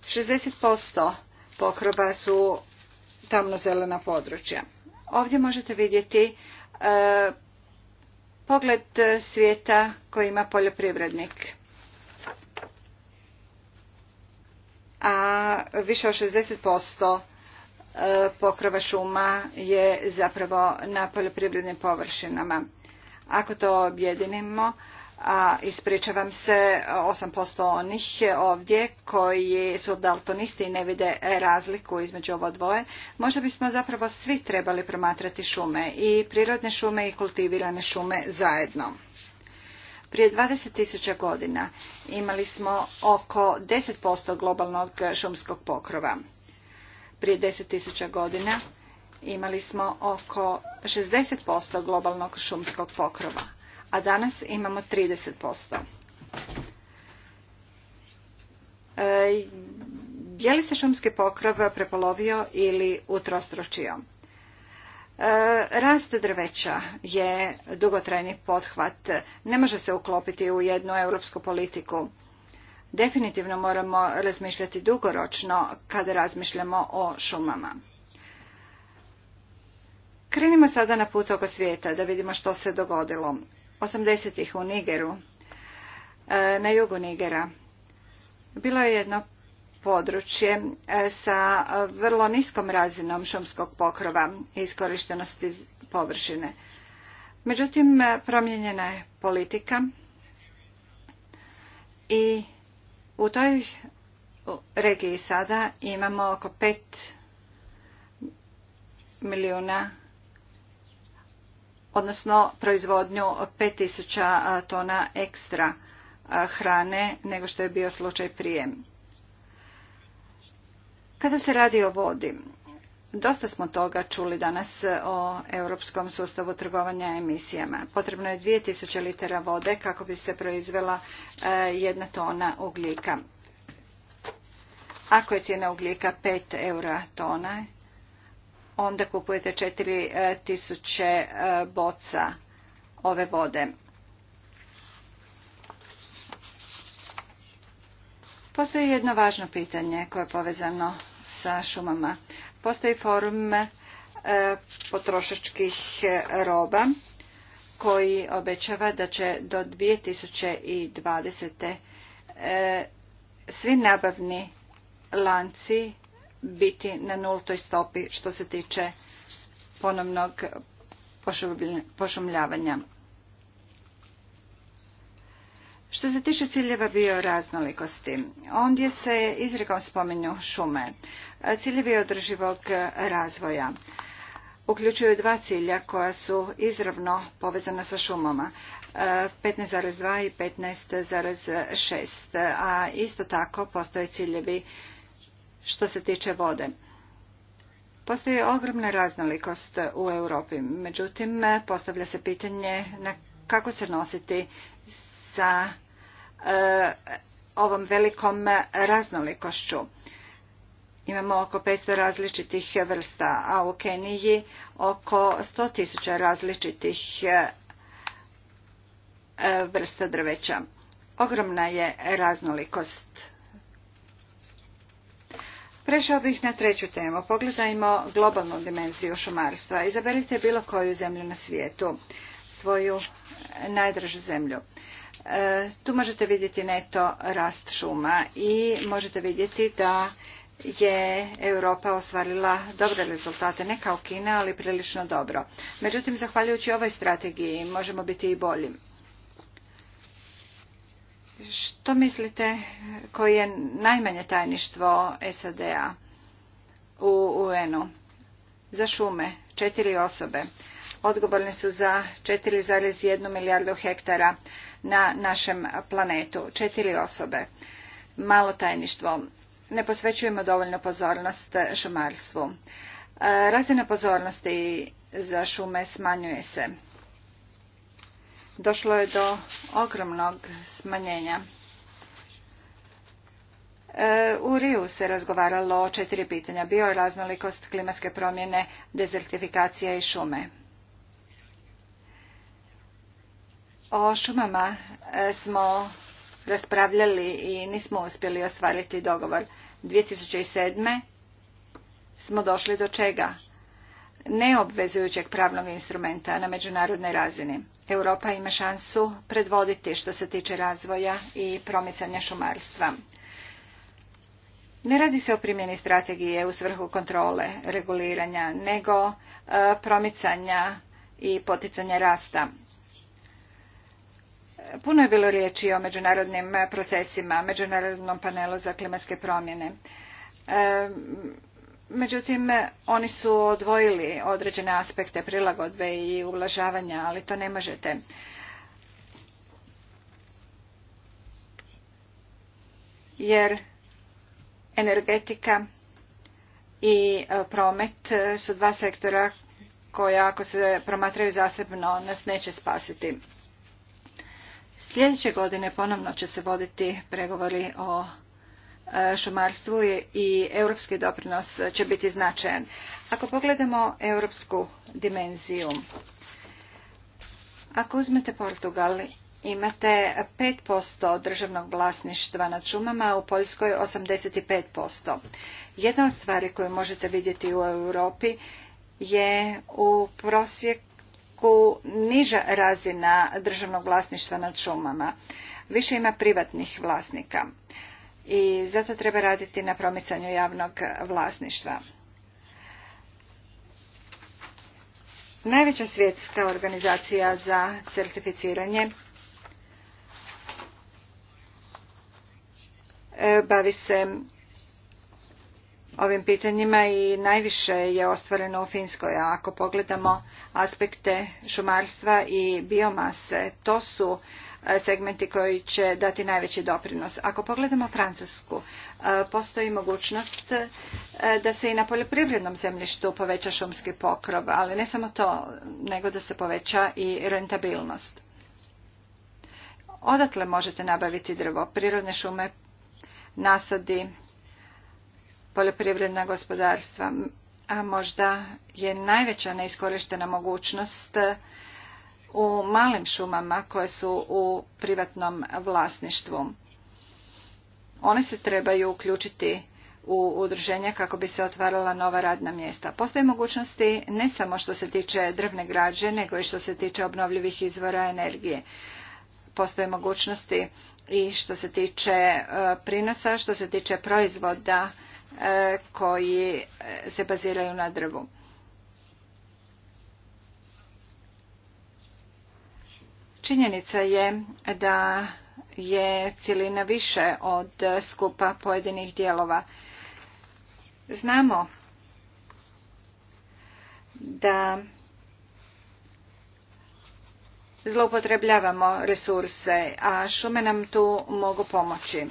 60% pokrova su tamnozelena područja. Ovdje možete vidjeti E, pogled svijeta koji ima poljoprivrednik. A više od 60% e, pokrova šuma je zapravo na poljoprivrednim površinama. Ako to objedinimo, a ispričavam se 8% onih ovdje koji su daltonisti i ne vide razliku između ovo dvoje, možda bismo zapravo svi trebali promatrati šume i prirodne šume i kultivirane šume zajedno. Prije 20.000 godina imali smo oko 10% globalnog šumskog pokrova. Prije 10.000 godina imali smo oko 60% globalnog šumskog pokrova a danas imamo 30%. E, je li se šumski pokrov prepolovio ili utrostročio? E, rast drveća je dugotrajni pothvat. Ne može se uklopiti u jednu europsku politiku. Definitivno moramo razmišljati dugoročno kada razmišljamo o šumama. Krenimo sada na put oko svijeta da vidimo što se dogodilo. 80-ih u Nigeru, e, na jugu Nigera. Bilo je jedno područje e, sa vrlo niskom razinom šumskog pokrova i iskorištenosti površine. Međutim, e, promijenjena je politika i u toj regiji sada imamo oko 5 milijuna odnosno proizvodnju 5000 tona ekstra hrane nego što je bio slučaj prije. Kada se radi o vodi, dosta smo toga čuli danas e, o europskom sustavu trgovanja emisijama. Potrebno je 2000 litara vode kako bi se proizvela e, jedna tona ugljika. Ako je cijena ugljika 5 eura tona, onda kupujete 4000 e, e, boca ove vode. Postoji jedno važno pitanje koje je povezano sa šumama. Postoji forum e, potrošačkih roba koji obećava da će do 2020. svi nabavni lanci biti na nultoj stopi što se tiče ponovnog pošumljavanja. Što se tiče ciljeva bioraznolikosti, ondje se izrekom spominju šume. Ciljevi održivog razvoja uključuju dva cilja koja su izravno povezana sa šumama, 15,2 e, i 15,6, a isto tako postoje ciljevi što se tiče vode. Postoji ogromna raznolikost u Europi, međutim postavlja se pitanje na kako se nositi sa e, ovom velikom raznolikošću. Imamo oko 500 različitih vrsta, a u Keniji oko 100.000 različitih e, e, vrsta drveća. Ogromna je raznolikost Prešao bih na treću temu. Pogledajmo globalnu dimenziju šumarstva. Izaberite bilo koju zemlju na svijetu, svoju e, najdražu zemlju. E, tu možete vidjeti neto rast šuma i možete vidjeti da je Europa ostvarila dobre rezultate, ne kao Kina, ali prilično dobro. Međutim, zahvaljujući ovoj strategiji možemo biti i bolji. Što mislite koji je najmanje tajništvo SAD-a u UN-u? Za šume, četiri osobe. Odgovorne su za 4,1 milijardu hektara na našem planetu. Četiri osobe. Malo tajništvo. Ne posvećujemo dovoljno pozornost šumarstvu. E, razina pozornosti za šume smanjuje se došlo je do ogromnog smanjenja. E, u Riju se razgovaralo o četiri pitanja. Bio je raznolikost, klimatske promjene, dezertifikacija i šume. O šumama e, smo raspravljali i nismo uspjeli ostvariti dogovor. 2007. smo došli do čega? Neobvezujućeg pravnog instrumenta na međunarodnoj razini. Europa ima šansu predvoditi što se tiče razvoja i promicanja šumarstva. Ne radi se o primjeni strategije u svrhu kontrole, reguliranja, nego e, promicanja i poticanja rasta. Puno je bilo riječi o međunarodnim procesima, međunarodnom panelu za klimatske promjene. E, Međutim, oni su odvojili određene aspekte prilagodbe i ublažavanja, ali to ne možete. Jer energetika i e, promet su dva sektora koja ako se promatraju zasebno nas neće spasiti. Sljedeće godine ponovno će se voditi pregovori o šumarstvu i europski doprinos će biti značajan. Ako pogledamo europsku dimenziju, ako uzmete Portugal, imate 5% državnog vlasništva nad šumama, a u Poljskoj 85%. Jedna od stvari koju možete vidjeti u Europi je u prosjeku niža razina državnog vlasništva nad šumama. Više ima privatnih vlasnika i zato treba raditi na promicanju javnog vlasništva. Najveća svjetska organizacija za certificiranje e, bavi se ovim pitanjima i najviše je ostvareno u Finskoj. A ako pogledamo aspekte šumarstva i biomase, to su E, segmenti koji će dati najveći doprinos. Ako pogledamo Francusku, e, postoji mogućnost e, da se i na poljoprivrednom zemljištu poveća šumski pokrov, ali ne samo to, nego da se poveća i rentabilnost. Odatle možete nabaviti drvo, prirodne šume, nasadi, poljoprivredna gospodarstva, a možda je najveća neiskorištena mogućnost u malim šumama koje su u privatnom vlasništvu. One se trebaju uključiti u udruženja kako bi se otvarala nova radna mjesta. Postoje mogućnosti ne samo što se tiče drvne građe, nego i što se tiče obnovljivih izvora energije. Postoje mogućnosti i što se tiče e, prinosa, što se tiče proizvoda e, koji e, se baziraju na drvu. Činjenica je da je cjelina više od skupa pojedinih dijelova. Znamo da zloupotrebljavamo resurse, a šume nam tu mogu pomoći.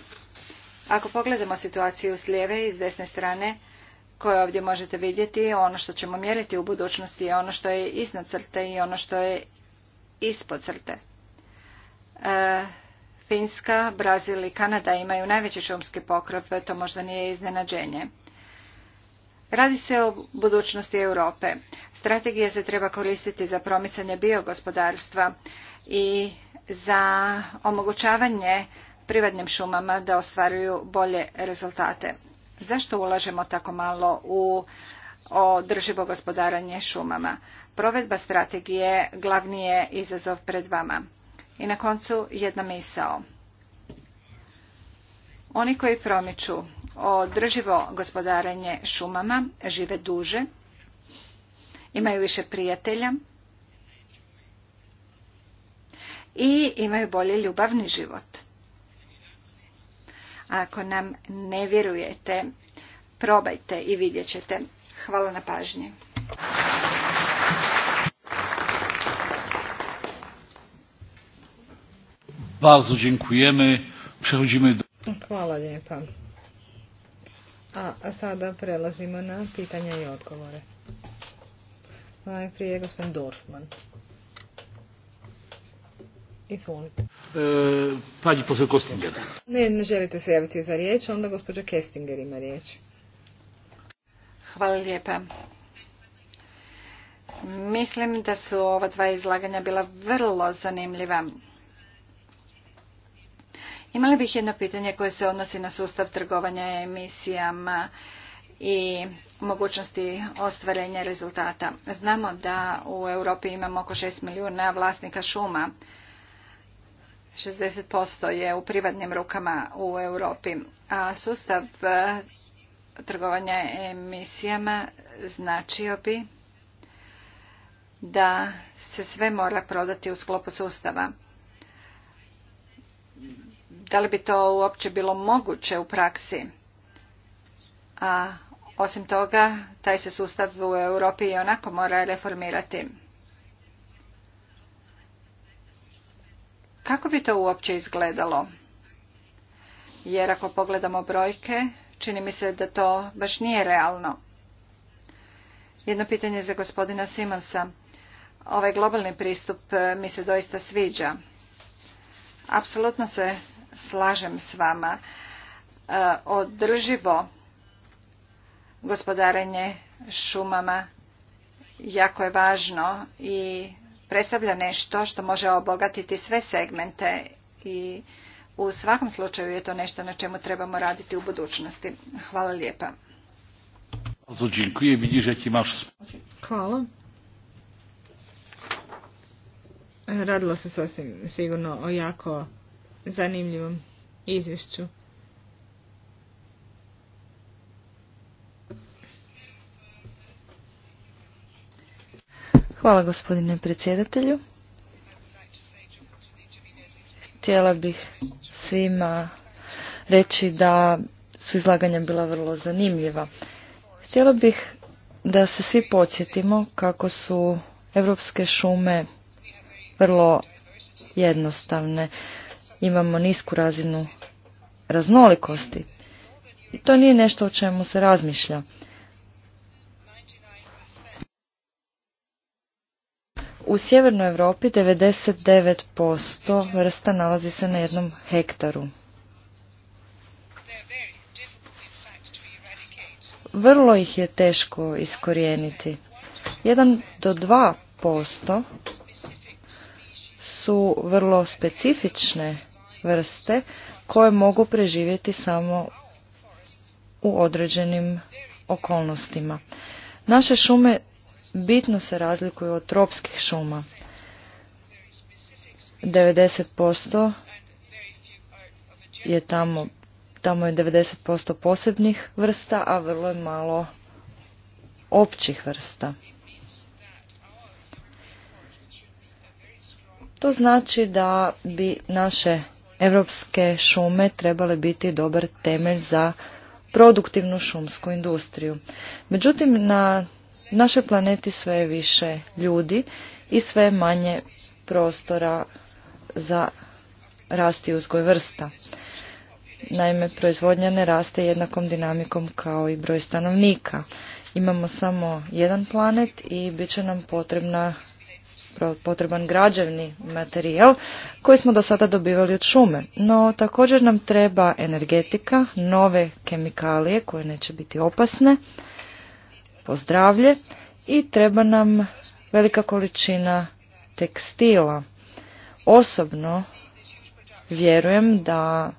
Ako pogledamo situaciju s lijeve i s desne strane, koje ovdje možete vidjeti, ono što ćemo mjeriti u budućnosti je ono što je iznad crte i ono što je ispod crte. E, Finska, Brazil i Kanada imaju najveći šumski pokrov, to možda nije iznenađenje. Radi se o budućnosti Europe. Strategija se treba koristiti za promicanje biogospodarstva i za omogućavanje privatnim šumama da ostvaruju bolje rezultate. Zašto ulažemo tako malo u održivo gospodaranje šumama? Provedba strategije glavni je izazov pred vama. I na koncu jedna misao. Oni koji promiču održivo gospodarenje šumama žive duže, imaju više prijatelja i imaju bolji ljubavni život. Ako nam ne vjerujete, probajte i vidjet ćete. Hvala na pažnji. Bardzo dziękujemy. Przechodzimy do... Hvala lijepa. A sada prelazimo na pitanja i odgovore. Najprije gospodin Dorfman. Izvolite. E, Pani poslije Kostinger. Ne, ne želite se javiti za riječ, onda gospođa Kestinger ima riječ. Hvala lijepa. Mislim da su ova dva izlaganja bila vrlo zanimljiva. Imala bih jedno pitanje koje se odnosi na sustav trgovanja emisijama i mogućnosti ostvarenja rezultata. Znamo da u Europi imamo oko 6 milijuna vlasnika šuma. 60% je u privatnim rukama u Europi, a sustav e, trgovanja emisijama značio bi da se sve mora prodati u sklopu sustava da li bi to uopće bilo moguće u praksi? A osim toga, taj se sustav u Europi i onako mora reformirati. Kako bi to uopće izgledalo? Jer ako pogledamo brojke, čini mi se da to baš nije realno. Jedno pitanje za gospodina Simonsa. Ovaj globalni pristup eh, mi se doista sviđa. Apsolutno se slažem s vama. E, održivo gospodarenje šumama jako je važno i predstavlja nešto što može obogatiti sve segmente i u svakom slučaju je to nešto na čemu trebamo raditi u budućnosti. Hvala lijepa. Hvala. E, radilo se sasvim sigurno o jako zanimljivom izvješću. Hvala gospodine predsjedatelju. Htjela bih svima reći da su izlaganja bila vrlo zanimljiva. Htjela bih da se svi podsjetimo kako su evropske šume vrlo jednostavne imamo nisku razinu raznolikosti. I to nije nešto o čemu se razmišlja. U sjevernoj Europi 99% vrsta nalazi se na jednom hektaru. Vrlo ih je teško iskorijeniti. 1 do 2% su vrlo specifične vrste koje mogu preživjeti samo u određenim okolnostima. Naše šume bitno se razlikuju od tropskih šuma. 90% je tamo, tamo je 90% posebnih vrsta, a vrlo je malo općih vrsta. To znači da bi naše europske šume trebale biti dobar temelj za produktivnu šumsku industriju. Međutim, na našoj planeti sve je više ljudi i sve manje prostora za rasti i uzgoj vrsta. Naime, proizvodnja ne raste jednakom dinamikom kao i broj stanovnika. Imamo samo jedan planet i bit će nam potrebna potreban građevni materijal koji smo do sada dobivali od šume. No također nam treba energetika, nove kemikalije koje neće biti opasne, pozdravlje i treba nam velika količina tekstila. Osobno vjerujem da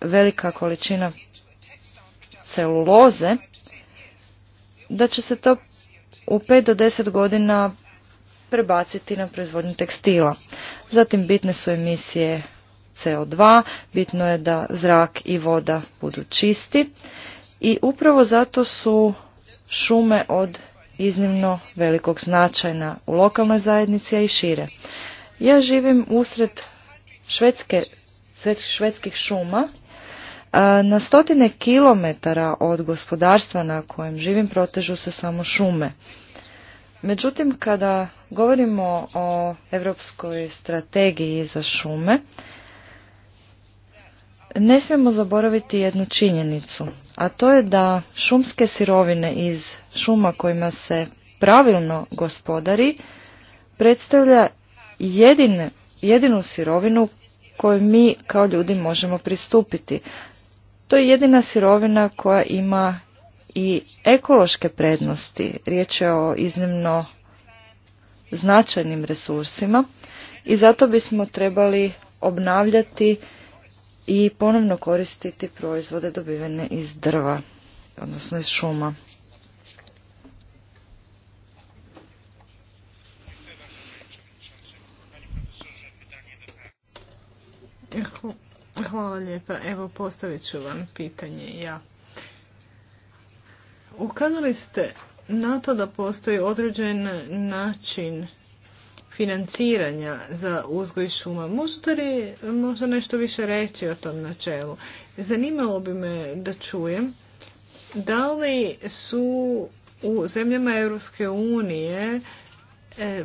velika količina celuloze da će se to u 5 do 10 godina prebaciti na proizvodnju tekstila. Zatim bitne su emisije CO2, bitno je da zrak i voda budu čisti i upravo zato su šume od iznimno velikog značajna u lokalnoj zajednici, a i šire. Ja živim usred švedskih šuma. Na stotine kilometara od gospodarstva na kojem živim protežu se samo šume. Međutim, kada govorimo o europskoj strategiji za šume, ne smijemo zaboraviti jednu činjenicu, a to je da šumske sirovine iz šuma kojima se pravilno gospodari predstavlja jedinu sirovinu koju mi kao ljudi možemo pristupiti. To je jedina sirovina koja ima i ekološke prednosti. Riječ je o iznimno značajnim resursima i zato bismo trebali obnavljati i ponovno koristiti proizvode dobivene iz drva, odnosno iz šuma. Hvala lijepa. Evo postavit ću vam pitanje ja. Ukazali ste na to da postoji određen način financiranja za uzgoj šuma. Možete li možda nešto više reći o tom načelu? Zanimalo bi me da čujem da li su u zemljama Europske unije e,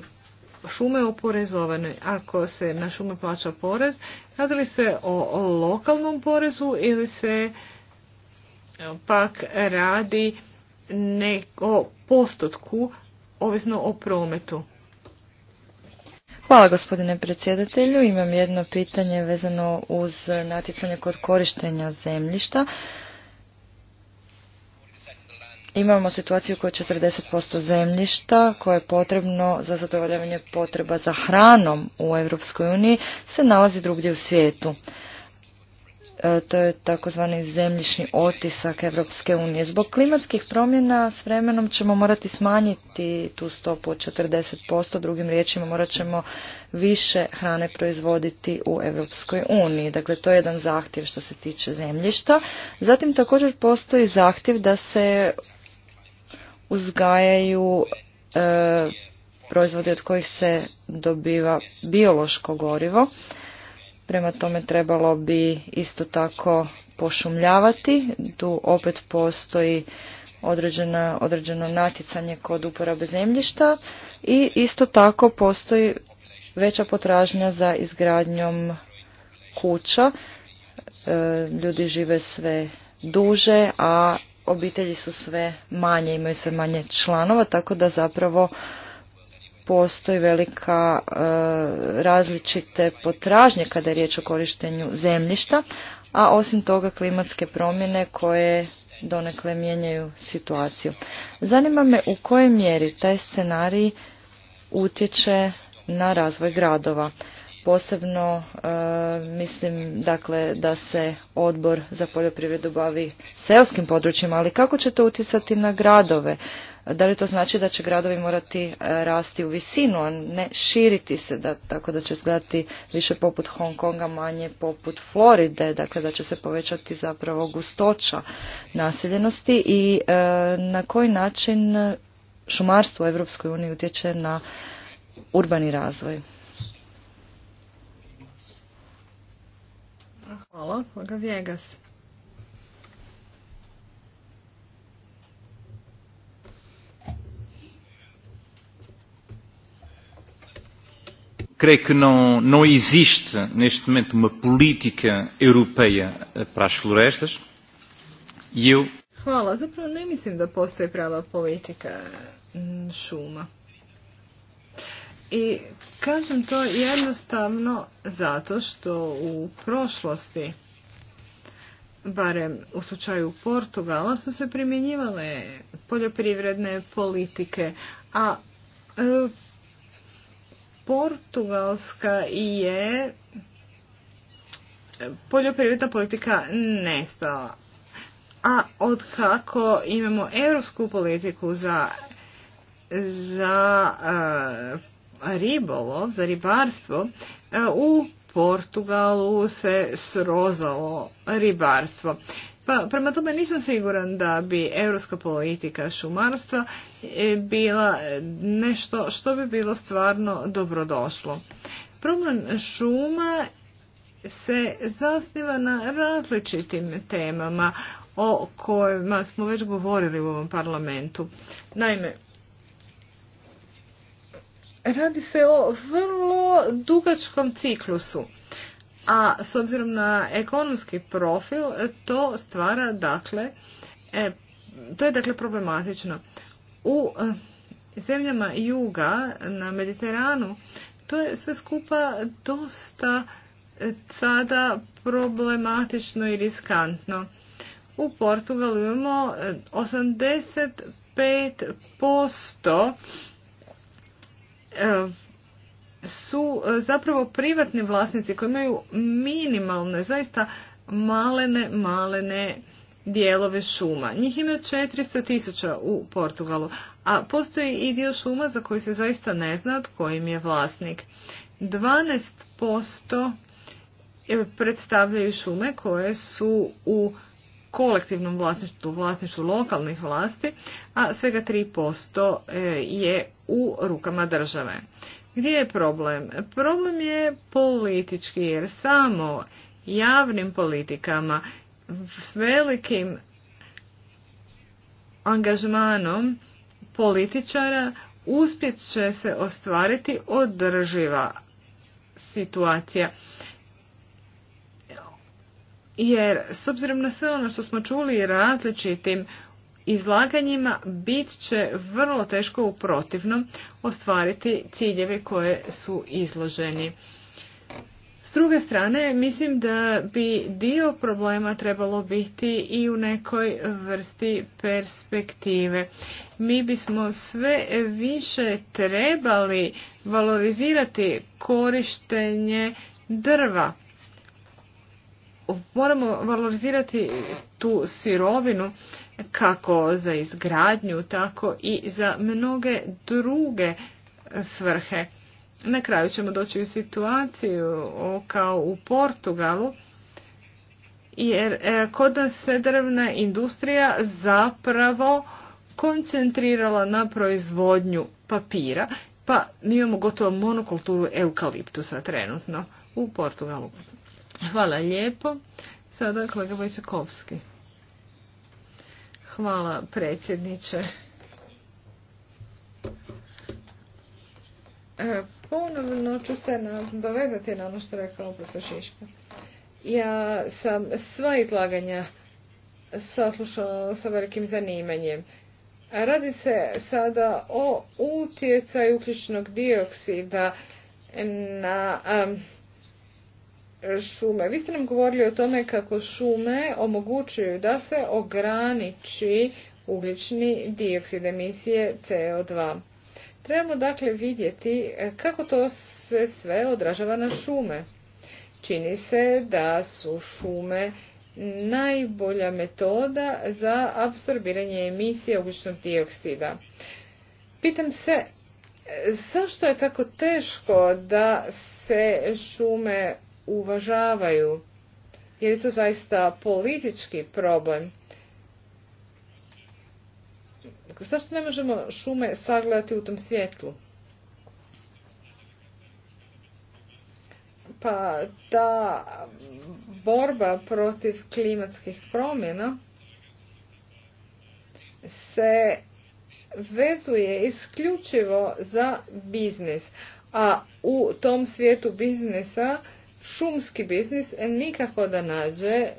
šume oporezovane. Ako se na šume plaća porez, radi li se o lokalnom porezu ili se e, pak radi neko postotku ovisno o prometu. Hvala gospodine predsjedatelju. Imam jedno pitanje vezano uz natjecanje kod korištenja zemljišta. Imamo situaciju koja 40% zemljišta koje je potrebno za zadovoljavanje potreba za hranom u EU se nalazi drugdje u svijetu. E, to je takozvani zemljišni otisak Europske unije. Zbog klimatskih promjena s vremenom ćemo morati smanjiti tu stopu od 40%, drugim riječima morat ćemo više hrane proizvoditi u Europskoj uniji. Dakle, to je jedan zahtjev što se tiče zemljišta. Zatim također postoji zahtjev da se uzgajaju e, proizvodi od kojih se dobiva biološko gorivo. Prema tome trebalo bi isto tako pošumljavati. Tu opet postoji određeno, određeno natjecanje kod uporabe zemljišta i isto tako postoji veća potražnja za izgradnjom kuća. E, ljudi žive sve duže, a obitelji su sve manje, imaju sve manje članova, tako da zapravo postoji velika e, različite potražnje kada je riječ o korištenju zemljišta, a osim toga klimatske promjene koje donekle mijenjaju situaciju. Zanima me u kojoj mjeri taj scenarij utječe na razvoj gradova. Posebno e, mislim dakle da se odbor za poljoprivredu bavi seoskim područjima, ali kako će to utjecati na gradove? Da li to znači da će gradovi morati e, rasti u visinu, a ne širiti se, da, tako da će izgledati više poput Hong Konga, manje poput Floride, dakle da će se povećati zapravo gustoća naseljenosti i e, na koji način šumarstvo u Europskoj uniji utječe na urbani razvoj? Hvala, creio que não, não existe neste momento uma política europeia eh, para as florestas e eu... Hvala, zapravo ne mislim da postoji prava politika mm, šuma. I kažem to jednostavno zato što u prošlosti, barem u slučaju Portugala, su se primjenjivale poljoprivredne politike, a eh, Portugalska je poljoprivredna politika nestala. A od kako imamo europsku politiku za, za e, ribolov, za ribarstvo, e, u Portugalu se srozalo ribarstvo. Pa prema tome nisam siguran da bi europska politika šumarstva e, bila e, nešto što bi bilo stvarno dobrodošlo. Problem šuma se zasniva na različitim temama o kojima smo već govorili u ovom parlamentu. Naime, radi se o vrlo dugačkom ciklusu a s obzirom na ekonomski profil to stvara dakle e, to je dakle problematično u e, zemljama juga na Mediteranu to je sve skupa dosta e, sada problematično i riskantno u Portugalu imamo 85% su e, zapravo privatni vlasnici koji imaju minimalne, zaista malene, malene dijelove šuma. Njih ima 400 tisuća u Portugalu, a postoji i dio šuma za koji se zaista ne zna kojim je vlasnik. 12% e, predstavljaju šume koje su u kolektivnom vlasništvu, vlasništvu lokalnih vlasti, a svega 3% e, je u rukama države. Gdje je problem? Problem je politički jer samo javnim politikama s velikim angažmanom političara uspjet će se ostvariti održiva situacija. Jer s obzirom na sve ono što smo čuli različitim izlaganjima bit će vrlo teško u protivnom ostvariti ciljeve koje su izloženi. S druge strane, mislim da bi dio problema trebalo biti i u nekoj vrsti perspektive. Mi bismo sve više trebali valorizirati korištenje drva moramo valorizirati tu sirovinu kako za izgradnju, tako i za mnoge druge svrhe. Na kraju ćemo doći u situaciju kao u Portugalu, jer e, kod nas se drvna industrija zapravo koncentrirala na proizvodnju papira, pa mi imamo gotovo monokulturu eukaliptusa trenutno u Portugalu. Hvala lijepo. Sada kolega Vojčakovski. Hvala predsjedniče. E, ponovno ću se dovezati na ono što rekao profesor Šiška. Ja sam sva izlaganja saslušala sa velikim zanimanjem. Radi se sada o utjecaju uključnog dioksida na šume. Vi ste nam govorili o tome kako šume omogućuju da se ograniči ugljični dioksid emisije CO2. Trebamo dakle vidjeti kako to se sve odražava na šume. Čini se da su šume najbolja metoda za apsorbiranje emisije ugljičnog dioksida. Pitam se zašto je tako teško da se šume uvažavaju. Jer je to zaista politički problem. Zašto ne možemo šume sagledati u tom svjetlu? Pa ta borba protiv klimatskih promjena se vezuje isključivo za biznis. A u tom svijetu biznisa šumski biznis nikako da nađe e,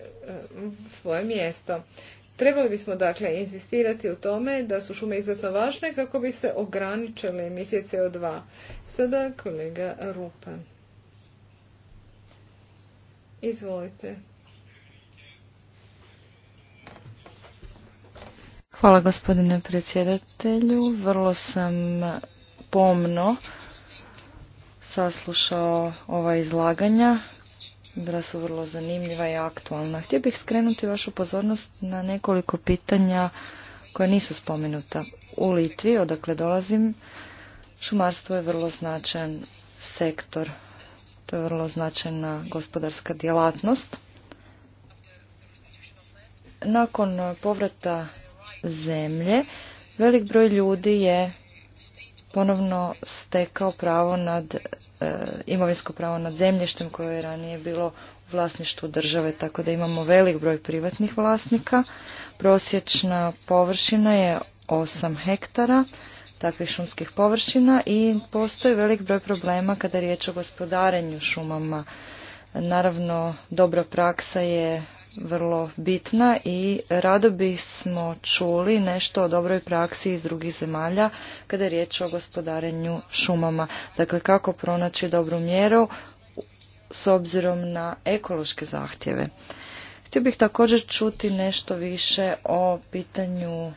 svoje mjesto. Trebali bismo dakle insistirati u tome da su šume izuzetno važne kako bi se ograničile emisije CO2. Sada kolega Rupa. Izvolite. Hvala gospodine predsjedatelju. Vrlo sam pomno saslušao ova izlaganja. Bila su vrlo zanimljiva i aktualna. Htio bih skrenuti vašu pozornost na nekoliko pitanja koja nisu spomenuta. U Litvi, odakle dolazim, šumarstvo je vrlo značajan sektor. To je vrlo značajna gospodarska djelatnost. Nakon povrata zemlje, velik broj ljudi je ponovno stekao pravo nad e, imovinsko pravo nad zemljištem koje je ranije bilo u vlasništvu države, tako da imamo velik broj privatnih vlasnika. Prosječna površina je 8 hektara takvih šumskih površina i postoji velik broj problema kada je riječ o gospodarenju šumama. Naravno, dobra praksa je vrlo bitna i rado bismo čuli nešto o dobroj praksi iz drugih zemalja kada je riječ o gospodarenju šumama. Dakle, kako pronaći dobru mjeru s obzirom na ekološke zahtjeve. Htio bih također čuti nešto više o pitanju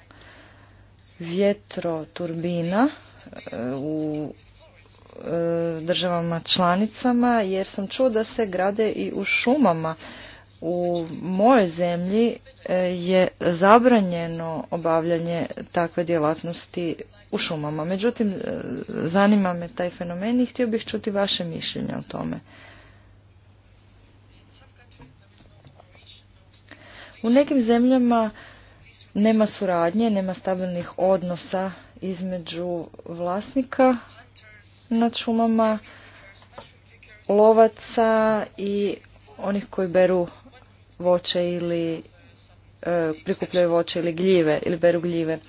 vjetroturbina e, u e, državama članicama jer sam čuo da se grade i u šumama u mojoj zemlji e, je zabranjeno obavljanje takve djelatnosti u šumama. Međutim, e, zanima me taj fenomen i htio bih čuti vaše mišljenje o tome. U nekim zemljama nema suradnje, nema stabilnih odnosa između vlasnika nad šumama, lovaca i onih koji beru voće ili e, prikupljaju voće ili gljive ili beru gljive.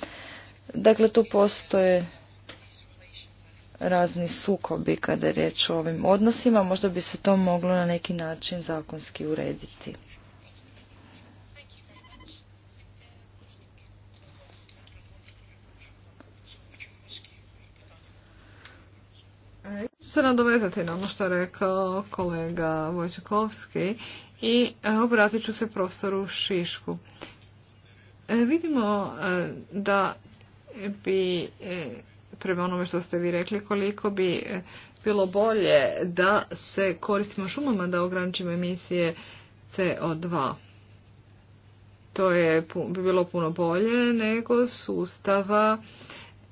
Dakle, tu postoje razni sukobi kada je riječ o ovim odnosima, možda bi se to moglo na neki način zakonski urediti. se nadovezati na ono što je rekao kolega Vojčakovski i e, obratit ću se prostoru Šišku. E, vidimo e, da bi, prema onome što ste vi rekli, koliko bi bilo bolje da se koristimo šumama da ograničimo emisije CO2. To je, bi bilo puno bolje nego sustava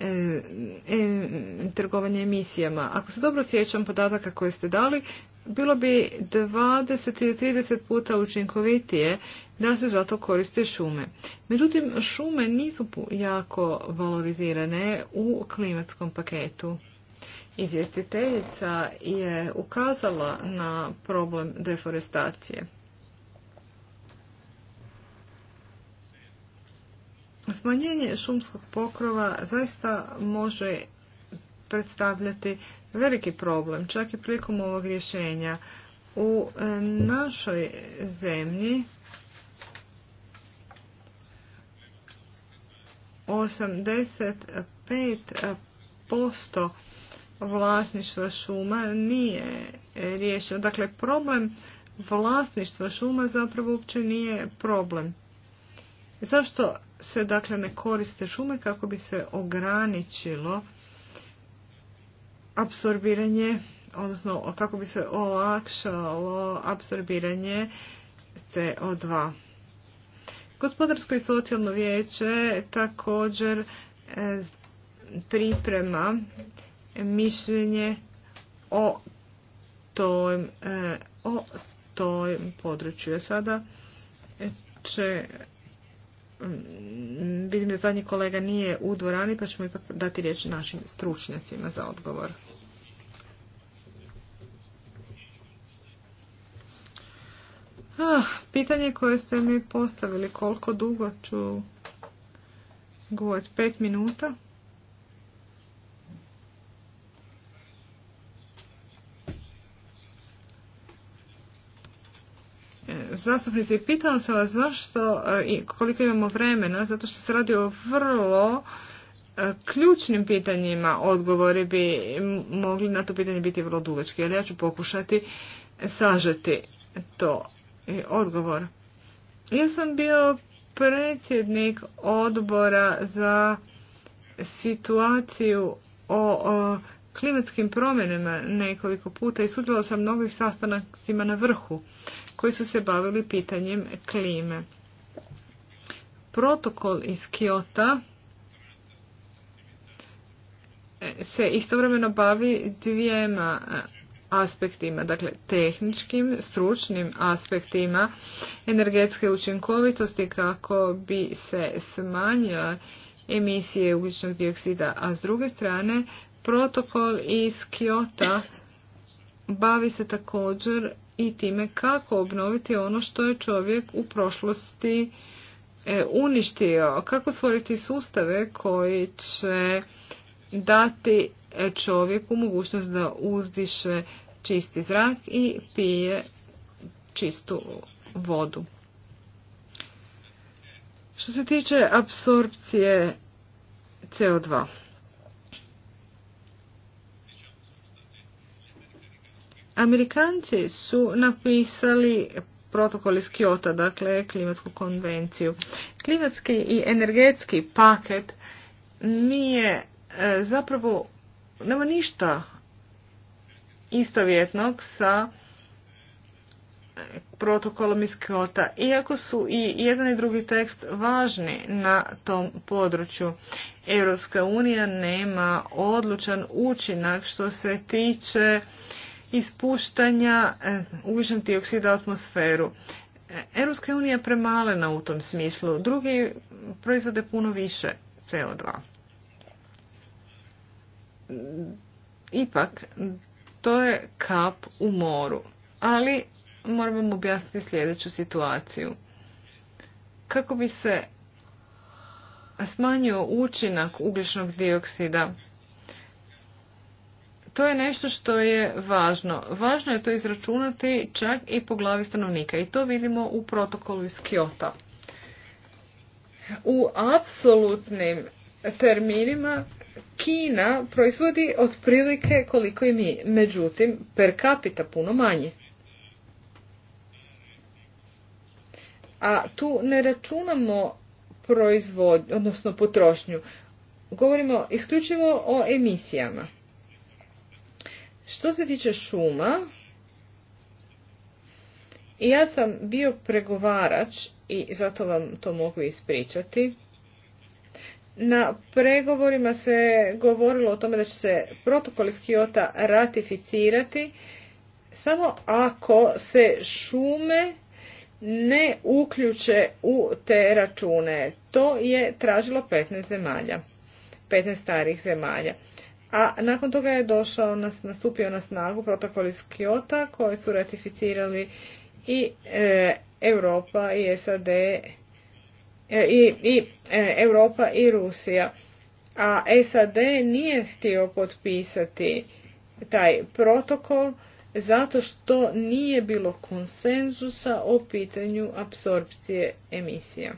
E, e, trgovanje emisijama. Ako se dobro sjećam podataka koje ste dali, bilo bi 20 ili 30 puta učinkovitije da se zato koriste šume. Međutim, šume nisu jako valorizirane u klimatskom paketu. Izvjestiteljica je ukazala na problem deforestacije. Smanjenje šumskog pokrova zaista može predstavljati veliki problem, čak i prilikom ovog rješenja. U e, našoj zemlji 85% vlasništva šuma nije riješeno. Dakle, problem vlasništva šuma zapravo uopće nije problem. Zašto se dakle ne koriste šume kako bi se ograničilo apsorbiranje, odnosno kako bi se olakšalo apsorbiranje CO2. Gospodarsko i socijalno vijeće također e, priprema mišljenje o tom, e, o tom području. Sada će Mm, vidim da zadnji kolega nije u dvorani, pa ćemo ipak dati riječ našim stručnjacima za odgovor. Ah, pitanje koje ste mi postavili, koliko dugo ću govoriti? Pet minuta? zastupnici, pitala sam vas zašto e, i koliko imamo vremena, zato što se radi o vrlo e, ključnim pitanjima. Odgovori bi mogli na to pitanje biti vrlo dugački, ali ja ću pokušati sažeti to odgovor. Ja sam bio predsjednik odbora za situaciju o, klimatskim promjenama nekoliko puta i sudjelovao sam mnogih sastanacima na vrhu koji su se bavili pitanjem klime. Protokol iz Kiota e, se istovremeno bavi dvijema e, aspektima, dakle tehničkim, stručnim aspektima energetske učinkovitosti kako bi se smanjila emisije ugljičnog dioksida, a s druge strane protokol iz Kiota bavi se također i time kako obnoviti ono što je čovjek u prošlosti e, uništio, kako stvoriti sustave koji će dati e, čovjeku mogućnost da uzdiše čisti zrak i pije čistu vodu. Što se tiče apsorpcije CO2, Amerikanci su napisali protokol iz Kyoto, dakle klimatsku konvenciju. Klimatski i energetski paket nije e, zapravo nema ništa istovjetnog sa e, protokolom iz Kyoto, iako su i jedan i drugi tekst važni na tom području. Europska unija nema odlučan učinak što se tiče ispuštanja e, ugljičnog dioksida u atmosferu. E, Europska unija je premalena u tom smislu. Drugi proizvode puno više CO2. Ipak, to je kap u moru. Ali moramo objasniti sljedeću situaciju. Kako bi se smanjio učinak ugljičnog dioksida to je nešto što je važno. Važno je to izračunati čak i po glavi stanovnika i to vidimo u protokolu iz Kiota. U apsolutnim terminima Kina proizvodi otprilike koliko i mi, međutim per capita puno manje. A tu ne računamo proizvodnju, odnosno potrošnju. Govorimo isključivo o emisijama. Što se tiče šuma, ja sam bio pregovarač i zato vam to mogu ispričati. Na pregovorima se govorilo o tome da će se protokol iz ratificirati samo ako se šume ne uključe u te račune. To je tražilo 15 zemalja, 15 starih zemalja a nakon toga je došao, nastupio na snagu protokol iz Kiota koji su ratificirali i e, Europa i SAD e, i, i e, Europa i Rusija. A SAD nije htio potpisati taj protokol zato što nije bilo konsenzusa o pitanju apsorpcije emisija.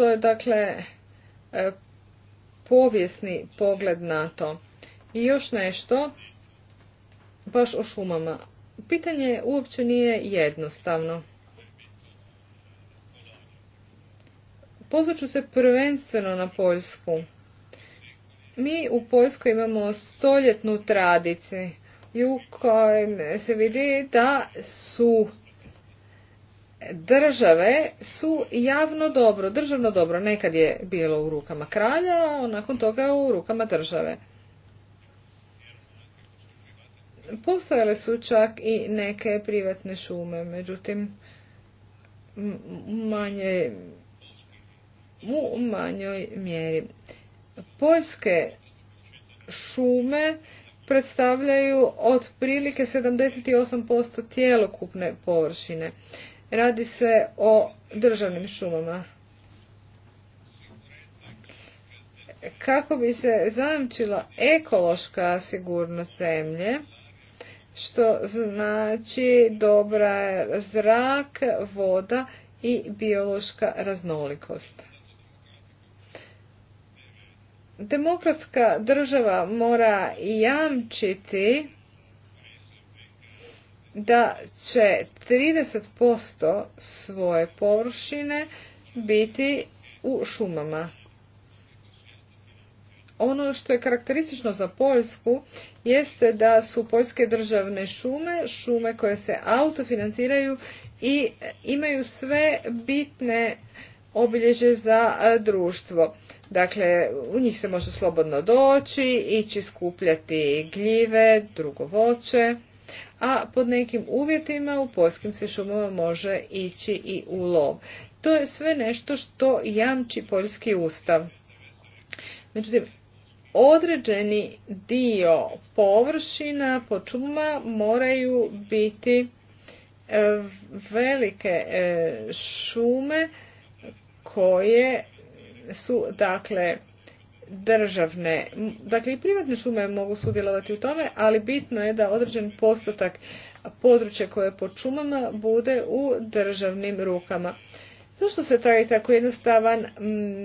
To je dakle e, povijesni pogled na to. I još nešto, baš o šumama. Pitanje uopće nije jednostavno. Pozvaću se prvenstveno na Poljsku. Mi u Poljskoj imamo stoljetnu tradiciju i u kojem se vidi da su države su javno dobro, državno dobro. Nekad je bilo u rukama kralja, a nakon toga u rukama države. Postojale su čak i neke privatne šume, međutim manje, u manjoj mjeri. Poljske šume predstavljaju otprilike 78% cjelokupne površine. Radi se o državnim šumama. Kako bi se zajamčila ekološka sigurnost zemlje, što znači dobra zrak, voda i biološka raznolikost. Demokratska država mora jamčiti da će 30% svoje površine biti u šumama. Ono što je karakteristično za Poljsku jeste da su poljske državne šume, šume koje se autofinanciraju i imaju sve bitne obilježje za društvo. Dakle, u njih se može slobodno doći, ići skupljati gljive, drugo voće a pod nekim uvjetima u poljskim se šumama može ići i u lov. To je sve nešto što jamči poljski ustav. Međutim, određeni dio površina pod šumama moraju biti e, velike e, šume koje su dakle državne. Dakle, i privatne šume mogu sudjelovati u tome, ali bitno je da određen postotak područja koje je pod šumama bude u državnim rukama. Zašto se taj tako jednostavan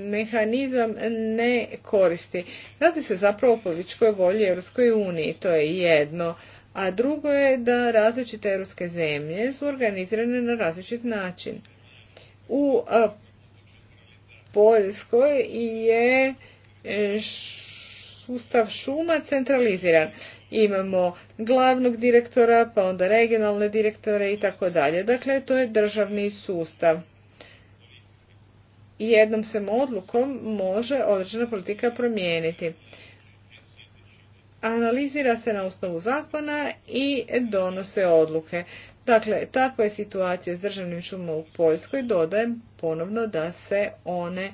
mehanizam ne koristi? Radi se zapravo o političkoj volji Europskoj uniji, to je jedno. A drugo je da različite europske zemlje su organizirane na različit način. U Poljskoj je E, sustav šuma centraliziran. Imamo glavnog direktora, pa onda regionalne direktore i tako dalje. Dakle, to je državni sustav. Jednom se odlukom može određena politika promijeniti. Analizira se na osnovu zakona i donose odluke. Dakle, takva je situacija s državnim šumom u Poljskoj. Dodajem ponovno da se one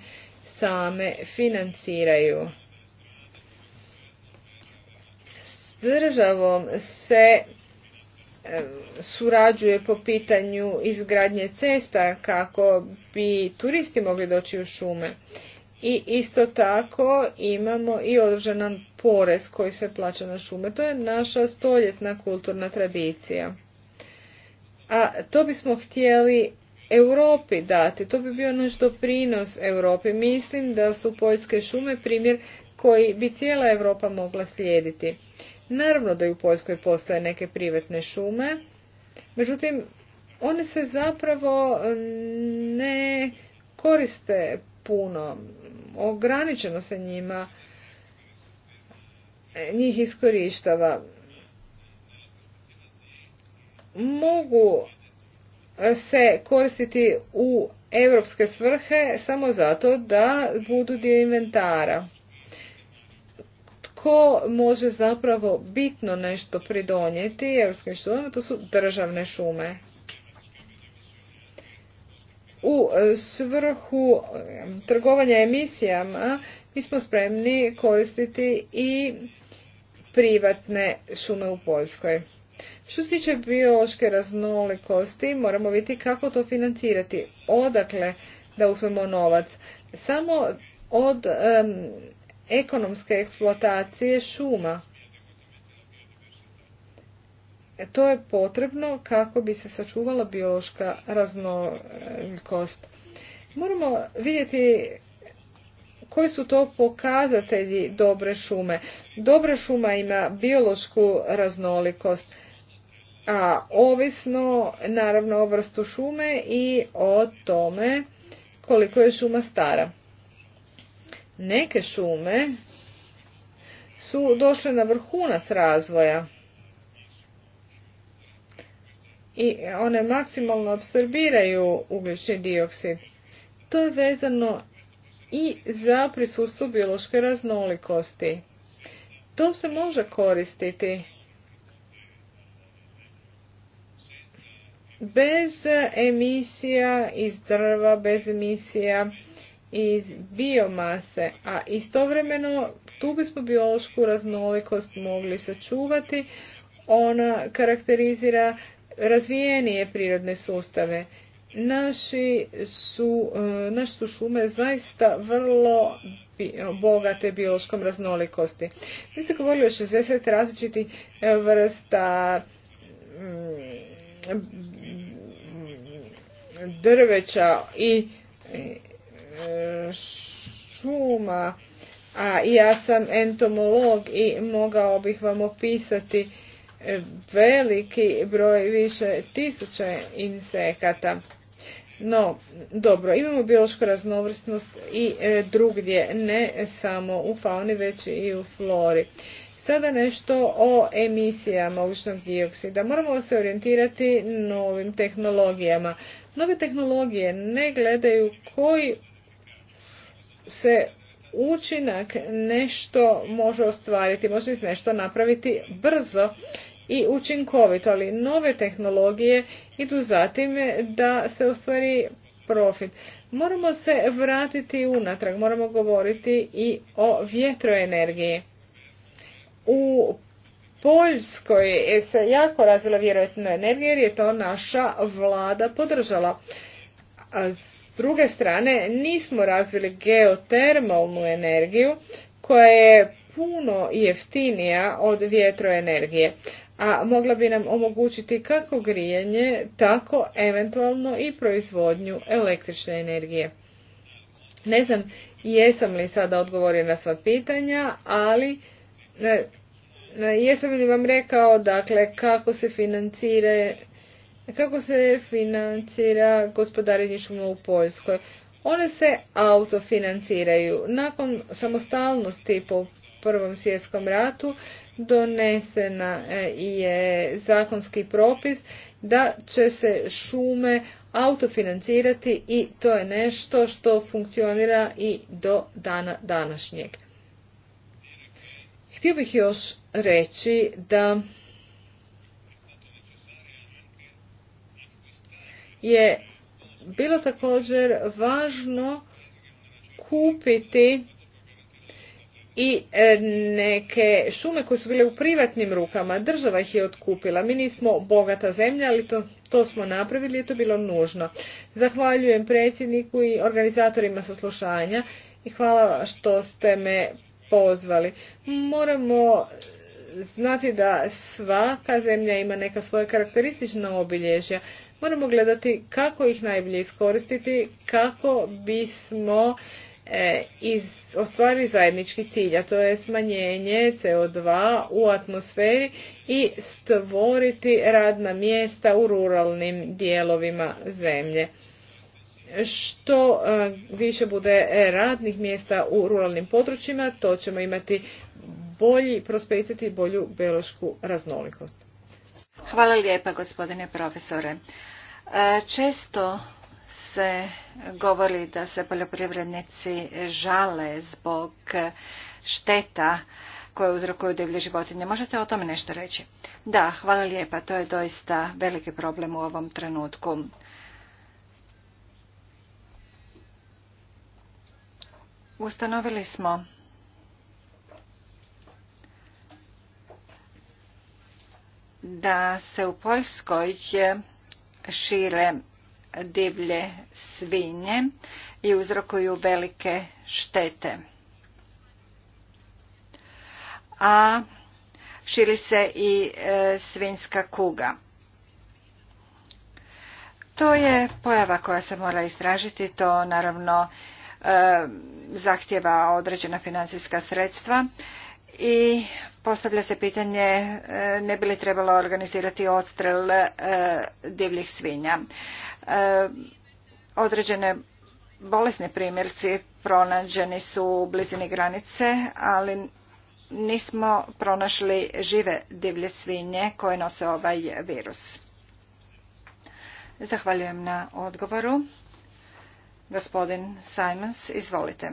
same financiraju. S državom se e, surađuje po pitanju izgradnje cesta kako bi turisti mogli doći u šume. I isto tako imamo i održanan porez koji se plaća na šume. To je naša stoljetna kulturna tradicija. A to bismo htjeli Europi dati. To bi bio naš doprinos Europi. Mislim da su poljske šume primjer koji bi cijela Europa mogla slijediti. Naravno da i u Poljskoj postoje neke privatne šume, međutim one se zapravo eh, ne koriste puno, ograničeno se njima eh, njih iskorištava. Mogu se koristiti u europske svrhe samo zato da budu dio inventara. Tko može zapravo bitno nešto pridonijeti europskim šumama, to su državne šume. U svrhu trgovanja emisijama mi smo spremni koristiti i privatne šume u Poljskoj. Što se tiče biološke raznolikosti, moramo vidjeti kako to financirati. Odakle da uzmemo novac? Samo od ekonomske eksploatacije šuma. E, to je potrebno kako bi se sačuvala biološka raznolikost. Moramo vidjeti koji su to pokazatelji dobre šume. Dobra šuma ima biološku raznolikost a ovisno naravno o vrstu šume i o tome koliko je šuma stara. Neke šume su došle na vrhunac razvoja i one maksimalno apsorbiraju ugljični dioksid. To je vezano i za prisustvo biološke raznolikosti. To se može koristiti bez emisija iz drva, bez emisija iz biomase, a istovremeno tu bismo biološku raznolikost mogli sačuvati. Ona karakterizira razvijenije prirodne sustave. Naši su, e, naš su šume zaista vrlo e, bogate biološkom raznolikosti. Vi ste govorili o 60 različitih vrsta mm, drveća i e, šuma, a ja sam entomolog i mogao bih vam opisati e, veliki broj više tisuće insekata. No, dobro, imamo biološku raznovrsnost i e, drugdje, ne samo u fauni, već i u flori. Sada nešto o emisijama ugljičnog dioksida. Moramo se orijentirati novim tehnologijama. Nove tehnologije ne gledaju koji se učinak nešto može ostvariti, može se nešto napraviti brzo i učinkovito, ali nove tehnologije idu zatim da se ostvari profit. Moramo se vratiti unatrag, moramo govoriti i o vjetroenergiji. U Poljskoj se jako razvila vjerojatno energija jer je to naša vlada podržala. A s druge strane nismo razvili geotermalnu energiju koja je puno jeftinija od vjetroenergije, a mogla bi nam omogućiti kako grijanje, tako eventualno i proizvodnju električne energije. Ne znam jesam li sada odgovorila na sva pitanja, ali E, jesam li vam rekao, dakle, kako se financira kako se financira gospodarenje šuma u Poljskoj? One se autofinanciraju. Nakon samostalnosti po Prvom svjetskom ratu donesena e, je zakonski propis da će se šume autofinancirati i to je nešto što funkcionira i do dana današnjeg. Htio bih još reći da je bilo također važno kupiti i e, neke šume koje su bile u privatnim rukama. Država ih je otkupila. Mi nismo bogata zemlja, ali to, to smo napravili i to bilo nužno. Zahvaljujem predsjedniku i organizatorima saslušanja i hvala što ste me pozvali. Moramo znati da svaka zemlja ima neka svoja karakteristična obilježja. Moramo gledati kako ih najbolje iskoristiti, kako bismo e, ostvarili zajednički cilj, a to je smanjenje CO2 u atmosferi i stvoriti radna mjesta u ruralnim dijelovima zemlje što e, više bude e, radnih mjesta u ruralnim područjima, to ćemo imati bolji prosperitet i bolju biološku raznolikost. Hvala lijepa gospodine profesore. E, često se govori da se poljoprivrednici žale zbog šteta koje uzrokuju divlje životinje. Možete o tome nešto reći? Da, hvala lijepa. To je doista veliki problem u ovom trenutku. Ustanovili smo da se u Poljskoj šire divlje svinje i uzrokuju velike štete. A širi se i e, svinska kuga. To je pojava koja se mora istražiti, to naravno E, zahtjeva određena financijska sredstva i postavlja se pitanje e, ne bi li trebalo organizirati odstrel e, divljih svinja. Određene bolesne primjerci pronađeni su u blizini granice, ali nismo pronašli žive divlje svinje koje nose ovaj virus. Zahvaljujem na odgovoru. Gospodin Simons, izvolite.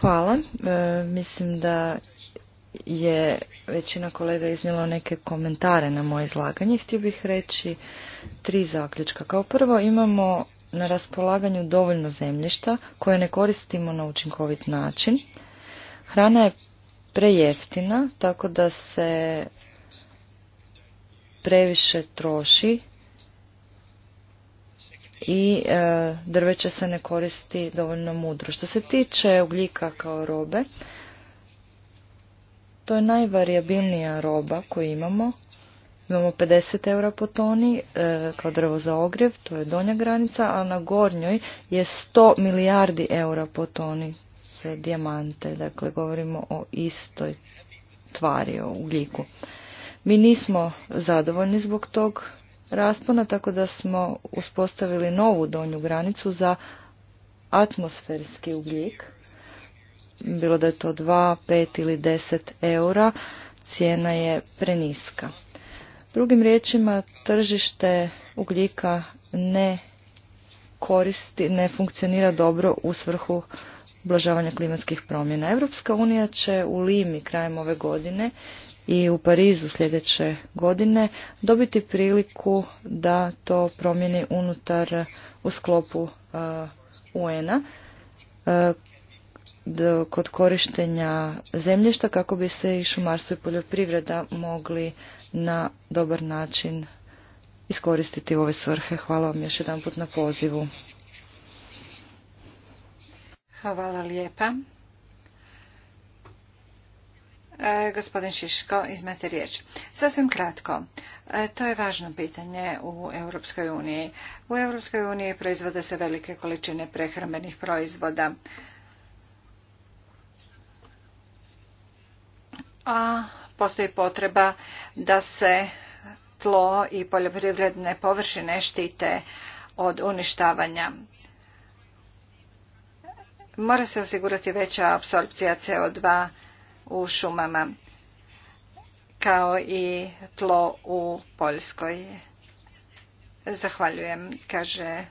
Hvala. E, mislim da je većina kolega iznijela neke komentare na moje izlaganje. Htio bih reći tri zaključka. Kao prvo imamo na raspolaganju dovoljno zemljišta koje ne koristimo na učinkovit način. Hrana je prejeftina, tako da se previše troši i e, drveće se ne koristi dovoljno mudro. Što se tiče ugljika kao robe, to je najvariabilnija roba koju imamo. Imamo 50 eura po toni e, kao drvo za ogrjev, to je donja granica, a na gornjoj je 100 milijardi eura po toni sve dijamante. Dakle, govorimo o istoj tvari, o ugljiku. Mi nismo zadovoljni zbog tog raspona, tako da smo uspostavili novu donju granicu za atmosferski ugljik. Bilo da je to 2, 5 ili 10 eura, cijena je preniska. Drugim riječima, tržište ugljika ne koristi, ne funkcionira dobro u svrhu ublažavanja klimatskih promjena. Evropska unija će u Limi krajem ove godine i u Parizu sljedeće godine dobiti priliku da to promijeni unutar u sklopu uh, UN-a uh, kod korištenja zemljišta kako bi se i šumarstvo i poljoprivreda mogli na dobar način iskoristiti u ove svrhe. Hvala vam još jedan put na pozivu. Hvala lijepa. E, gospodin Šiško, izmete riječ. Sasvim kratko. E, to je važno pitanje u Europskoj uniji. U Europskoj uniji proizvode se velike količine prehrambenih proizvoda. A postoji potreba da se tlo i poljoprivredne površine štite od uništavanja. Mora se osigurati veća apsorpcija CO2 u šumama kao i tlo u Poljskoj. Zahvaljujem, kaže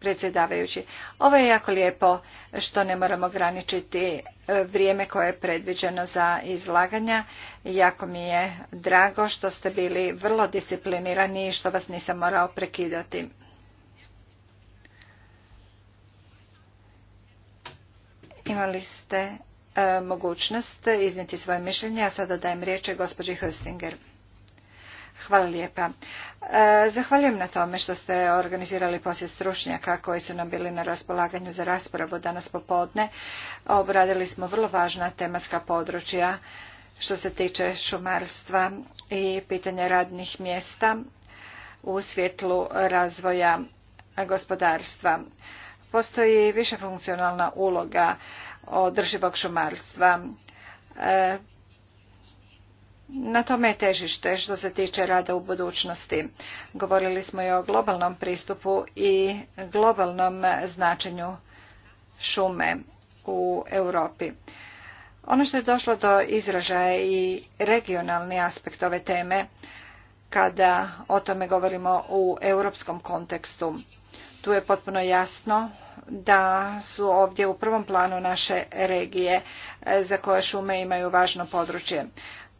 predsjedavajući. Ovo je jako lijepo što ne moramo ograničiti e, vrijeme koje je predviđeno za izlaganja. Jako mi je drago što ste bili vrlo disciplinirani i što vas nisam morao prekidati. Imali ste E, mogućnost iznijeti svoje mišljenje, a sada dajem riječ gospođi Höstinger. Hvala lijepa. E, zahvaljujem na tome što ste organizirali posjet stručnjaka koji su nam bili na raspolaganju za raspravu danas popodne. Obradili smo vrlo važna tematska područja što se tiče šumarstva i pitanja radnih mjesta u svjetlu razvoja gospodarstva. Postoji funkcionalna uloga održivog šumarstva. E, na tome je težište što se tiče rada u budućnosti. Govorili smo i o globalnom pristupu i globalnom značenju šume u Europi. Ono što je došlo do izražaja i regionalni aspekt ove teme kada o tome govorimo u europskom kontekstu. Tu je potpuno jasno da su ovdje u prvom planu naše regije e, za koje šume imaju važno područje.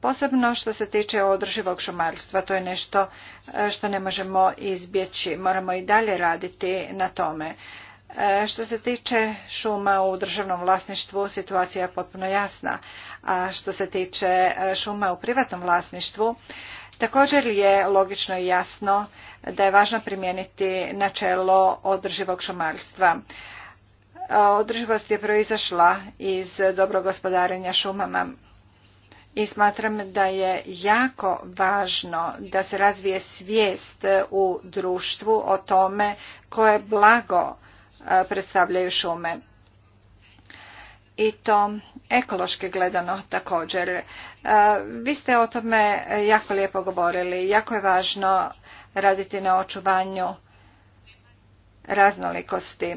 Posebno što se tiče održivog šumarstva, to je nešto e, što ne možemo izbjeći. Moramo i dalje raditi na tome. E, što se tiče šuma u državnom vlasništvu, situacija je potpuno jasna. A što se tiče šuma u privatnom vlasništvu, Također je logično i jasno da je važno primijeniti načelo održivog šumarstva. Održivost je proizašla iz dobrog gospodarenja šumama i smatram da je jako važno da se razvije svijest u društvu o tome koje blago predstavljaju šume. I to ekološki gledano također. E, vi ste o tome jako lijepo govorili. Jako je važno raditi na očuvanju raznolikosti.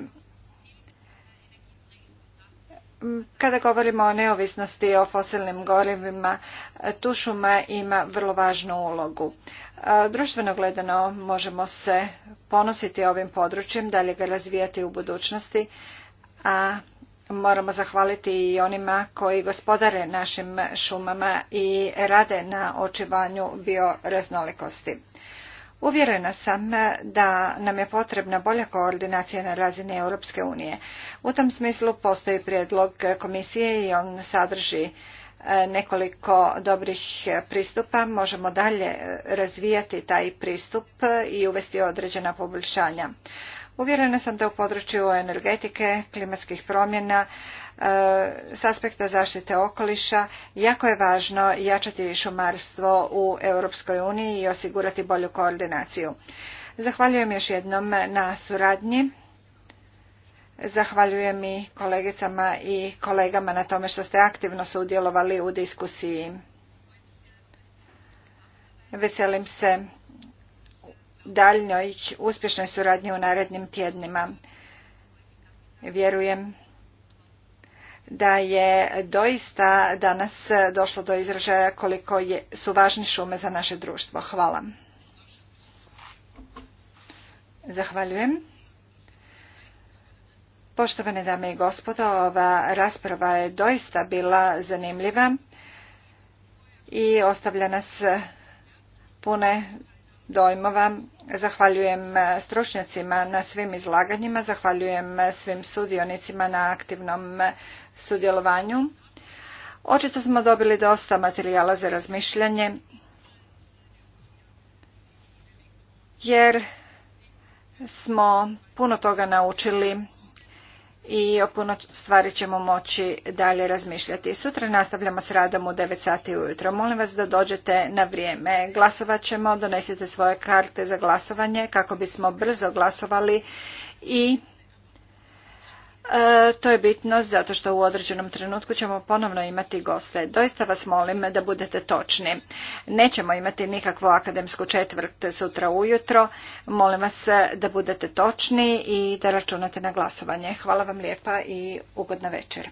Kada govorimo o neovisnosti o fosilnim gorivima, tu šuma ima vrlo važnu ulogu. E, društveno gledano možemo se ponositi ovim područjem, dalje ga razvijati u budućnosti, a moramo zahvaliti i onima koji gospodare našim šumama i rade na očuvanju bioraznolikosti. Uvjerena sam da nam je potrebna bolja koordinacija na razini Europske unije. U tom smislu postoji prijedlog komisije i on sadrži e, nekoliko dobrih pristupa. Možemo dalje razvijati taj pristup i uvesti određena poboljšanja. Uvjerena sam da u području energetike, klimatskih promjena, e, s aspekta zaštite okoliša jako je važno jačati šumarstvo u Europskoj uniji i osigurati bolju koordinaciju. Zahvaljujem još jednom na suradnji. Zahvaljujem i kolegicama i kolegama na tome što ste aktivno sudjelovali u diskusiji. Veselim se daljnjoj uspješnoj suradnji u narednim tjednima. Vjerujem da je doista danas došlo do izražaja koliko je, su važni šume za naše društvo. Hvala. Zahvaljujem. Poštovane dame i gospodo, ova rasprava je doista bila zanimljiva i ostavlja nas pune dojmova. Zahvaljujem e, stručnjacima na svim izlaganjima, zahvaljujem e, svim sudionicima na aktivnom e, sudjelovanju. Očito smo dobili dosta materijala za razmišljanje, jer smo puno toga naučili i o puno stvari ćemo moći dalje razmišljati. Sutra nastavljamo s radom u 9 sati ujutro. Molim vas da dođete na vrijeme. Glasovat ćemo, donesite svoje karte za glasovanje kako bismo brzo glasovali i E, to je bitno zato što u određenom trenutku ćemo ponovno imati goste. Doista vas molim da budete točni. Nećemo imati nikakvu akademsku četvrt sutra ujutro. Molim vas da budete točni i da računate na glasovanje. Hvala vam lijepa i ugodna večer.